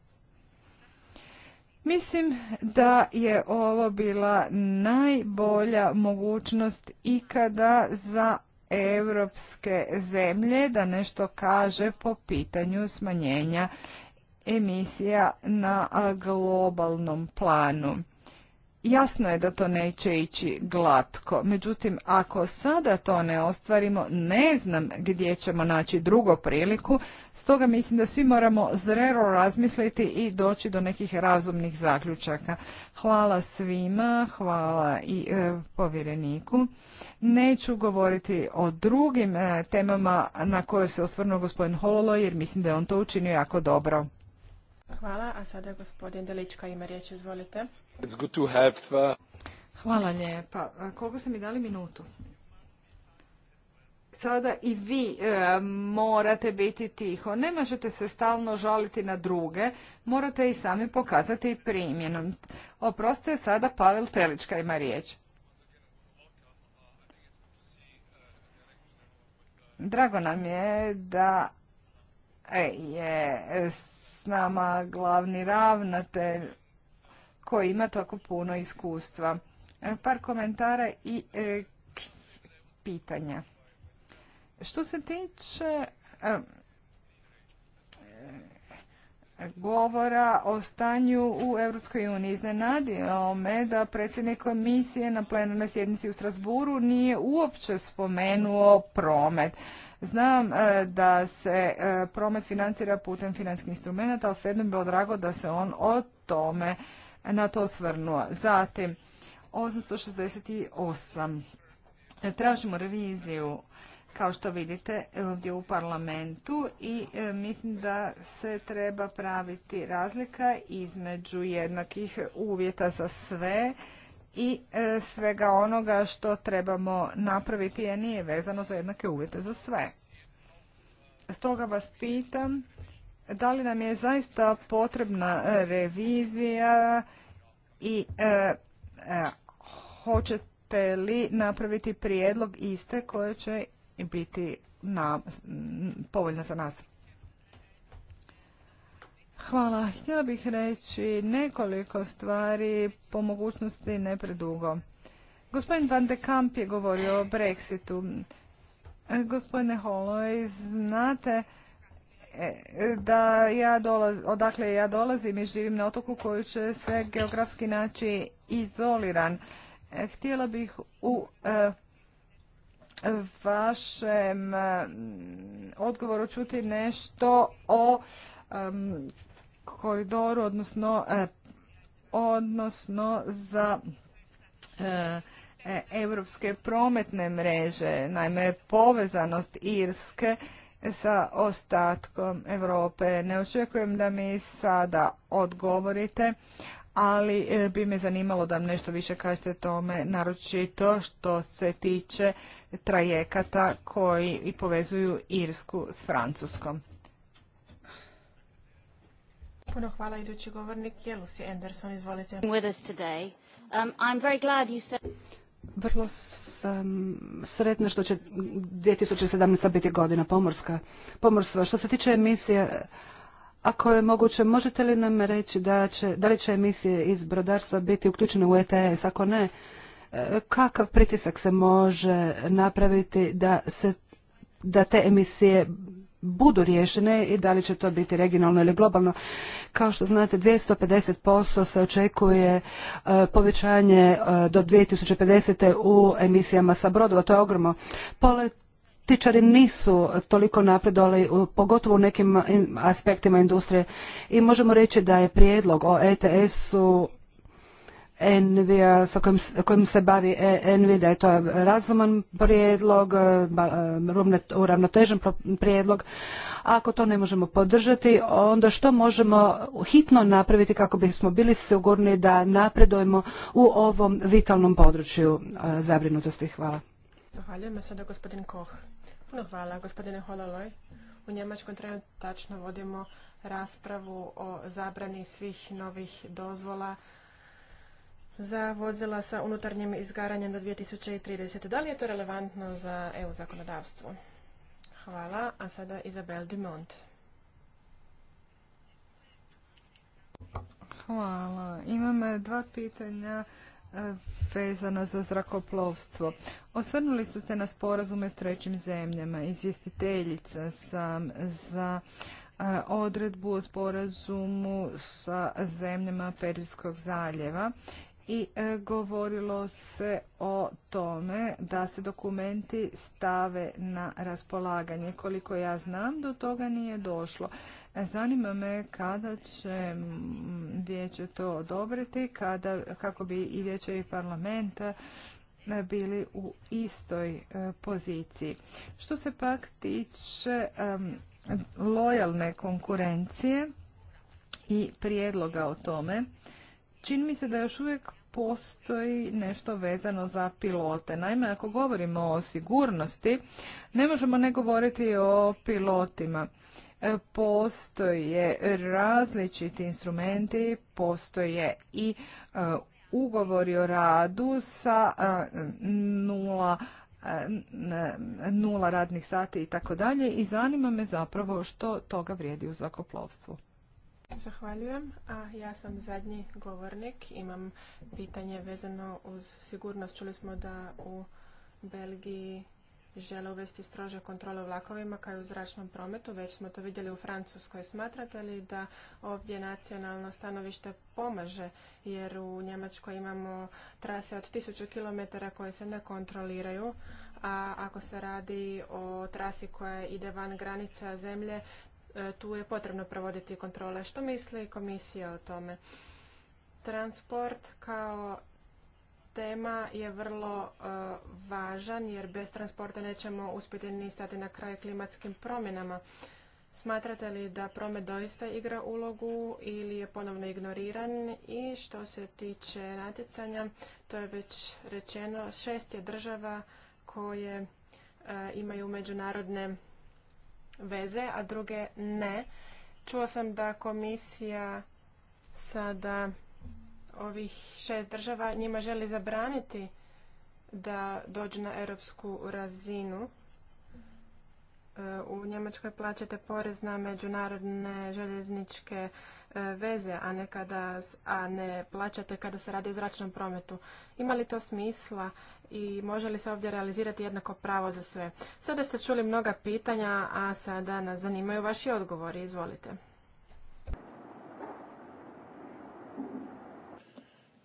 Mislim da je ovo bila najbolja mogućnost ikada za europske zemlje da nešto kaže po pitanju smanjenja emisija na globalnom planu. Jasno je da to neće ići glatko, međutim ako sada to ne ostvarimo, ne znam gdje ćemo naći drugu priliku, stoga mislim da svi moramo zrero razmisliti i doći do nekih razumnih zaključaka. Hvala svima, hvala i e, povjereniku. Neću govoriti o drugim e, temama na koje se osvrnuo gospodin Hololo jer mislim da je on to učinio jako dobro. Hvala, a sada gospodin Delička ima riječ, izvolite. Uh, Hvala lijepa. Koliko ste mi dali minutu? Sada i vi e, morate biti tiho. Ne možete se stalno žaliti na druge. Morate i sami pokazati primjenom. Oprostite, sada Pavel Telička ima riječ. Drago nam je da e, je s nama glavni ravnatelj koji ima tako puno iskustva. E, par komentara i e, pitanja. Što se tiče e, govora o stanju u Europskoj uniji. Iznenadio me da predsjednik komisije na plenarnoj sjednici u Strasburu nije uopće spomenuo promet. Znam da se promet financira putem financijskih instrumenta, ali svejedno bi bilo drago da se on o tome na to osvrnuo. Zatim, 868. Tražimo reviziju kao što vidite ovdje u parlamentu i e, mislim da se treba praviti razlika između jednakih uvjeta za sve i e, svega onoga što trebamo napraviti, a nije vezano za jednake uvjete za sve. Stoga vas pitam da li nam je zaista potrebna e, revizija i e, e, hoćete li napraviti prijedlog iste koje će biti povoljna za nas? Hvala. Htjela bih reći nekoliko stvari po mogućnosti ne predugo. Gospodin Van de Kamp je govorio o Brexitu. Gospodine Holloway, znate da ja dolaz, odakle ja dolazim i živim na otoku koji će sve geografski naći izoliran. E, htjela bih u e, vašem e, odgovoru čuti nešto o koridoru, odnosno odnosno za europske prometne mreže, naime povezanost Irske sa ostatkom Europe. Ne očekujem da mi sada odgovorite, ali e, bi me zanimalo da nešto više kažete tome, naročito što se tiče trajekata koji i povezuju Irsku s Francuskom. Puno hvala idući govornik je Lucy Anderson, izvolite. Um, glad vrlo sam sretna što će 2017. biti godina pomorska, pomorstva. Što se tiče emisije, ako je moguće, možete li nam reći da, će, da li će emisije iz brodarstva biti uključene u ETS? Ako ne, e, kakav pritisak se može napraviti da se da te emisije budu riješene i da li će to biti regionalno ili globalno. Kao što znate, 250% se očekuje e, povećanje e, do 2050. u emisijama sa brodova. To je ogromno. Političari nisu toliko napredovali, pogotovo u nekim aspektima industrije. I možemo reći da je prijedlog o ETS-u Envija, sa kojim, se bavi e, Envi, da je to razuman prijedlog, e, e, uravnotežen prijedlog. Ako to ne možemo podržati, onda što možemo hitno napraviti kako bismo bili sigurni da napredujemo u ovom vitalnom području zabrinutosti? Hvala. Zahvaljujem sada gospodin Koh. hvala gospodine Hololoj. U Njemačkom tačno vodimo raspravu o zabrani svih novih dozvola za vozila sa unutarnjim izgaranjem do 2030. Da li je to relevantno za EU zakonodavstvo? Hvala. A sada Izabel Dumont. Hvala. Imam e, dva pitanja e, vezana za zrakoplovstvo. Osvrnuli su se na sporazume s trećim zemljama. Izvjestiteljica sam za e, odredbu o sporazumu sa zemljama Perijskog zaljeva i e, govorilo se o tome da se dokumenti stave na raspolaganje. Koliko ja znam, do toga nije došlo. E, zanima me kada će vijeće to odobriti, kada, kako bi i vijeće i parlament e, bili u istoj poziciji. Što se pak tiče lojalne konkurencije i prijedloga o tome, čini mi se da još uvijek postoji nešto vezano za pilote. Naime, ako govorimo o sigurnosti, ne možemo ne govoriti o pilotima. E, postoje različiti instrumenti, postoje i e, ugovori o radu sa e, nula radnih sati i tako dalje i zanima me zapravo što toga vrijedi u zakoplovstvu. Zahvaljujem. A ja sam zadnji govornik. Imam pitanje vezano uz sigurnost. Čuli smo da u Belgiji žele uvesti strože kontrole vlakovima kao i u zračnom prometu. Već smo to vidjeli u Francuskoj. Smatrate li da ovdje nacionalno stanovište pomaže? Jer u Njemačkoj imamo trase od 1000 km koje se ne kontroliraju a ako se radi o trasi koja ide van granica zemlje, E, tu je potrebno provoditi kontrole. Što misli komisija o tome? Transport kao tema je vrlo e, važan jer bez transporta nećemo uspjeti ni stati na kraj klimatskim promjenama. Smatrate li da promet doista igra ulogu ili je ponovno ignoriran i što se tiče natjecanja, to je već rečeno, šest je država koje e, imaju međunarodne veze, a druge ne. Čuo sam da komisija sada ovih šest država njima želi zabraniti da dođu na europsku razinu. E, u Njemačkoj plaćate porez na međunarodne željezničke e, veze, a ne, kada, a ne plaćate kada se radi o zračnom prometu. Ima li to smisla i može li se ovdje realizirati jednako pravo za sve? Sada ste čuli mnoga pitanja, a sada nas zanimaju vaši odgovori. Izvolite.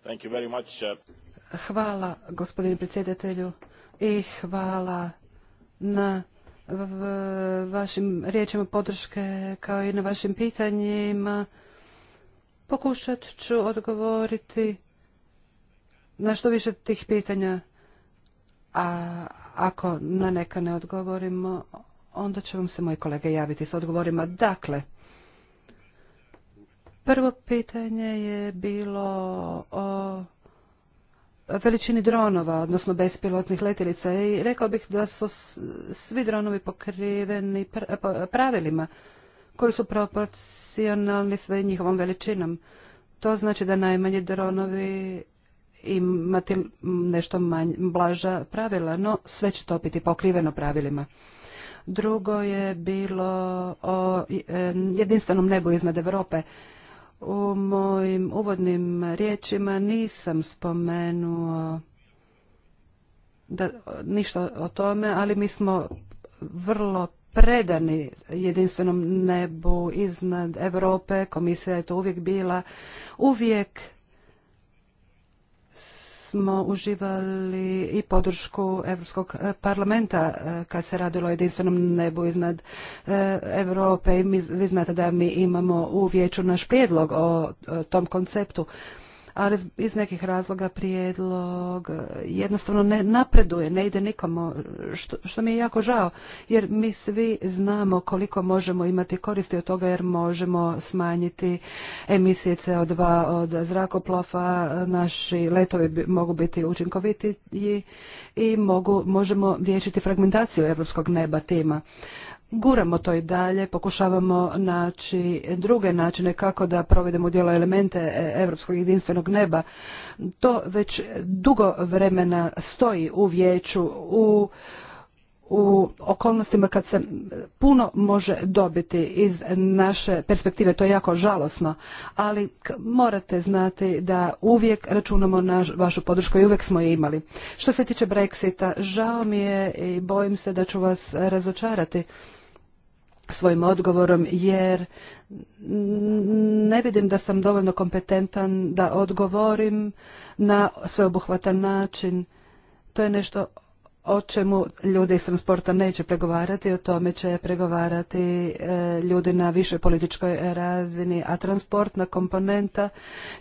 Thank you very much. Uh, hvala gospodine predsjedatelju i hvala na vašim riječima podrške kao i na vašim pitanjima. Pokušat ću odgovoriti na što više tih pitanja, a ako na neka ne odgovorimo, onda će vam se moji kolege javiti s odgovorima. Dakle, prvo pitanje je bilo o veličini dronova, odnosno bespilotnih letjelica i rekao bih da su svi dronovi pokriveni eh, pravilima koji su proporcionalni sve njihovom veličinom. To znači da najmanji dronovi imati nešto manj, blaža pravila, no sve će to biti pokriveno pravilima. Drugo je bilo o eh, jedinstvenom nebu iznad Europe. U mojim uvodnim riječima nisam spomenuo da, ništa o tome, ali mi smo vrlo predani jedinstvenom nebu iznad Europe. Komisija je to uvijek bila. Uvijek smo uživali i podršku Europskog e, parlamenta e, kad se radilo o jedinstvenom nebu iznad Europe i vi znate da mi imamo u vijeću naš prijedlog o tom konceptu ali iz nekih razloga prijedlog e, jednostavno ne napreduje, ne ide nikomu, što, mi je jako žao, jer mi svi znamo koliko možemo imati koristi od toga jer možemo smanjiti emisije CO2 od zrakoplova, e, naši letovi mogu biti učinkovitiji i mogu, možemo riješiti fragmentaciju europskog neba tima guramo to i dalje, pokušavamo naći druge načine kako da provedemo djelo elemente e, Europskog jedinstvenog neba. To već dugo vremena stoji u vijeću, u u okolnostima kad se puno može dobiti iz naše perspektive, to je jako žalosno, ali morate znati da uvijek računamo na vašu podršku i uvijek smo je imali. Što se tiče Brexita, žao mi je i bojim se da ću vas razočarati svojim odgovorom jer ne vidim da sam dovoljno kompetentan da odgovorim na sveobuhvatan način. To je nešto o čemu ljudi iz transporta neće pregovarati, o tome će pregovarati e, ljudi na višoj političkoj razini, a transportna komponenta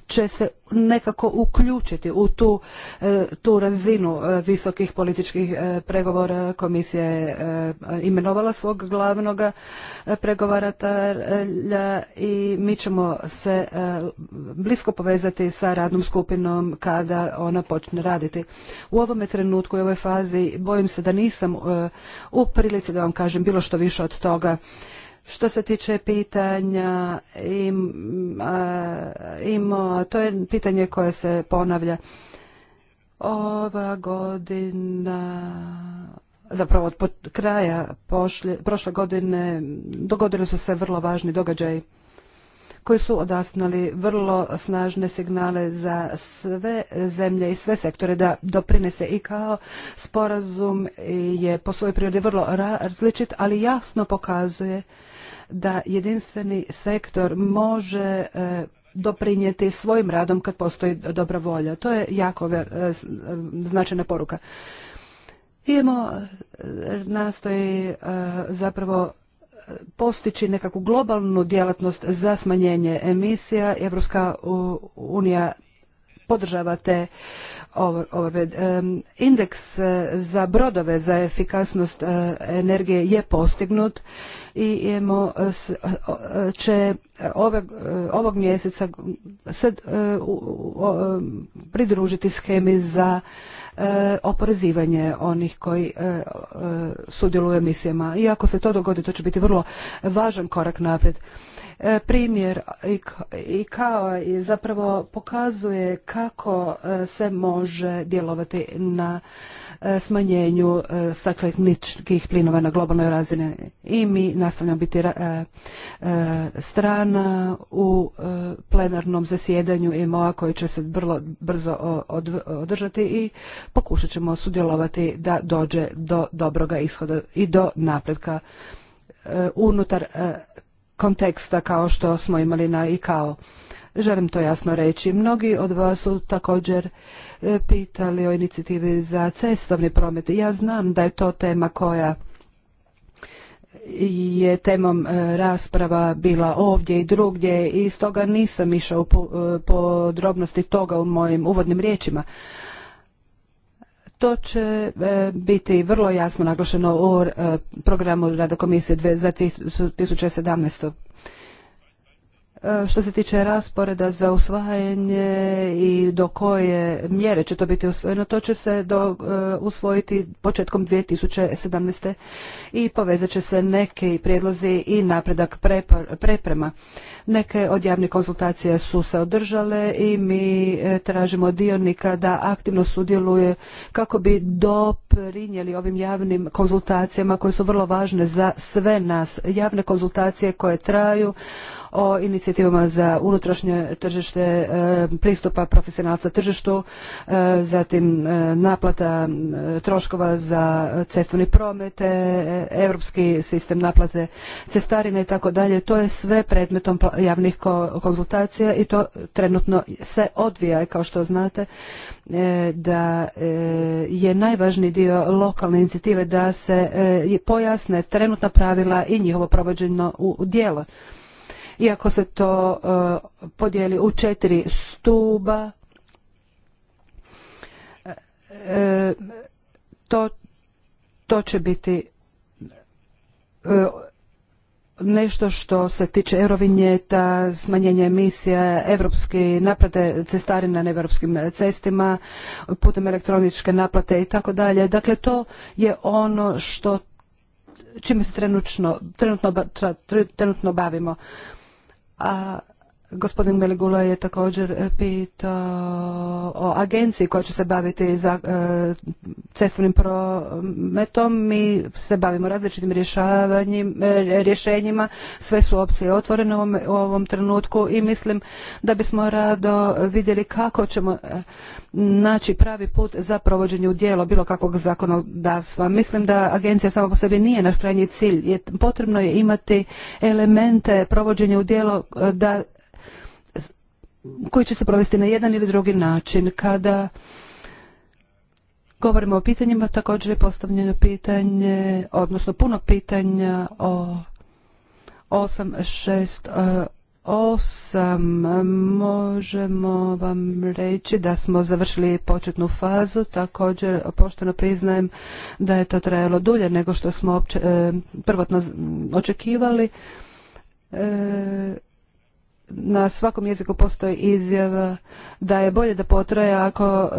će se nekako uključiti u tu, e, tu razinu e, visokih političkih e, pregovora. Komisija je imenovala svog glavnog pregovaratelja i mi ćemo se blisko povezati sa radnom skupinom kada ona počne raditi. U ovome trenutku i ovoj fazi bojim se da nisam u prilici da vam kažem bilo što više od toga što se tiče pitanja, eh, imo, to je pitanje koje se ponavlja. Ova godina, zapravo od kraja prošle godine, dogodili su se vrlo važni događaji koji su odasnali vrlo snažne signale za sve zemlje i sve sektore da doprinese i kao sporazum je po svojoj prirodi vrlo različit, ali jasno pokazuje da jedinstveni sektor može e, doprinijeti svojim radom kad postoji dobra volja. To je jako e, e, značajna poruka. IMO nastoji zapravo postići nekakvu globalnu djelatnost za smanjenje emisija. Evropska unija podržava te E, indeks e, za brodove za efikasnost e, energije je postignut i imamo će ovog mjeseca se pridružiti schemi za oporezivanje onih koji sudjeluju u emisijama. I ako se to dogodi, to će biti vrlo važan korak naprijed. E, primjer i kao i zapravo pokazuje kako e, se može djelovati na e, smanjenju stakleničkih plinova na globalnoj razini i mi nastavljamo biti strana u plenarnom zasjedanju IMO-a koji će se vrlo brzo održati i pokušat ćemo sudjelovati da dođe do dobroga ishoda i do napretka unutar konteksta kao što smo imali na ICAO. Želim to jasno reći. Mnogi od vas su također e, pitali o inicijativi za cestovni promet. Ja znam da je to tema koja je temom e, rasprava bila ovdje i drugdje i stoga nisam išao po e, podrobnosti toga u mojim uvodnim riječima. To će e, biti vrlo jasno naglašeno u e, programu rada komisije za 2017. E, što se tiče rasporeda za usvajanje i do koje mjere će to biti usvojeno, to će se do, e, usvojiti početkom 2017. i povezat će se neke prijedlozi i napredak preprema. Neke od javnih konsultacija su se održale i mi e, tražimo dionika da aktivno sudjeluje kako bi doprinijeli ovim javnim konzultacijama koje su vrlo važne za sve nas. Javne konzultacije koje traju o inicijativama za unutrašnje tržište, e, pristupa profesionalca tržištu, e, zatim e, naplata troškova za cestovni promet, europski sistem naplate cestarine i tako dalje. To je sve predmetom javnih konzultacija i to trenutno se odvija kao što znate da je najvažniji dio lokalne inicijative da se pojasne trenutna pravila i njihovo provođenje u dijelo iako se to e, podijeli u četiri stuba e, to, će biti e, nešto što se tiče eurovinjeta, smanjenje emisija, evropski naprate cestarina na europskim cestima, putem elektroničke naplate i tako dalje. Dakle, to je ono što čime se trenutno, trenutno, trenutno bavimo a Gospodin Beligula je također e, pitao o agenciji koja će se baviti za e, cestovnim prometom. Mi se bavimo različitim e, rješenjima, sve su opcije otvorene u ovom trenutku i mislim da bismo rado vidjeli kako ćemo naći pravi put za provođenje u djelo bilo kakvog zakonodavstva. Mislim da agencija sama po sebi nije naš krajnji cilj. Potrebno je imati elemente provođenja u djelo da koji će se provesti na jedan ili drugi način. Kada govorimo o pitanjima, također je postavljeno pitanje, odnosno puno pitanja o 868 e, možemo vam reći da smo završili početnu fazu također pošteno priznajem da je to trajalo dulje nego što smo e, prvotno očekivali e, na svakom jeziku postoji izjava da je bolje da potraje ako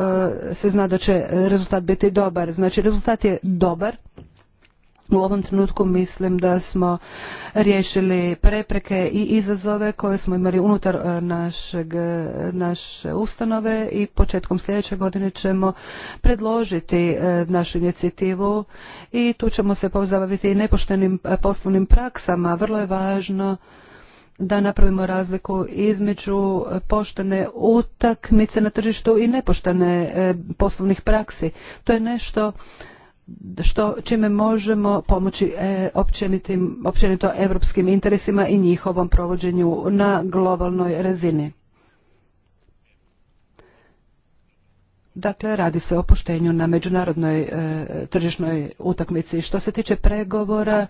e, se zna da će rezultat biti dobar. Znači rezultat je dobar. U ovom trenutku mislim da smo riješili prepreke i izazove koje smo imali unutar e, našeg, e, naše ustanove i početkom sljedeće godine ćemo predložiti našu inicijativu i tu ćemo se pozabaviti i nepoštenim poslovnim praksama. Vrlo je važno da napravimo razliku između poštene utakmice na tržištu i nepoštene e, poslovnih praksi. To je nešto što čime možemo pomoći e, općenito europskim interesima i njihovom provođenju na globalnoj razini. Dakle, radi se o poštenju na međunarodnoj e, tržišnoj utakmici. Što se tiče pregovora,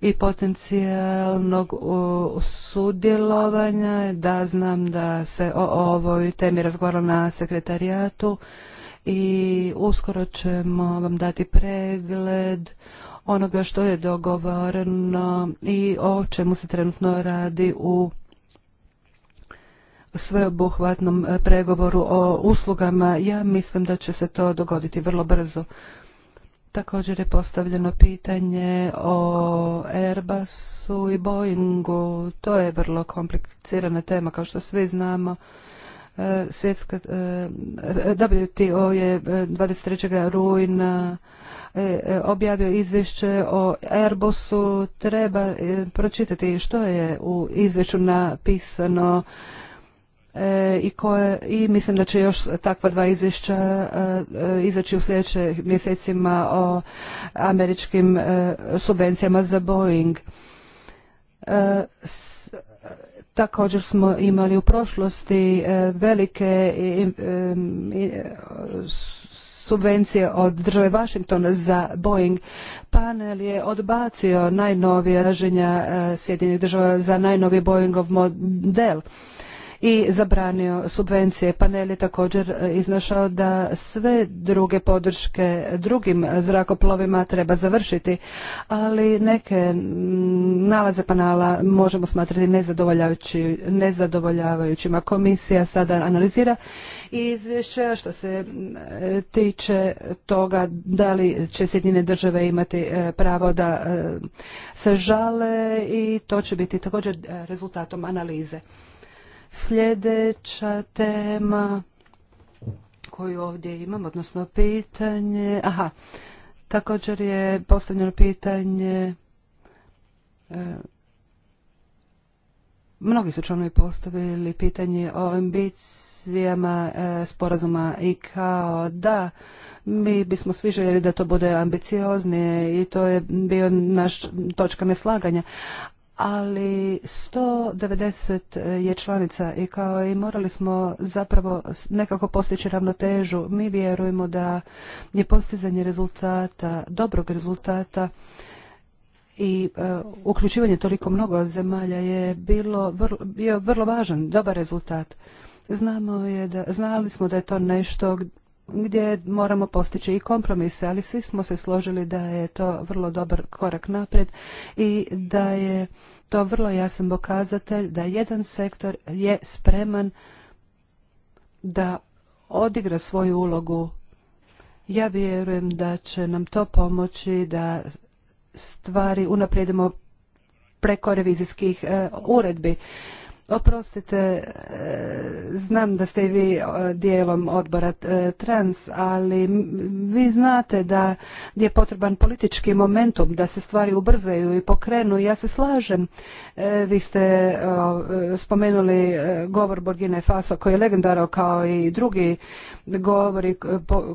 i potencijalnog sudjelovanja. Da, znam da se o ovoj temi razgovaralo na sekretarijatu i uskoro ćemo vam dati pregled onoga što je dogovoreno i o čemu se trenutno radi u sveobuhvatnom pregovoru o uslugama. Ja mislim da će se to dogoditi vrlo brzo. Također je postavljeno pitanje o Airbusu i Boeingu. To je vrlo komplicirana tema, kao što svi znamo. E, svjetska, e, WTO je 23. E, rujna objavio izvješće o Airbusu. Treba pročitati što je u izvješću napisano E, i, koje, i mislim da će još takva dva izvješća e, e, izaći u sljedećim mjesecima o američkim subvencijama za Boeing. Također smo imali u prošlosti velike subvencije od države Washingtona za Boeing. Panel je odbacio najnovija raženja Sjedinjenih država za najnoviji Boeingov model i zabranio subvencije. Panel je također e, iznašao da sve druge podrške drugim zrakoplovima treba završiti, ali neke nalaze panala možemo smatrati nezadovoljavajućima. Komisija sada analizira izvješće što se tiče toga da li će Sjedinjene države imati e, pravo da e, se žale i to će biti također rezultatom analize. Sljedeća tema koju ovdje imam, odnosno pitanje, aha, također je postavljeno pitanje, e, mnogi su članovi postavili pitanje o ambicijama e, sporazuma i kao da mi bismo svi željeli da to bude ambicioznije i to je bio naš točka neslaganja, ali 190 je članica i kao i morali smo zapravo nekako postići ravnotežu. Mi vjerujemo da je postizanje rezultata, dobrog rezultata i e, uključivanje toliko mnogo zemalja je bilo vrlo, bio vrlo važan, dobar rezultat. Znamo je da, znali smo da je to nešto gdje moramo postići i kompromise, ali svi smo se složili da je to vrlo dobar korak naprijed i da je to vrlo jasan pokazatelj da jedan sektor je spreman da odigra svoju ulogu. Ja vjerujem da će nam to pomoći da stvari unaprijedimo preko revizijskih e, uredbi. Oprostite, e, znam da ste i vi e, dijelom odbora e, trans, ali vi znate da je potreban politički momentum, da se stvari ubrzaju i pokrenu. Ja se slažem. Vi ste spomenuli govor Borgine Faso koji je legendaro kao i drugi govori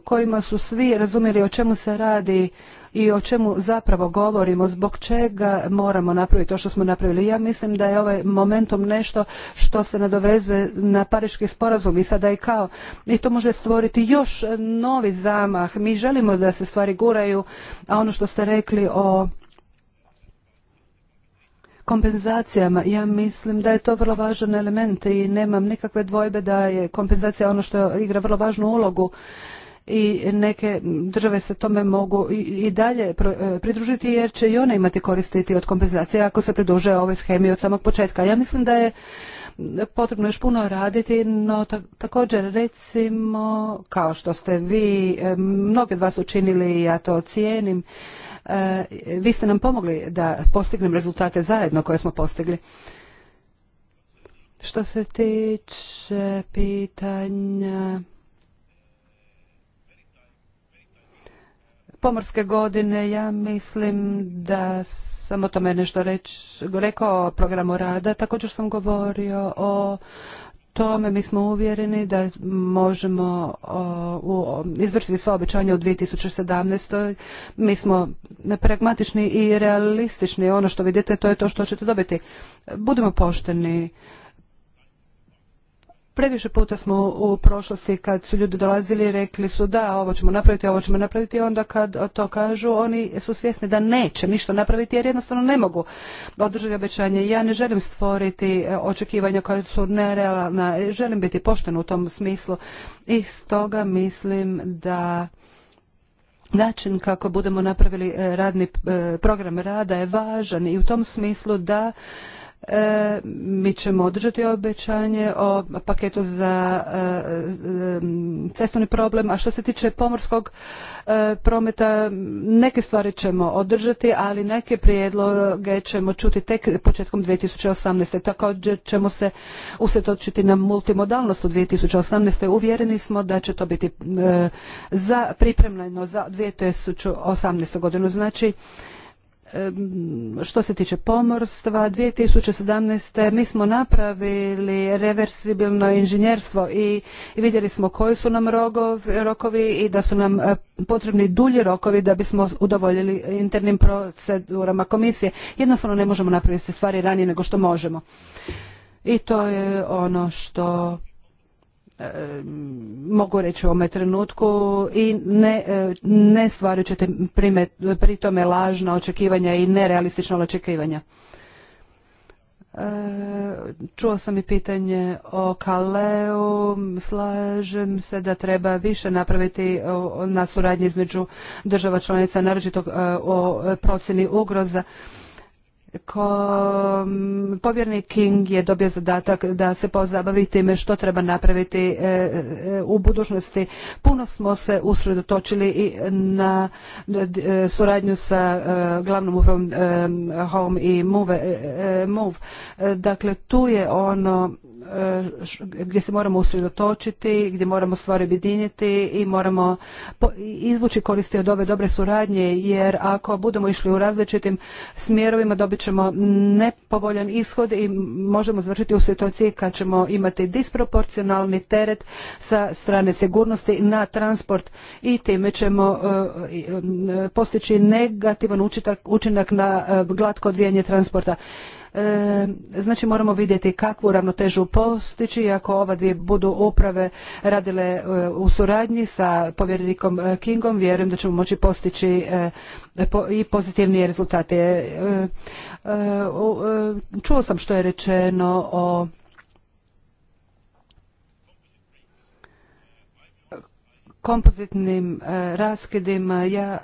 kojima su svi razumjeli o čemu se radi i o čemu zapravo govorimo, zbog čega moramo napraviti to što smo napravili. Ja mislim da je ovaj momentum nešto što se nadovezuje na pariški sporazum i sada i kao i to može stvoriti još novi zamah. Mi želimo da se stvari guraju, a ono što ste rekli o kompenzacijama. Ja mislim da je to vrlo važan element i nemam nikakve dvojbe da je kompenzacija ono što igra vrlo važnu ulogu i neke države se tome mogu i dalje e, pridružiti jer će i one imati koristiti od kompenzacije ako se pridruže ovoj schemi od samog početka. Ja mislim da je potrebno još puno raditi, no također recimo kao što ste vi, e, mnogi od vas učinili i ja to cijenim, e, vi ste nam pomogli da postignem rezultate zajedno koje smo postigli. Što se tiče pitanja pomorske godine. Ja mislim da sam o tome nešto reč, rekao o programu rada. Također sam govorio o tome mi smo uvjereni da možemo izvršiti sva obećanja u 2017. Mi smo pragmatični i realistični. Ono što vidite to je to što ćete dobiti. Budemo pošteni. Previše puta smo u prošlosti kad su ljudi dolazili rekli su da ovo ćemo napraviti, ovo ćemo napraviti onda kad to kažu oni su svjesni da neće ništa napraviti jer jednostavno ne mogu održati obećanje. Ja ne želim stvoriti e, očekivanja koja su nerealna, želim biti pošten u tom smislu i stoga mislim da način kako budemo napravili e, radni e, program rada je važan i u tom smislu da E, mi ćemo održati obećanje o paketu za e, cestovni problem, a što se tiče pomorskog e, prometa, neke stvari ćemo održati, ali neke prijedloge ćemo čuti tek početkom 2018. Također ćemo se usjetočiti na multimodalnost u 2018. Uvjereni smo da će to biti za pripremljeno za 2018. godinu. Znači, što se tiče pomorstva, 2017. mi smo napravili reversibilno inženjerstvo i vidjeli smo koji su nam rokovi i da su nam eh, potrebni dulji rokovi da bismo udovoljili internim procedurama komisije. Jednostavno ne možemo napraviti stvari ranije nego što možemo. I to je ono što mogu reći u ovome trenutku i ne, e, ne ćete pri tome lažna očekivanja i nerealistična očekivanja. E, čuo sam i pitanje o Kaleu. Slažem se da treba više napraviti na suradnji između država članica, naročito e, o procjeni ugroza. Ko, povjernik King je dobio zadatak da se pozabavi time što treba napraviti e, e, u budućnosti. Puno smo se usredotočili i na e, suradnju sa glavnom upravom Home i Move. Move. Dakle, tu je ono gdje se moramo usredotočiti, gdje moramo stvari objediniti i moramo izvući koristi od ove dobre suradnje jer ako budemo išli u različitim smjerovima dobit ćemo nepovoljan ishod i možemo završiti u situaciji kad ćemo imati disproporcionalni teret sa strane sigurnosti na transport i time ćemo e, e, postići negativan učinak na e, glatko odvijanje transporta. E, znači moramo vidjeti kakvu ravnotežu postići ako ova dvije budu uprave radile e, u suradnji sa povjerenikom e, Kingom, vjerujem da ćemo moći postići i pozitivnije rezultate. Čuo sam što je rečeno o kompozitnim raskidima. Ja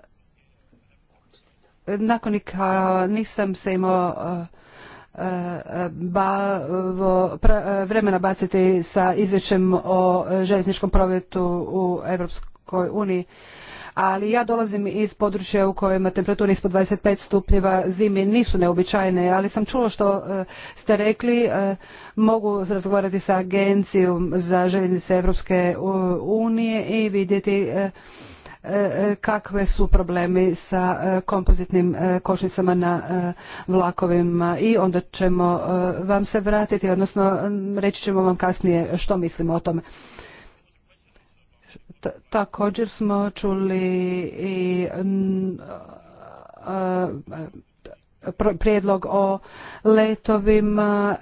nakon nisam se imao E, e, vremena baciti sa izvješćem o željezničkom prometu u Europskoj uniji. Ali ja dolazim iz područja u kojima temperature ispod 25 stupnjeva zimi nisu neobičajne, ali sam čula što e, ste rekli, mogu razgovarati sa agencijom za željeznice Europske unije i vidjeti E, e, kakve su problemi sa e, kompozitnim kočnicama na vlakovima i onda ćemo vam se vratiti, odnosno reći ćemo vam kasnije što mislimo o tome. Također smo čuli i prijedlog o letovima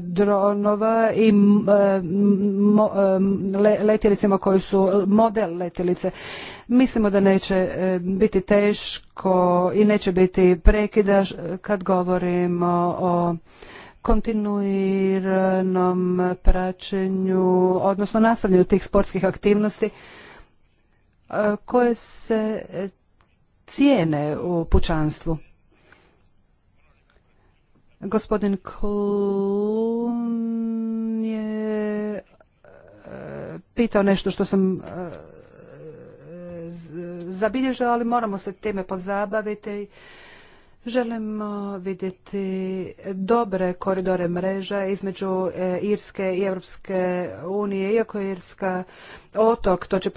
dronova i letjelicima koje su model letjelice. Mislimo da neće e, biti teško i neće biti prekida kad govorimo o kontinuiranom praćenju, odnosno nastavljanju tih sportskih aktivnosti e, koje se e, cijene u pučanstvu. Gospodin Klun je e, pitao nešto što sam e, zabilježao, ali moramo se time pozabaviti. Želimo vidjeti dobre koridore mreža između e, Irske i Europske unije. Iako je Irska otok, to će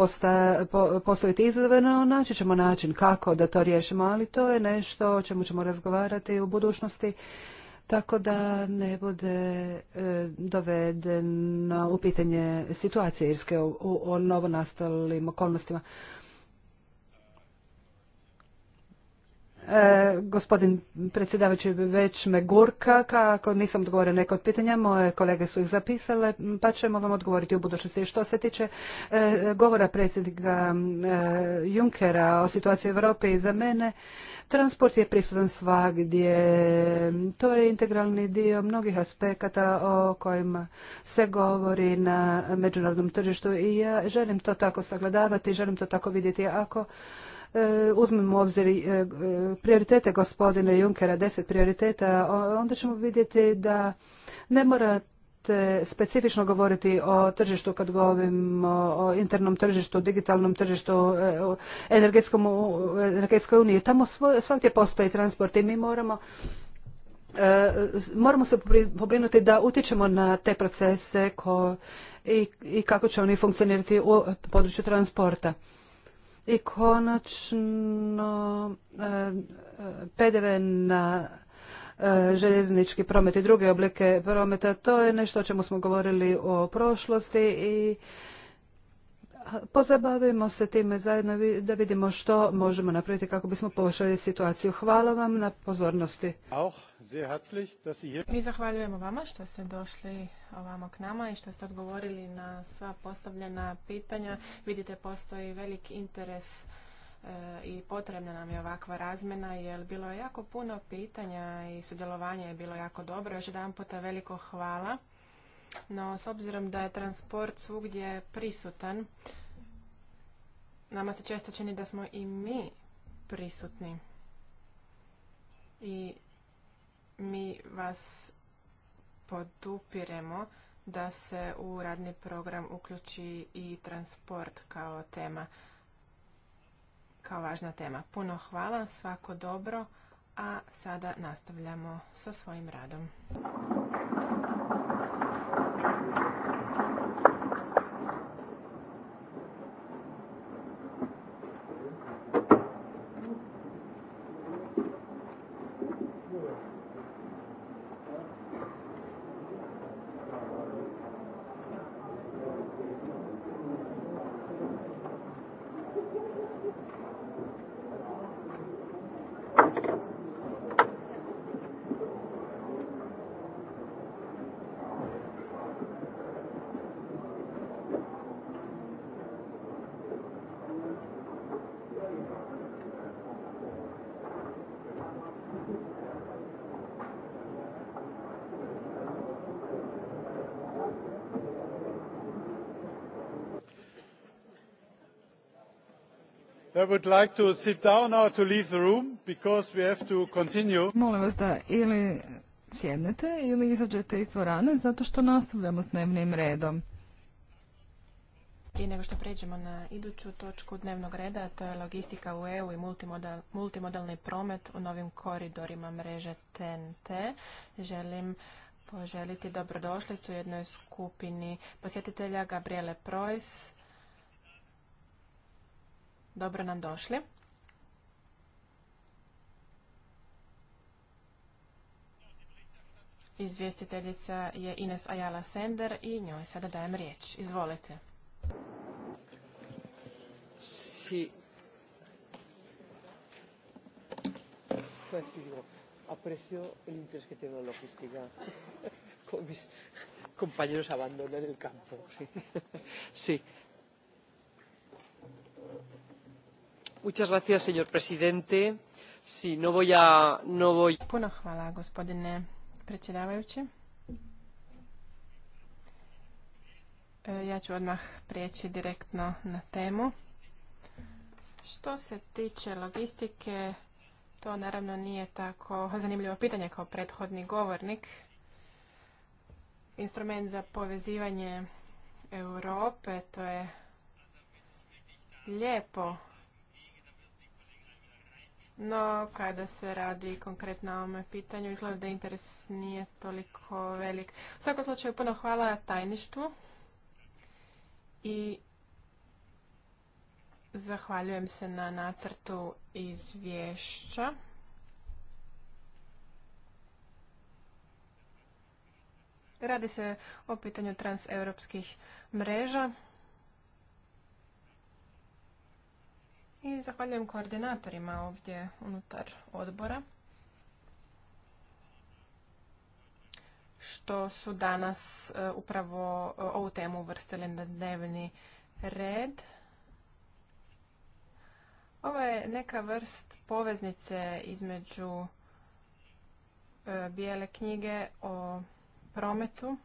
postaviti naći ćemo način kako da to riješimo, ali to je nešto o čemu ćemo razgovarati u budućnosti tako da ne bude e, dovedena u pitanje situacije Irske u, u novonastalim okolnostima. E, gospodin predsjedavajući već me gurka, kako nisam odgovorio neko od pitanja, moje kolege su ih zapisale, pa ćemo vam odgovoriti u budućnosti. Što se tiče e, govora predsjednika e, Junkera o situaciji u Europi za mene, transport je prisutan svagdje. To je integralni dio mnogih aspekata o kojima se govori na međunarodnom tržištu i ja želim to tako sagledavati, želim to tako vidjeti. Ako E, uzmemo u obzir e, e, prioritete gospodine Junkera, deset prioriteta, onda ćemo vidjeti da ne mora specifično govoriti o tržištu kad govorimo o internom tržištu, digitalnom tržištu, energetskom, energetskoj uniji. Tamo svakdje postoji transport i mi moramo moramo se pobrinuti da utječemo na te procese i kako će oni funkcionirati u području transporta. I konačno e, e, PDV na e, željeznički promet i druge oblike prometa, to je nešto o čemu smo govorili o prošlosti i pozabavimo se time zajedno da vidimo što možemo napraviti kako bismo poboljšali situaciju. Hvala vam na pozornosti. Mi zahvaljujemo vama što ste došli ovamo k nama i što ste odgovorili na sva postavljena pitanja. Vidite, postoji velik interes eh, i potrebna nam je ovakva razmjena jer bilo je jako puno pitanja i sudjelovanje je bilo jako dobro. Još jedan puta veliko hvala. No, s obzirom da je transport svugdje prisutan, nama se često čini da smo i mi prisutni i mi vas podupiremo da se u radni program uključi i transport kao tema, kao važna tema. Puno hvala, svako dobro, a sada nastavljamo sa svojim radom. that would like to sit down or to leave Molim vas da ili sjednete ili izađete iz dvorane zato što nastavljamo s dnevnim redom. Prije nego što pređemo na iduću točku dnevnog reda, to je logistika u EU i multimodalni promet u novim koridorima mreže TNT. Želim poželiti dobrodošlicu jednoj skupini posjetitelja Gabriele Preuss, dobro nam došli. Izvjestiteljica je Ines Ajala Sender i njoj sada dajem riječ. Izvolite. Si. Aprecio el interés que tiene la logística. Con mis compañeros abandonan el campo. Sí. sí. hvala gospodine predsjedavajući. E, ja ću odmah prijeći direktno na temu. Što se tiče logistike, to naravno nije tako zanimljivo pitanje kao prethodni govornik. Instrument za povezivanje Europe, to je lijepo no, kada se radi konkretno o ovome pitanju, izgleda da interes nije toliko velik. U svakom slučaju, puno hvala tajništvu i zahvaljujem se na nacrtu izvješća. Radi se o pitanju transeuropskih mreža. I zahvaljujem koordinatorima ovdje unutar odbora. Što su danas e, upravo e, ovu temu uvrstili na dnevni red. Ovo je neka vrst poveznice između e, bijele knjige o prometu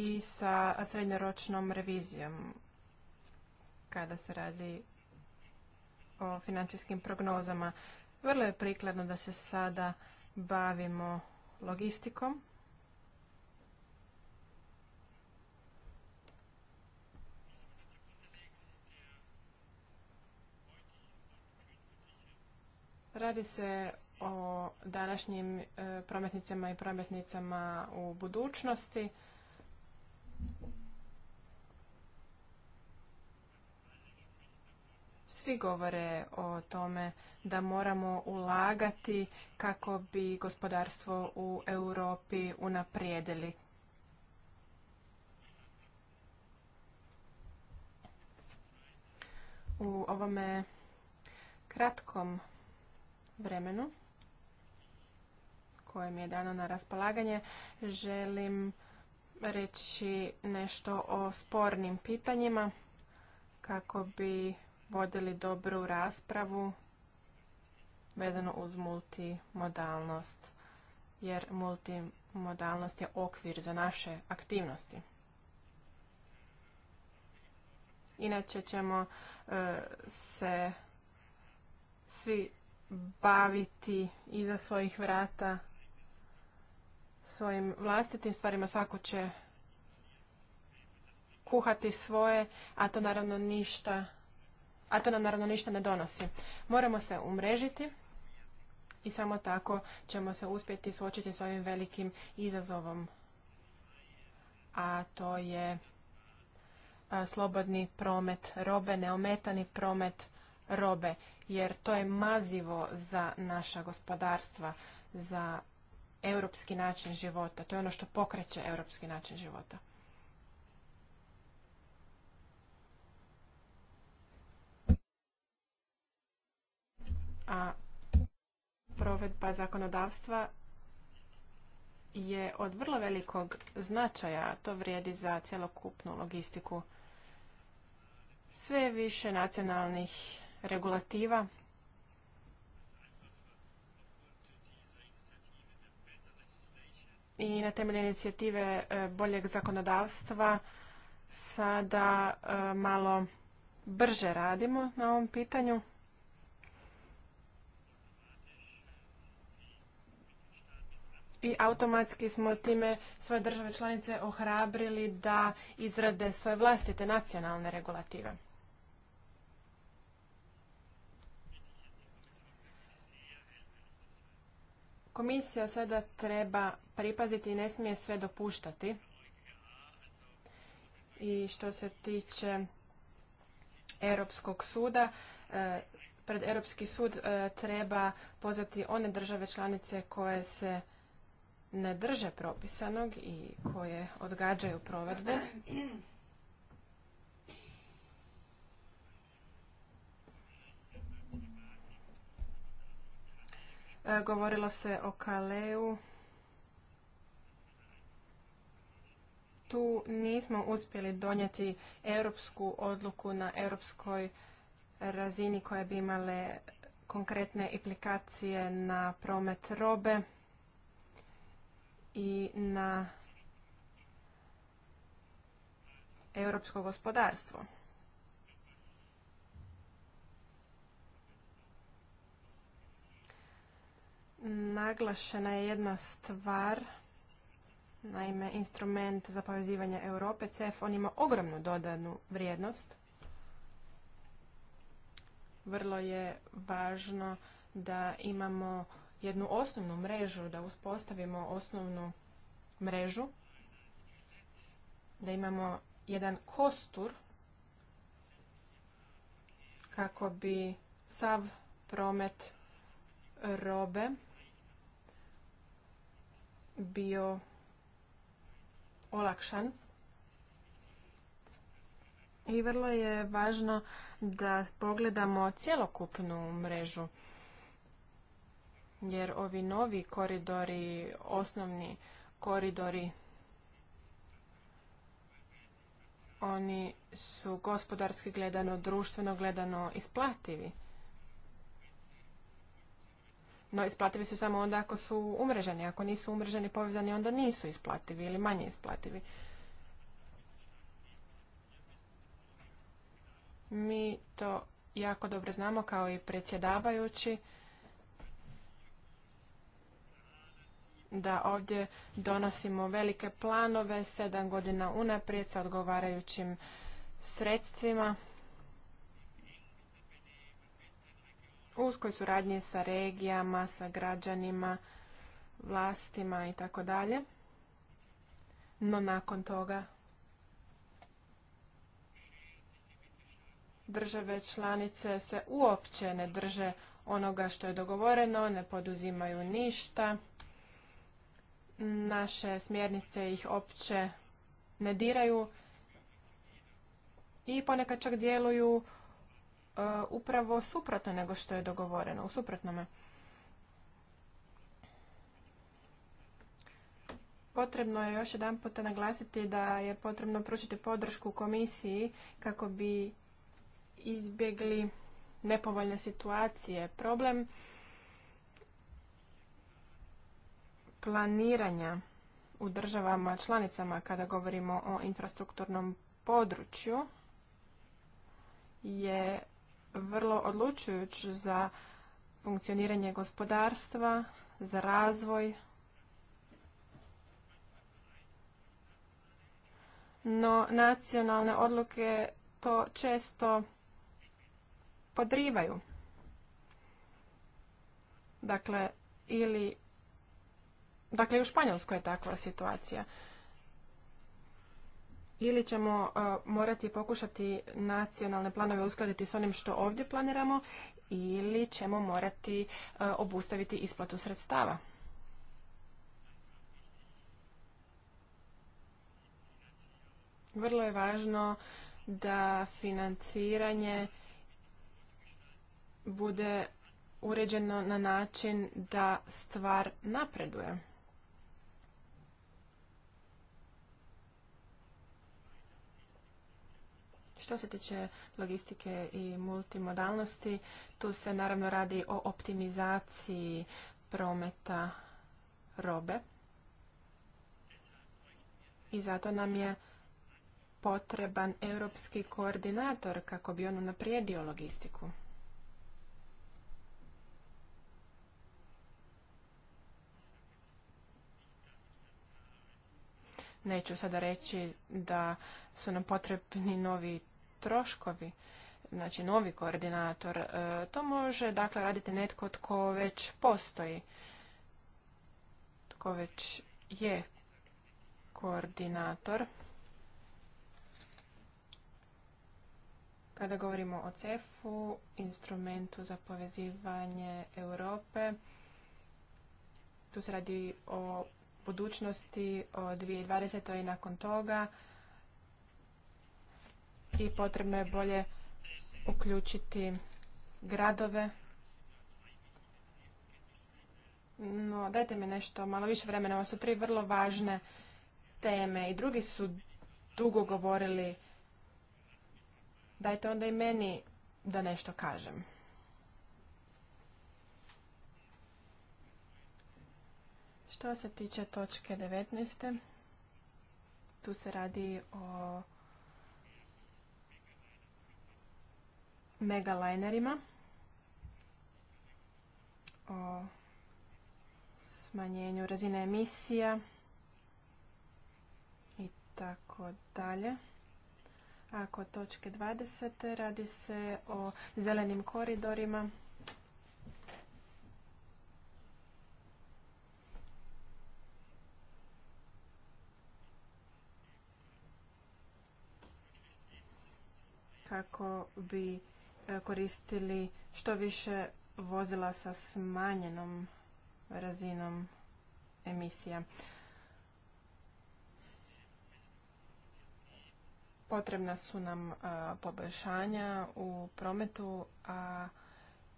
i sa srednjoročnom revizijom kada se radi o financijskim prognozama. Vrlo je prikladno da se sada bavimo logistikom. Radi se o današnjim e, prometnicama i prometnicama u budućnosti. Svi govore o tome da moramo ulagati kako bi gospodarstvo u Europi unaprijedili. U ovome kratkom vremenu koje mi je dano na raspolaganje želim reći nešto o spornim pitanjima kako bi vodili dobru raspravu vezano uz multimodalnost, jer multimodalnost je okvir za naše aktivnosti. Inače ćemo e, se svi baviti iza svojih vrata svojim vlastitim stvarima. Svako će kuhati svoje, a to naravno ništa a to nam naravno ništa ne donosi. Moramo se umrežiti i samo tako ćemo se uspjeti suočiti s ovim velikim izazovom, a to je slobodni promet robe, neometani promet robe, jer to je mazivo za naša gospodarstva, za europski način života. To je ono što pokreće europski način života. a provedba zakonodavstva je od vrlo velikog značaja, to vrijedi za cjelokupnu logistiku. Sve više nacionalnih regulativa. I na temelju inicijative e, boljeg zakonodavstva sada e, malo brže radimo na ovom pitanju. i automatski smo time svoje države članice ohrabrili da izrade svoje vlastite nacionalne regulative. Komisija sada treba pripaziti i ne smije sve dopuštati. I što se tiče Europskog suda, e, pred Europski sud e, treba pozvati one države članice koje se ne drže propisanog i koje odgađaju provedbe. Govorilo se o Kaleu. Tu nismo uspjeli donijeti europsku odluku na europskoj razini koje bi imale konkretne implikacije na promet robe i na europsko gospodarstvo. Naglašena je jedna stvar, naime instrument za povezivanje Europe, CEF, on ima ogromnu dodanu vrijednost. Vrlo je važno da imamo jednu osnovnu mrežu, da uspostavimo osnovnu mrežu, da imamo jedan kostur kako bi sav promet robe bio olakšan. I vrlo je važno da pogledamo cjelokupnu mrežu jer ovi novi koridori, osnovni koridori, oni su gospodarski gledano, društveno gledano isplativi. No isplativi su samo onda ako su umreženi. Ako nisu umreženi, povezani, onda nisu isplativi ili manje isplativi. Mi to jako dobro znamo kao i predsjedavajući. da ovdje donosimo velike planove sedam godina unaprijed sa odgovarajućim sredstvima u uskoj suradnji sa regijama, sa građanima, vlastima i tako dalje. No nakon toga države članice se uopće ne drže onoga što je dogovoreno, ne poduzimaju ništa naše smjernice ih opće ne diraju i ponekad čak djeluju e, upravo suprotno nego što je dogovoreno, u suprotnome. Potrebno je još jedan puta naglasiti da je potrebno pružiti podršku komisiji kako bi izbjegli nepovoljne situacije. Problem planiranja u državama članicama kada govorimo o infrastrukturnom području je vrlo odlučujuć za funkcioniranje gospodarstva, za razvoj. No nacionalne odluke to često podrivaju. Dakle, ili Dakle, i u Španjolskoj je takva situacija. Ili ćemo uh, morati pokušati nacionalne planove uskladiti s onim što ovdje planiramo, ili ćemo morati uh, obustaviti isplatu sredstava. Vrlo je važno da financiranje bude uređeno na način da stvar napreduje. Što se tiče logistike i multimodalnosti, tu se naravno radi o optimizaciji prometa robe. I zato nam je potreban europski koordinator kako bi on naprijedio logistiku. Neću sada reći da su nam potrebni novi troškovi, znači novi koordinator. E, to može dakle raditi netko tko već postoji, tko već je koordinator. Kada govorimo o CEF-u, instrumentu za povezivanje Europe, tu se radi o budućnosti, o 2020. i nakon toga i potrebno je bolje uključiti gradove. No, dajte mi nešto malo više vremena. Ovo su tri vrlo važne teme i drugi su dugo govorili. Dajte onda i meni da nešto kažem. Što se tiče točke 19. Tu se radi o megalinerima, o smanjenju razine emisija i tako dalje. A kod točke 20 radi se o zelenim koridorima. kako bi koristili što više vozila sa smanjenom razinom emisija. Potrebna su nam poboljšanja u prometu, a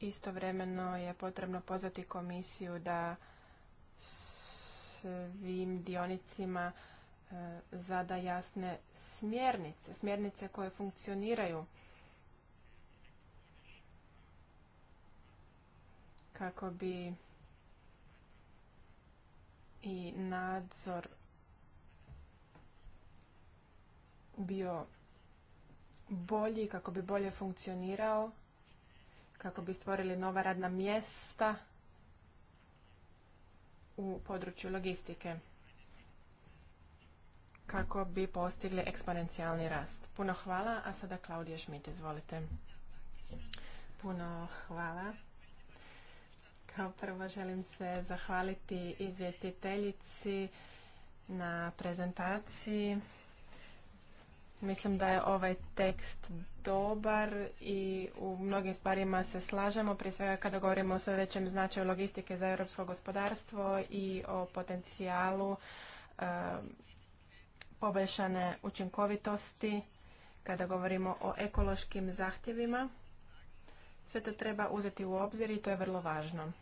istovremeno je potrebno pozvati komisiju da svim dionicima e, zada jasne smjernice, smjernice koje funkcioniraju kako bi i nadzor bio bolji, kako bi bolje funkcionirao, kako bi stvorili nova radna mjesta u području logistike, kako bi postigli eksponencijalni rast. Puno hvala, a sada Klaudija Šmit, izvolite. Puno hvala. Kao prvo želim se zahvaliti izvjestiteljici na prezentaciji. Mislim da je ovaj tekst dobar i u mnogim stvarima se slažemo, prije svega kada govorimo o sve većem značaju logistike za europsko gospodarstvo i o potencijalu um, poboljšane učinkovitosti kada govorimo o ekološkim zahtjevima. Sve to treba uzeti u obzir i to je vrlo važno.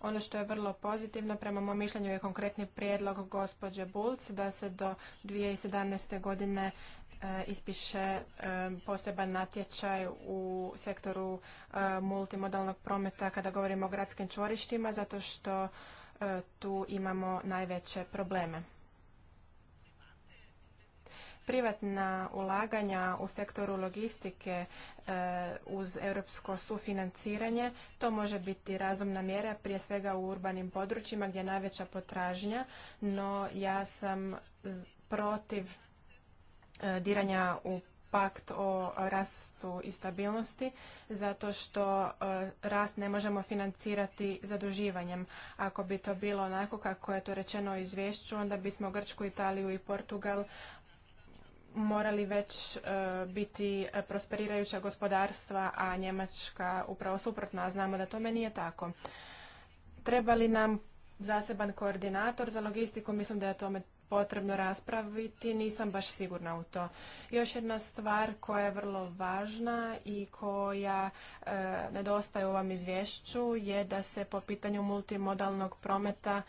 Ono što je vrlo pozitivno, prema mom mišljenju, je konkretni prijedlog gospođe Bulc da se do 2017. godine e, ispiše e, poseban natječaj u sektoru e, multimodalnog prometa kada govorimo o gradskim čvorištima, zato što tu imamo najveće probleme privatna ulaganja u sektoru logistike e, uz europsko sufinanciranje. To može biti razumna mjera prije svega u urbanim područjima gdje je najveća potražnja, no ja sam protiv e, diranja u pakt o rastu i stabilnosti zato što e, rast ne možemo financirati zaduživanjem. Ako bi to bilo onako kako je to rečeno u izvješću, onda bismo Grčku, Italiju i Portugal morali već e, biti prosperirajuća gospodarstva, a Njemačka upravo suprotno, a znamo da tome nije tako. Treba li nam zaseban koordinator za logistiku? Mislim da je tome potrebno raspraviti, nisam baš sigurna u to. Još jedna stvar koja je vrlo važna i koja e, nedostaje u ovom izvješću je da se po pitanju multimodalnog prometa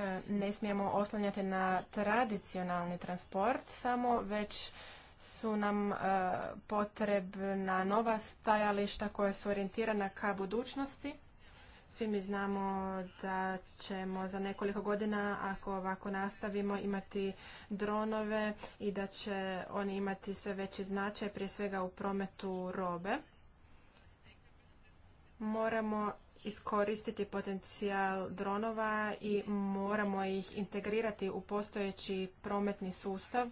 E, ne smijemo oslanjati na tradicionalni transport samo, već su nam e, potrebna nova stajališta koja su orijentirana ka budućnosti. Svi mi znamo da ćemo za nekoliko godina, ako ovako nastavimo, imati dronove i da će oni imati sve veći značaj, prije svega u prometu robe. Moramo iskoristiti potencijal dronova i moramo ih integrirati u postojeći prometni sustav.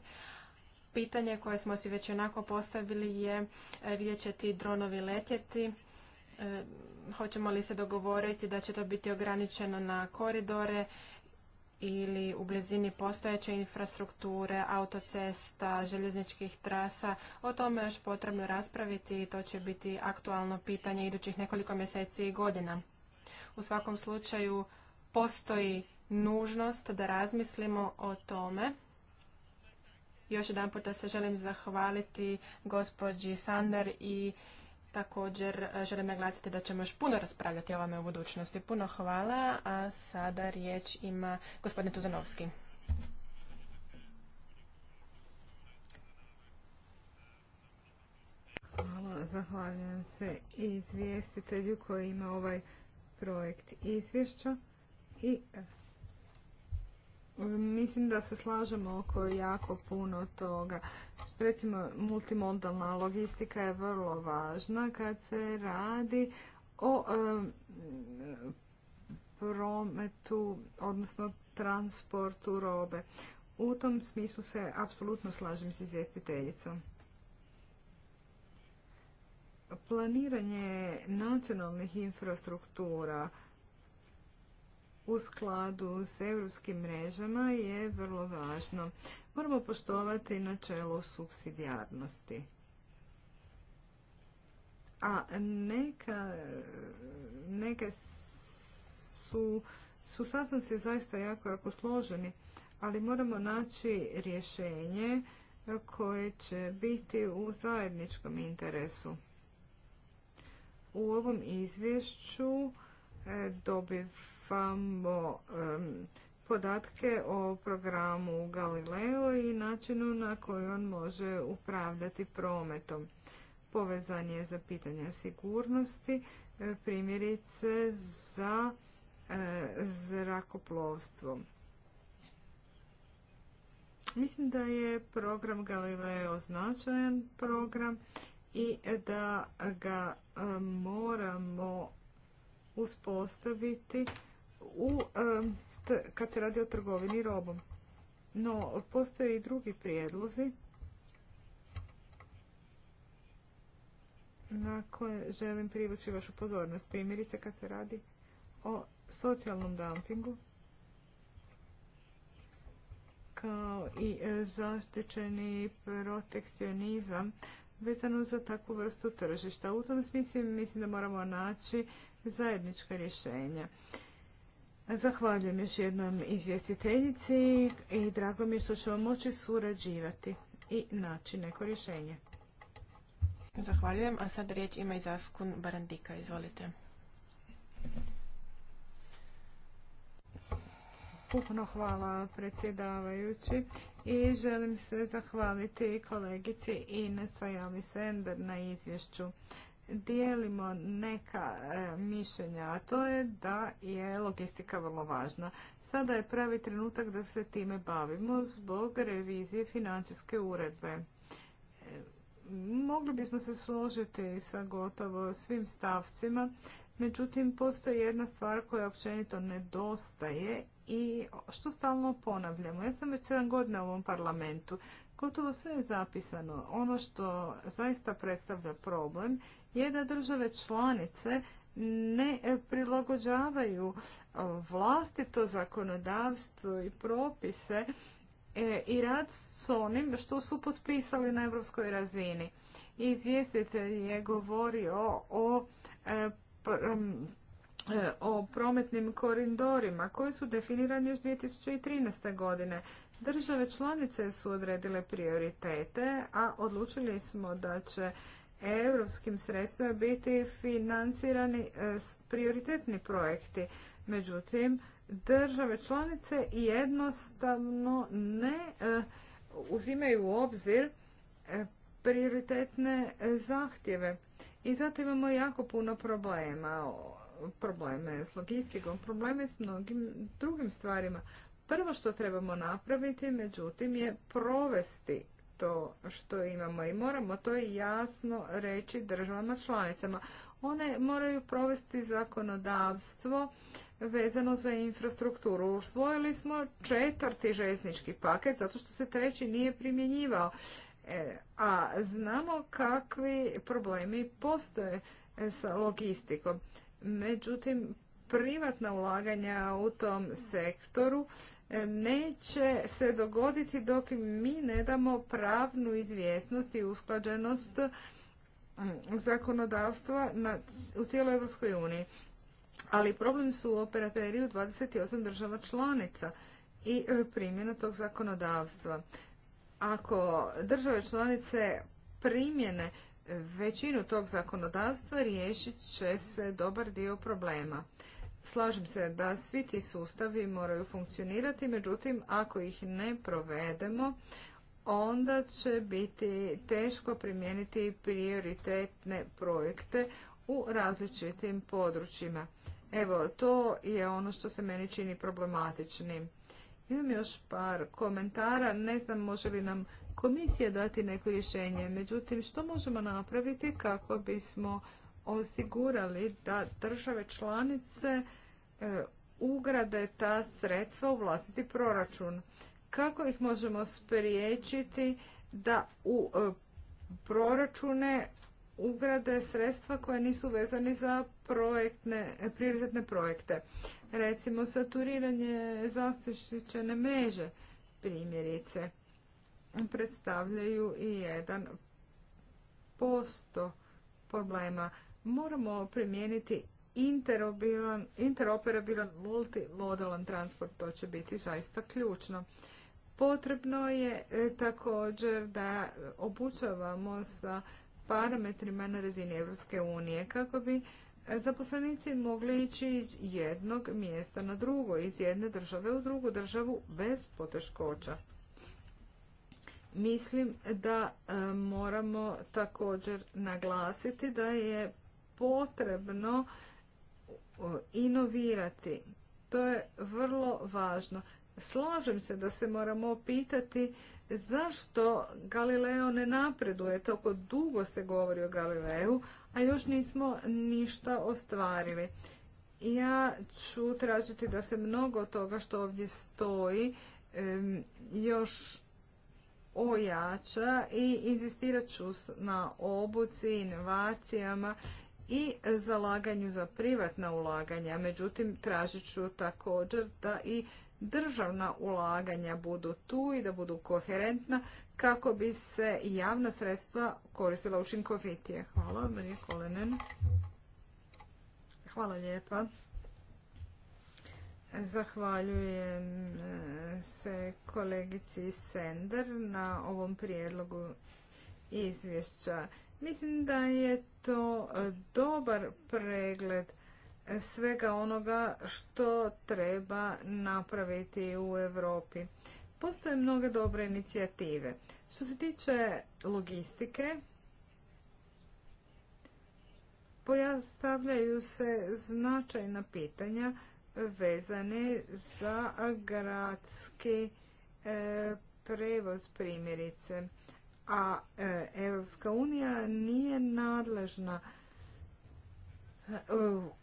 Pitanje koje smo si već onako postavili je e, gdje će ti dronovi letjeti, e, hoćemo li se dogovoriti da će to biti ograničeno na koridore ili u blizini postojeće infrastrukture, autocesta, željezničkih trasa. O tome još potrebno raspraviti i to će biti aktualno pitanje idućih nekoliko mjeseci i godina. U svakom slučaju postoji nužnost da razmislimo o tome. Još jedan puta se želim zahvaliti gospođi Sander i Također e, želim naglasiti da ćemo još puno raspravljati o ovome u budućnosti. Puno hvala, a sada riječ ima gospodin Tuzanovski. Hvala, zahvaljujem se izvjestitelju koji ima ovaj projekt izvješća i Mislim da se slažemo oko jako puno toga. Recimo, multimodalna logistika je vrlo važna kad se radi o prometu, odnosno transportu robe. U tom smislu se apsolutno slažem s izvjestiteljicom. Planiranje nacionalnih infrastruktura u skladu s europskim mrežama je vrlo važno. Moramo poštovati načelo subsidijarnosti. A neka, neke su, su sastanci zaista jako, jako složeni, ali moramo naći rješenje koje će biti u zajedničkom interesu. U ovom izvješću e, dobiv podatke o programu Galileo i načinu na koji on može upravljati prometom. Povezan je za pitanja sigurnosti, e, primjerice za e, zrakoplovstvo. Mislim da je program Galileo značajan program i da ga e, moramo uspostaviti u, kad se radi o trgovini robom. No, postoje i drugi prijedlozi na koje želim privući vašu pozornost. Primjerice kad se radi o socijalnom dumpingu kao i e, zaštećeni protekcionizam vezano za takvu vrstu tržišta. U tom smislu mislim da moramo naći zajednička rješenja. Zahvaljujem još jednom izvjestiteljici i drago mi je što ćemo moći surađivati i naći neko rješenje. Zahvaljujem, a sad riječ ima i Zaskun Barandika, izvolite. Puno hvala predsjedavajući i želim se zahvaliti kolegici Ines Ajali Sender na izvješću dijelimo neka e, mišljenja, a to je da je logistika vrlo važna. Sada je pravi trenutak da se time bavimo zbog revizije financijske uredbe. E, mogli bismo se složiti sa gotovo svim stavcima, međutim postoji jedna stvar koja općenito nedostaje i što stalno ponavljamo. Ja sam već 7 godina u ovom parlamentu. Gotovo sve je zapisano. Ono što zaista predstavlja problem je da države članice ne prilagođavaju vlastito zakonodavstvo i propise e, i rad s onim što su potpisali na europskoj razini. Izvjestitelj je govorio o, e, e, o prometnim koridorima koji su definirani još 2013. godine. Države članice su odredile prioritete, a odlučili smo da će europskim sredstvima biti financirani e, prioritetni projekti. Međutim, države članice jednostavno ne e, uzimaju u obzir e, prioritetne zahtjeve. I zato imamo jako puno problema. Probleme s logistikom, probleme s mnogim drugim stvarima. Prvo što trebamo napraviti, međutim, je provesti to što imamo i moramo to jasno reći državama članicama. One moraju provesti zakonodavstvo vezano za infrastrukturu. Usvojili smo četvrti željeznički paket zato što se treći nije primjenjivao. E, a znamo kakvi problemi postoje e, sa logistikom. Međutim, privatna ulaganja u tom sektoru neće se dogoditi dok mi ne damo pravnu izvjesnost i usklađenost mm, zakonodavstva u cijeloj Europskoj uniji. Ali problem su u operateriju 28 država članica i e, primjena tog zakonodavstva. Ako države članice primjene većinu tog zakonodavstva, riješit će se dobar dio problema. Slažem se da svi ti sustavi moraju funkcionirati, međutim ako ih ne provedemo, onda će biti teško primijeniti prioritetne projekte u različitim područjima. Evo, to je ono što se meni čini problematičnim. Imam još par komentara, ne znam može li nam komisija dati neko rješenje, međutim što možemo napraviti kako bismo osigurali da države članice e, ugrade ta sredstva u vlastiti proračun. Kako ih možemo spriječiti da u e, proračune ugrade sredstva koja nisu vezani za projektne, prioritetne projekte. Recimo saturiranje zaštićene mreže primjerice predstavljaju i jedan posto problema moramo primijeniti interoperabilan, multimodalan transport, to će biti zaista ključno. Potrebno je e, također da obučavamo sa parametrima na razini Europske unije kako bi zaposlenici mogli ići iz jednog mjesta na drugo, iz jedne države u drugu državu bez poteškoća. Mislim da e, moramo također naglasiti da je potrebno inovirati. To je vrlo važno. Slažem se da se moramo pitati zašto Galileo ne napreduje. Toliko dugo se govori o Galileu, a još nismo ništa ostvarili. Ja ću tražiti da se mnogo toga što ovdje stoji još ojača i inzistirat ću na obuci, inovacijama i zalaganju za privatna ulaganja. Međutim, tražit ću također da i državna ulaganja budu tu i da budu koherentna kako bi se javna sredstva koristila učinkovitije. Hvala, Marija Kolenen. Hvala lijepa. Zahvaljujem eh, se kolegici Sender na ovom prijedlogu izvješća. Mislim da je to e, dobar pregled svega onoga što treba napraviti u Europi. Postoje mnoge dobre inicijative. Što se tiče logistike, pojastavljaju se značajna pitanja vezane za gradski e, prevoz primjerice a Europska unija nije nadležna e,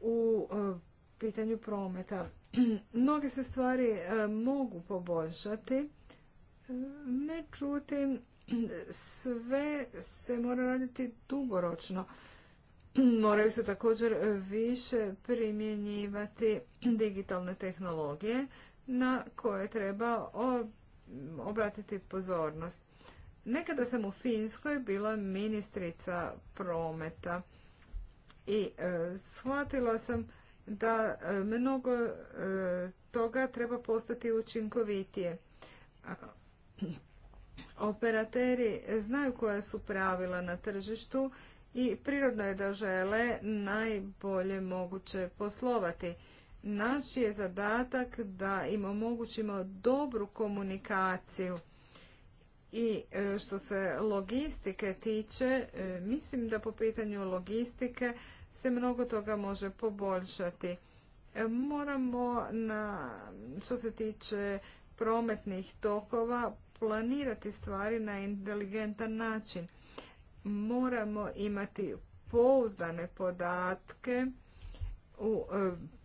u e, pitanju prometa. Mnoge se stvari e, mogu poboljšati, međutim sve se mora raditi dugoročno. Moraju se također više primjenjivati digitalne tehnologije na koje treba obratiti pozornost. Nekada sam u Finskoj bila ministrica prometa i e, shvatila sam da e, mnogo e, toga treba postati učinkovitije. Operateri znaju koja su pravila na tržištu i prirodno je da žele najbolje moguće poslovati. Naš je zadatak da im omogućimo dobru komunikaciju i e, što se logistike tiče, e, mislim da po pitanju logistike se mnogo toga može poboljšati. E, moramo na, što se tiče prometnih tokova planirati stvari na inteligentan način. Moramo imati pouzdane podatke u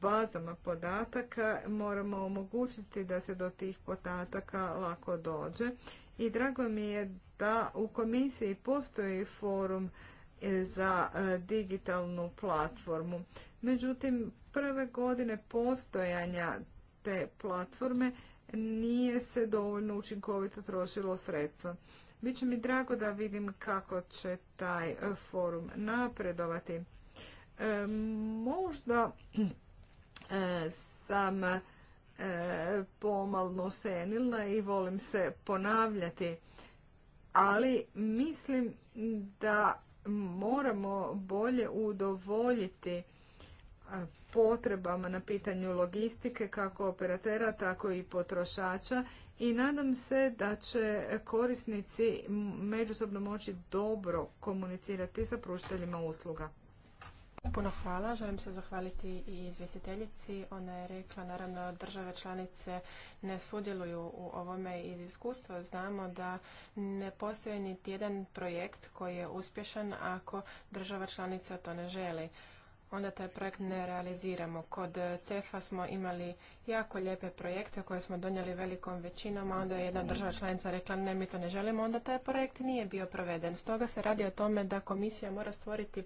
bazama podataka, moramo omogućiti da se do tih podataka lako dođe i drago mi je da u komisiji postoji forum e, za e, digitalnu platformu. Međutim, prve godine postojanja te platforme nije se dovoljno učinkovito trošilo sredstva. Biće mi drago da vidim kako će taj e, forum napredovati. možda sam E, pomalno senila i volim se ponavljati. Ali mislim da moramo bolje udovoljiti e, potrebama na pitanju logistike kako operatera, tako i potrošača i nadam se da će korisnici međusobno moći dobro komunicirati sa pružateljima usluga. Puno hvala. Želim se zahvaliti i izvjestiteljici. Ona je rekla, naravno, države članice ne sudjeluju u ovome iz iskustva. Znamo da ne postoji niti jedan projekt koji je uspješan ako država članica to ne želi. Onda taj projekt ne realiziramo. Kod CEFA smo imali jako lijepe projekte koje smo donijeli velikom većinom, a onda je jedna država članica rekla ne, mi to ne želimo, onda taj projekt nije bio proveden. Stoga se radi o tome da komisija mora stvoriti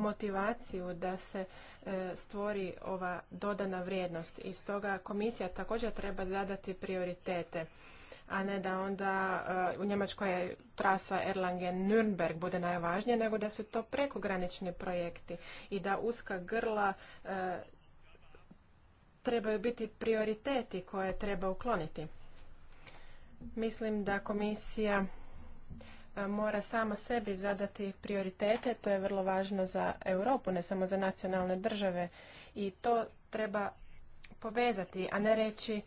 motivaciju da se e, stvori ova dodana vrijednost i stoga komisija također treba zadati prioritete a ne da onda e, u Njemačkoj je trasa Erlangen-Nürnberg bude najvažnija, nego da su to prekogranični projekti i da uska grla e, trebaju biti prioriteti koje treba ukloniti. Mislim da komisija E, mora sama sebi zadati prioritete, to je vrlo važno za Europu, ne samo za nacionalne države i to treba povezati, a ne reći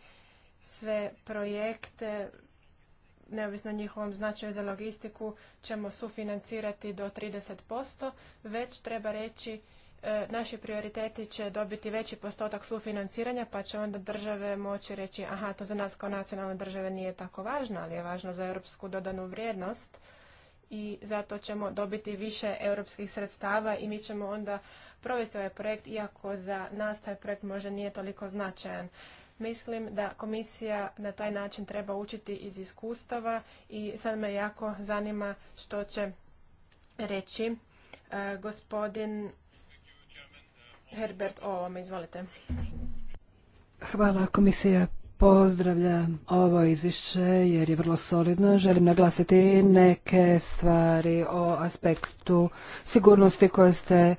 sve projekte neovisno njihovom značaju za logistiku ćemo sufinancirati do 30%, već treba reći E, naši prioriteti će dobiti veći postotak sufinanciranja, pa će onda države moći reći aha, to za nas kao nacionalne države nije tako važno, ali je važno za europsku dodanu vrijednost i zato ćemo dobiti više europskih sredstava i mi ćemo onda provesti ovaj projekt, iako za nas taj projekt možda nije toliko značajan. Mislim da komisija na taj način treba učiti iz iskustava i sad me jako zanima što će reći e, gospodin Herbert Olom, izvolite. Hvala komisija Pozdravljam ovo izvješće jer je vrlo solidno. Želim naglasiti neke stvari o aspektu sigurnosti koje ste e,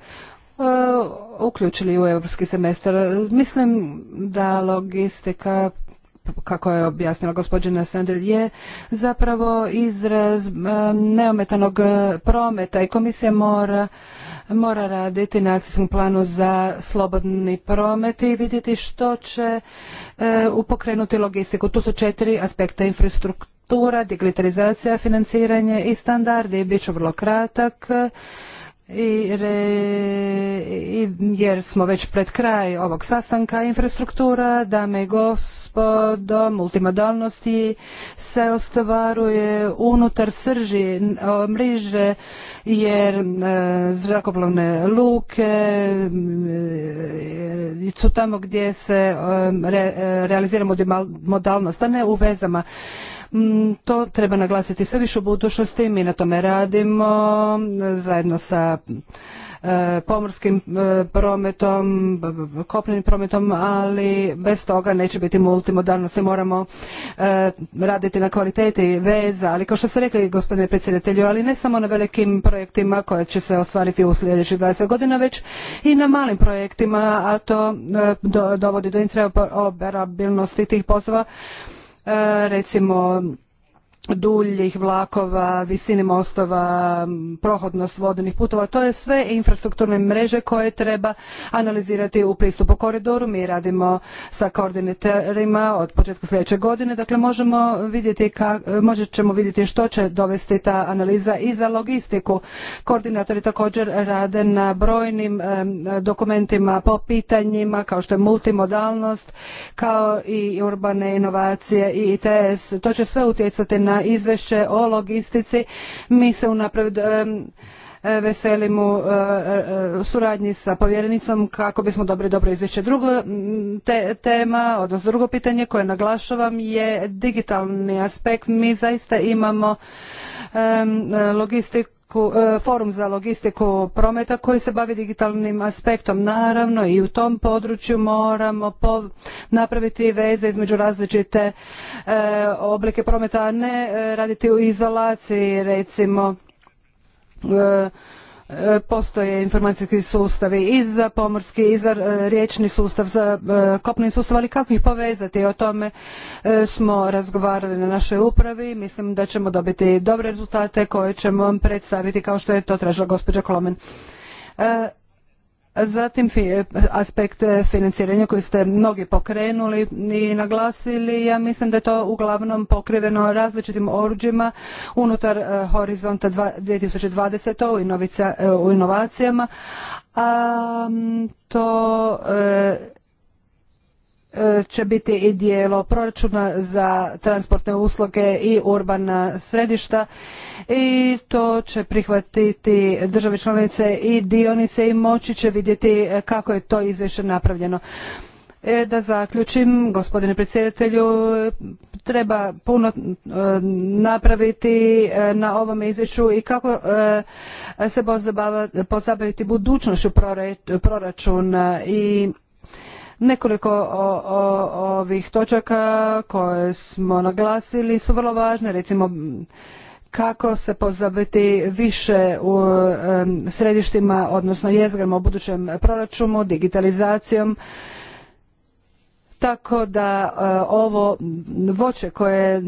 uključili u europski semestar. Mislim da logistika kako je objasnila gospođina Sander, je zapravo izraz e, neometanog e, prometa i komisija mora, mora raditi na akcijskom planu za slobodni promet i vidjeti što će e, upokrenuti logistiku. Tu su četiri aspekta infrastruktura, digitalizacija, financiranje i standardi. Biću vrlo kratak i, jer smo već pred kraj ovog sastanka infrastruktura, dame i gospodo, multimodalnosti se ostvaruje unutar srži mriže jer e, zrakoplovne luke e, su tamo gdje se realiziramo re, e, realizira modalnost, a ne u vezama Mm, to treba naglasiti sve više u budućnosti. Mi na tome radimo mm, zajedno sa e, pomorskim e, prometom, kopnenim prometom, ali bez toga neće biti multimodalnosti. Moramo e, raditi na kvaliteti veza, ali kao što ste rekli gospodine predsjedatelju, ali ne samo na velikim projektima koje će se ostvariti u sljedećih 20 godina, već i na malim projektima, a to dovodi do interoperabilnosti tih pozva E, recimo duljih vlakova, visini mostova, prohodnost vodenih putova, to je sve infrastrukturne mreže koje treba analizirati u pristupu koridoru. Mi radimo sa koordinatorima od početka sljedeće godine, dakle možemo vidjeti ka, ćemo vidjeti što će dovesti ta analiza i za logistiku. Koordinatori također rade na brojnim dokumentima po pitanjima kao što je multimodalnost, kao i urbane inovacije i ITS. To će sve utjecati na na izvješće o logistici. Mi se unaprijed veselimo suradnji sa povjerenicom kako bismo dobili dobro izvješće. Drugo tema, odnosno drugo pitanje koje naglašavam je digitalni aspekt. Mi zaista imamo logistiku E, forum za logistiku prometa koji se bavi digitalnim aspektom. Naravno i u tom području moramo napraviti veze između različite e, oblike prometa, a ne e, raditi u izolaciji recimo E, postoje informacijski sustavi i za pomorski i za e, riječni sustav, za e, kopni sustav, ali kako ih povezati? O tome smo razgovarali na našoj upravi. Mislim da ćemo dobiti dobre rezultate koje ćemo vam predstaviti kao što je to tražila gospođa Klomen. Zatim aspekt e, financiranja koji ste mnogi pokrenuli i naglasili, ja mislim da je to uglavnom pokriveno različitim oruđima unutar e, horizonta 2020 u, e, u inovacijama, a to će biti i dijelo proračuna za transportne usluge i urbana središta i to će prihvatiti države članice i dionice i moći će vidjeti kako je to izvješće napravljeno. E, da zaključim, gospodine predsjedatelju, treba puno e, napraviti e, na ovom izvješću i kako se pozabaviti budućnošću proračuna i Nekoliko ovih točaka koje smo naglasili su vrlo važne, recimo kako se pozabiti više u središtima, odnosno jezgrama u budućem proračunu, digitalizacijom, tako da e, ovo voće koje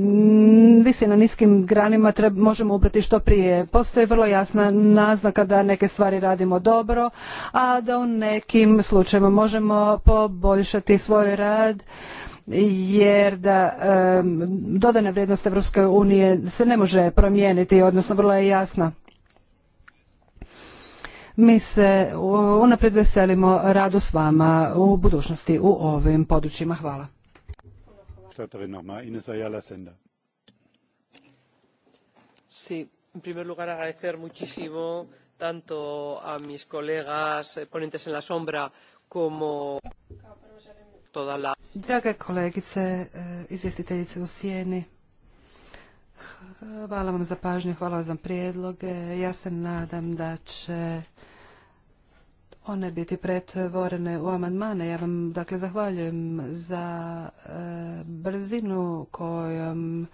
visi na niskim granima možemo ubrati što prije. Postoji vrlo jasna naznaka da neke stvari radimo dobro, a da u nekim slučajevima možemo poboljšati svoj rad jer da e, dodana vrijednost Europske unije se ne može promijeniti, odnosno vrlo je jasna. Mi se unaprijed veselimo radu s vama u budućnosti u ovim područjima. Hvala. Sí, en primer lugar agradecer muchísimo tanto a mis colegas ponentes en la sombra como toda la... Drage kolegice, eh, izvjestiteljice u sjeni. Hvala vam za pažnju, hvala vam za prijedloge. Ja se nadam da će one biti pretvorene u amandmane. Ja vam dakle zahvaljujem za e, brzinu kojom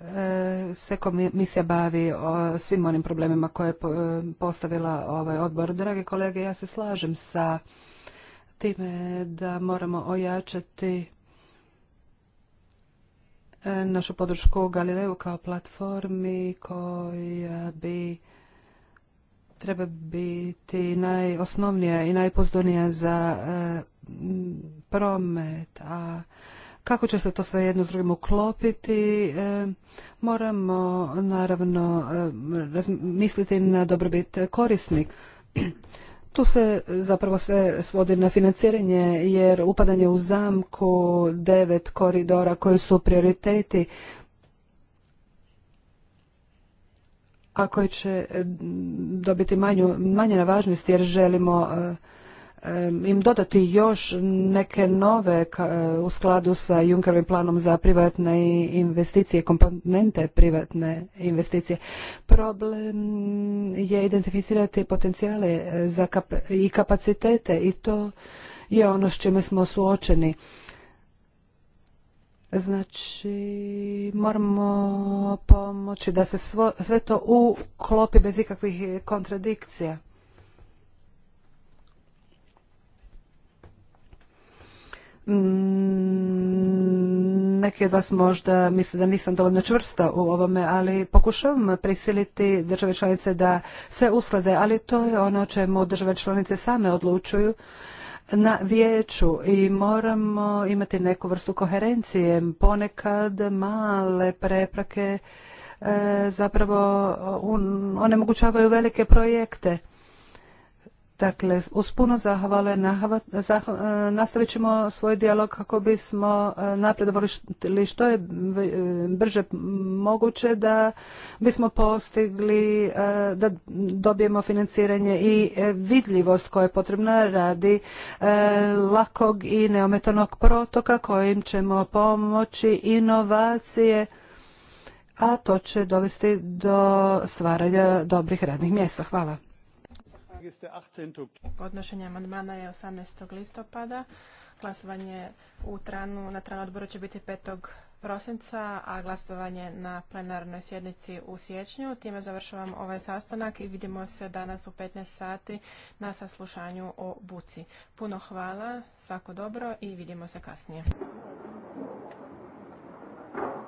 e, se komisija bavi o svim onim problemima koje je e, postavila ovaj odbor. Drage kolege, ja se slažem sa time da moramo ojačati E, našu podršku Galileju kao platformi koja e, bi treba biti najosnovnija i najpozdornija za e, promet, a kako će se to sve jedno s drugim uklopiti, moramo naravno misliti na dobrobit korisnik tu se zapravo sve svodi na financiranje jer upadanje u zamku devet koridora koji su prioriteti a koji će dobiti manje na važnosti jer želimo eh, im dodati još neke nove e, u skladu sa Junkerovim planom za privatne investicije, komponente privatne investicije. Problem je identificirati potencijale e, i kapacitete i to je ono s čime smo suočeni. Znači, moramo pomoći da se sve to uklopi bez ikakvih kontradikcija. Mm, neki od vas možda misle da nisam dovoljno čvrsta u ovome, ali pokušavam prisiliti države članice da se usklade, ali to je ono čemu države članice same odlučuju na vijeću i moramo imati neku vrstu koherencije. Ponekad male prepreke e, zapravo onemogućavaju velike projekte. Dakle, uz puno zahvale e, nastavit ćemo svoj dijalog kako bismo e, napredovali što je e, brže moguće da bismo postigli da dobijemo financiranje i vidljivost koja je potrebna radi lakog i neometanog protoka kojim ćemo pomoći inovacije a to će dovesti do stvaranja dobrih radnih mjesta. Hvala. Podnošenje amandmana je 18. listopada. Glasovanje u tranu, na tranu odboru će biti 5. prosinca, a glasovanje na plenarnoj sjednici u siječnju. Time završavam ovaj sastanak i vidimo se danas u 15 sati na saslušanju o buci. Puno hvala, svako dobro i vidimo se kasnije.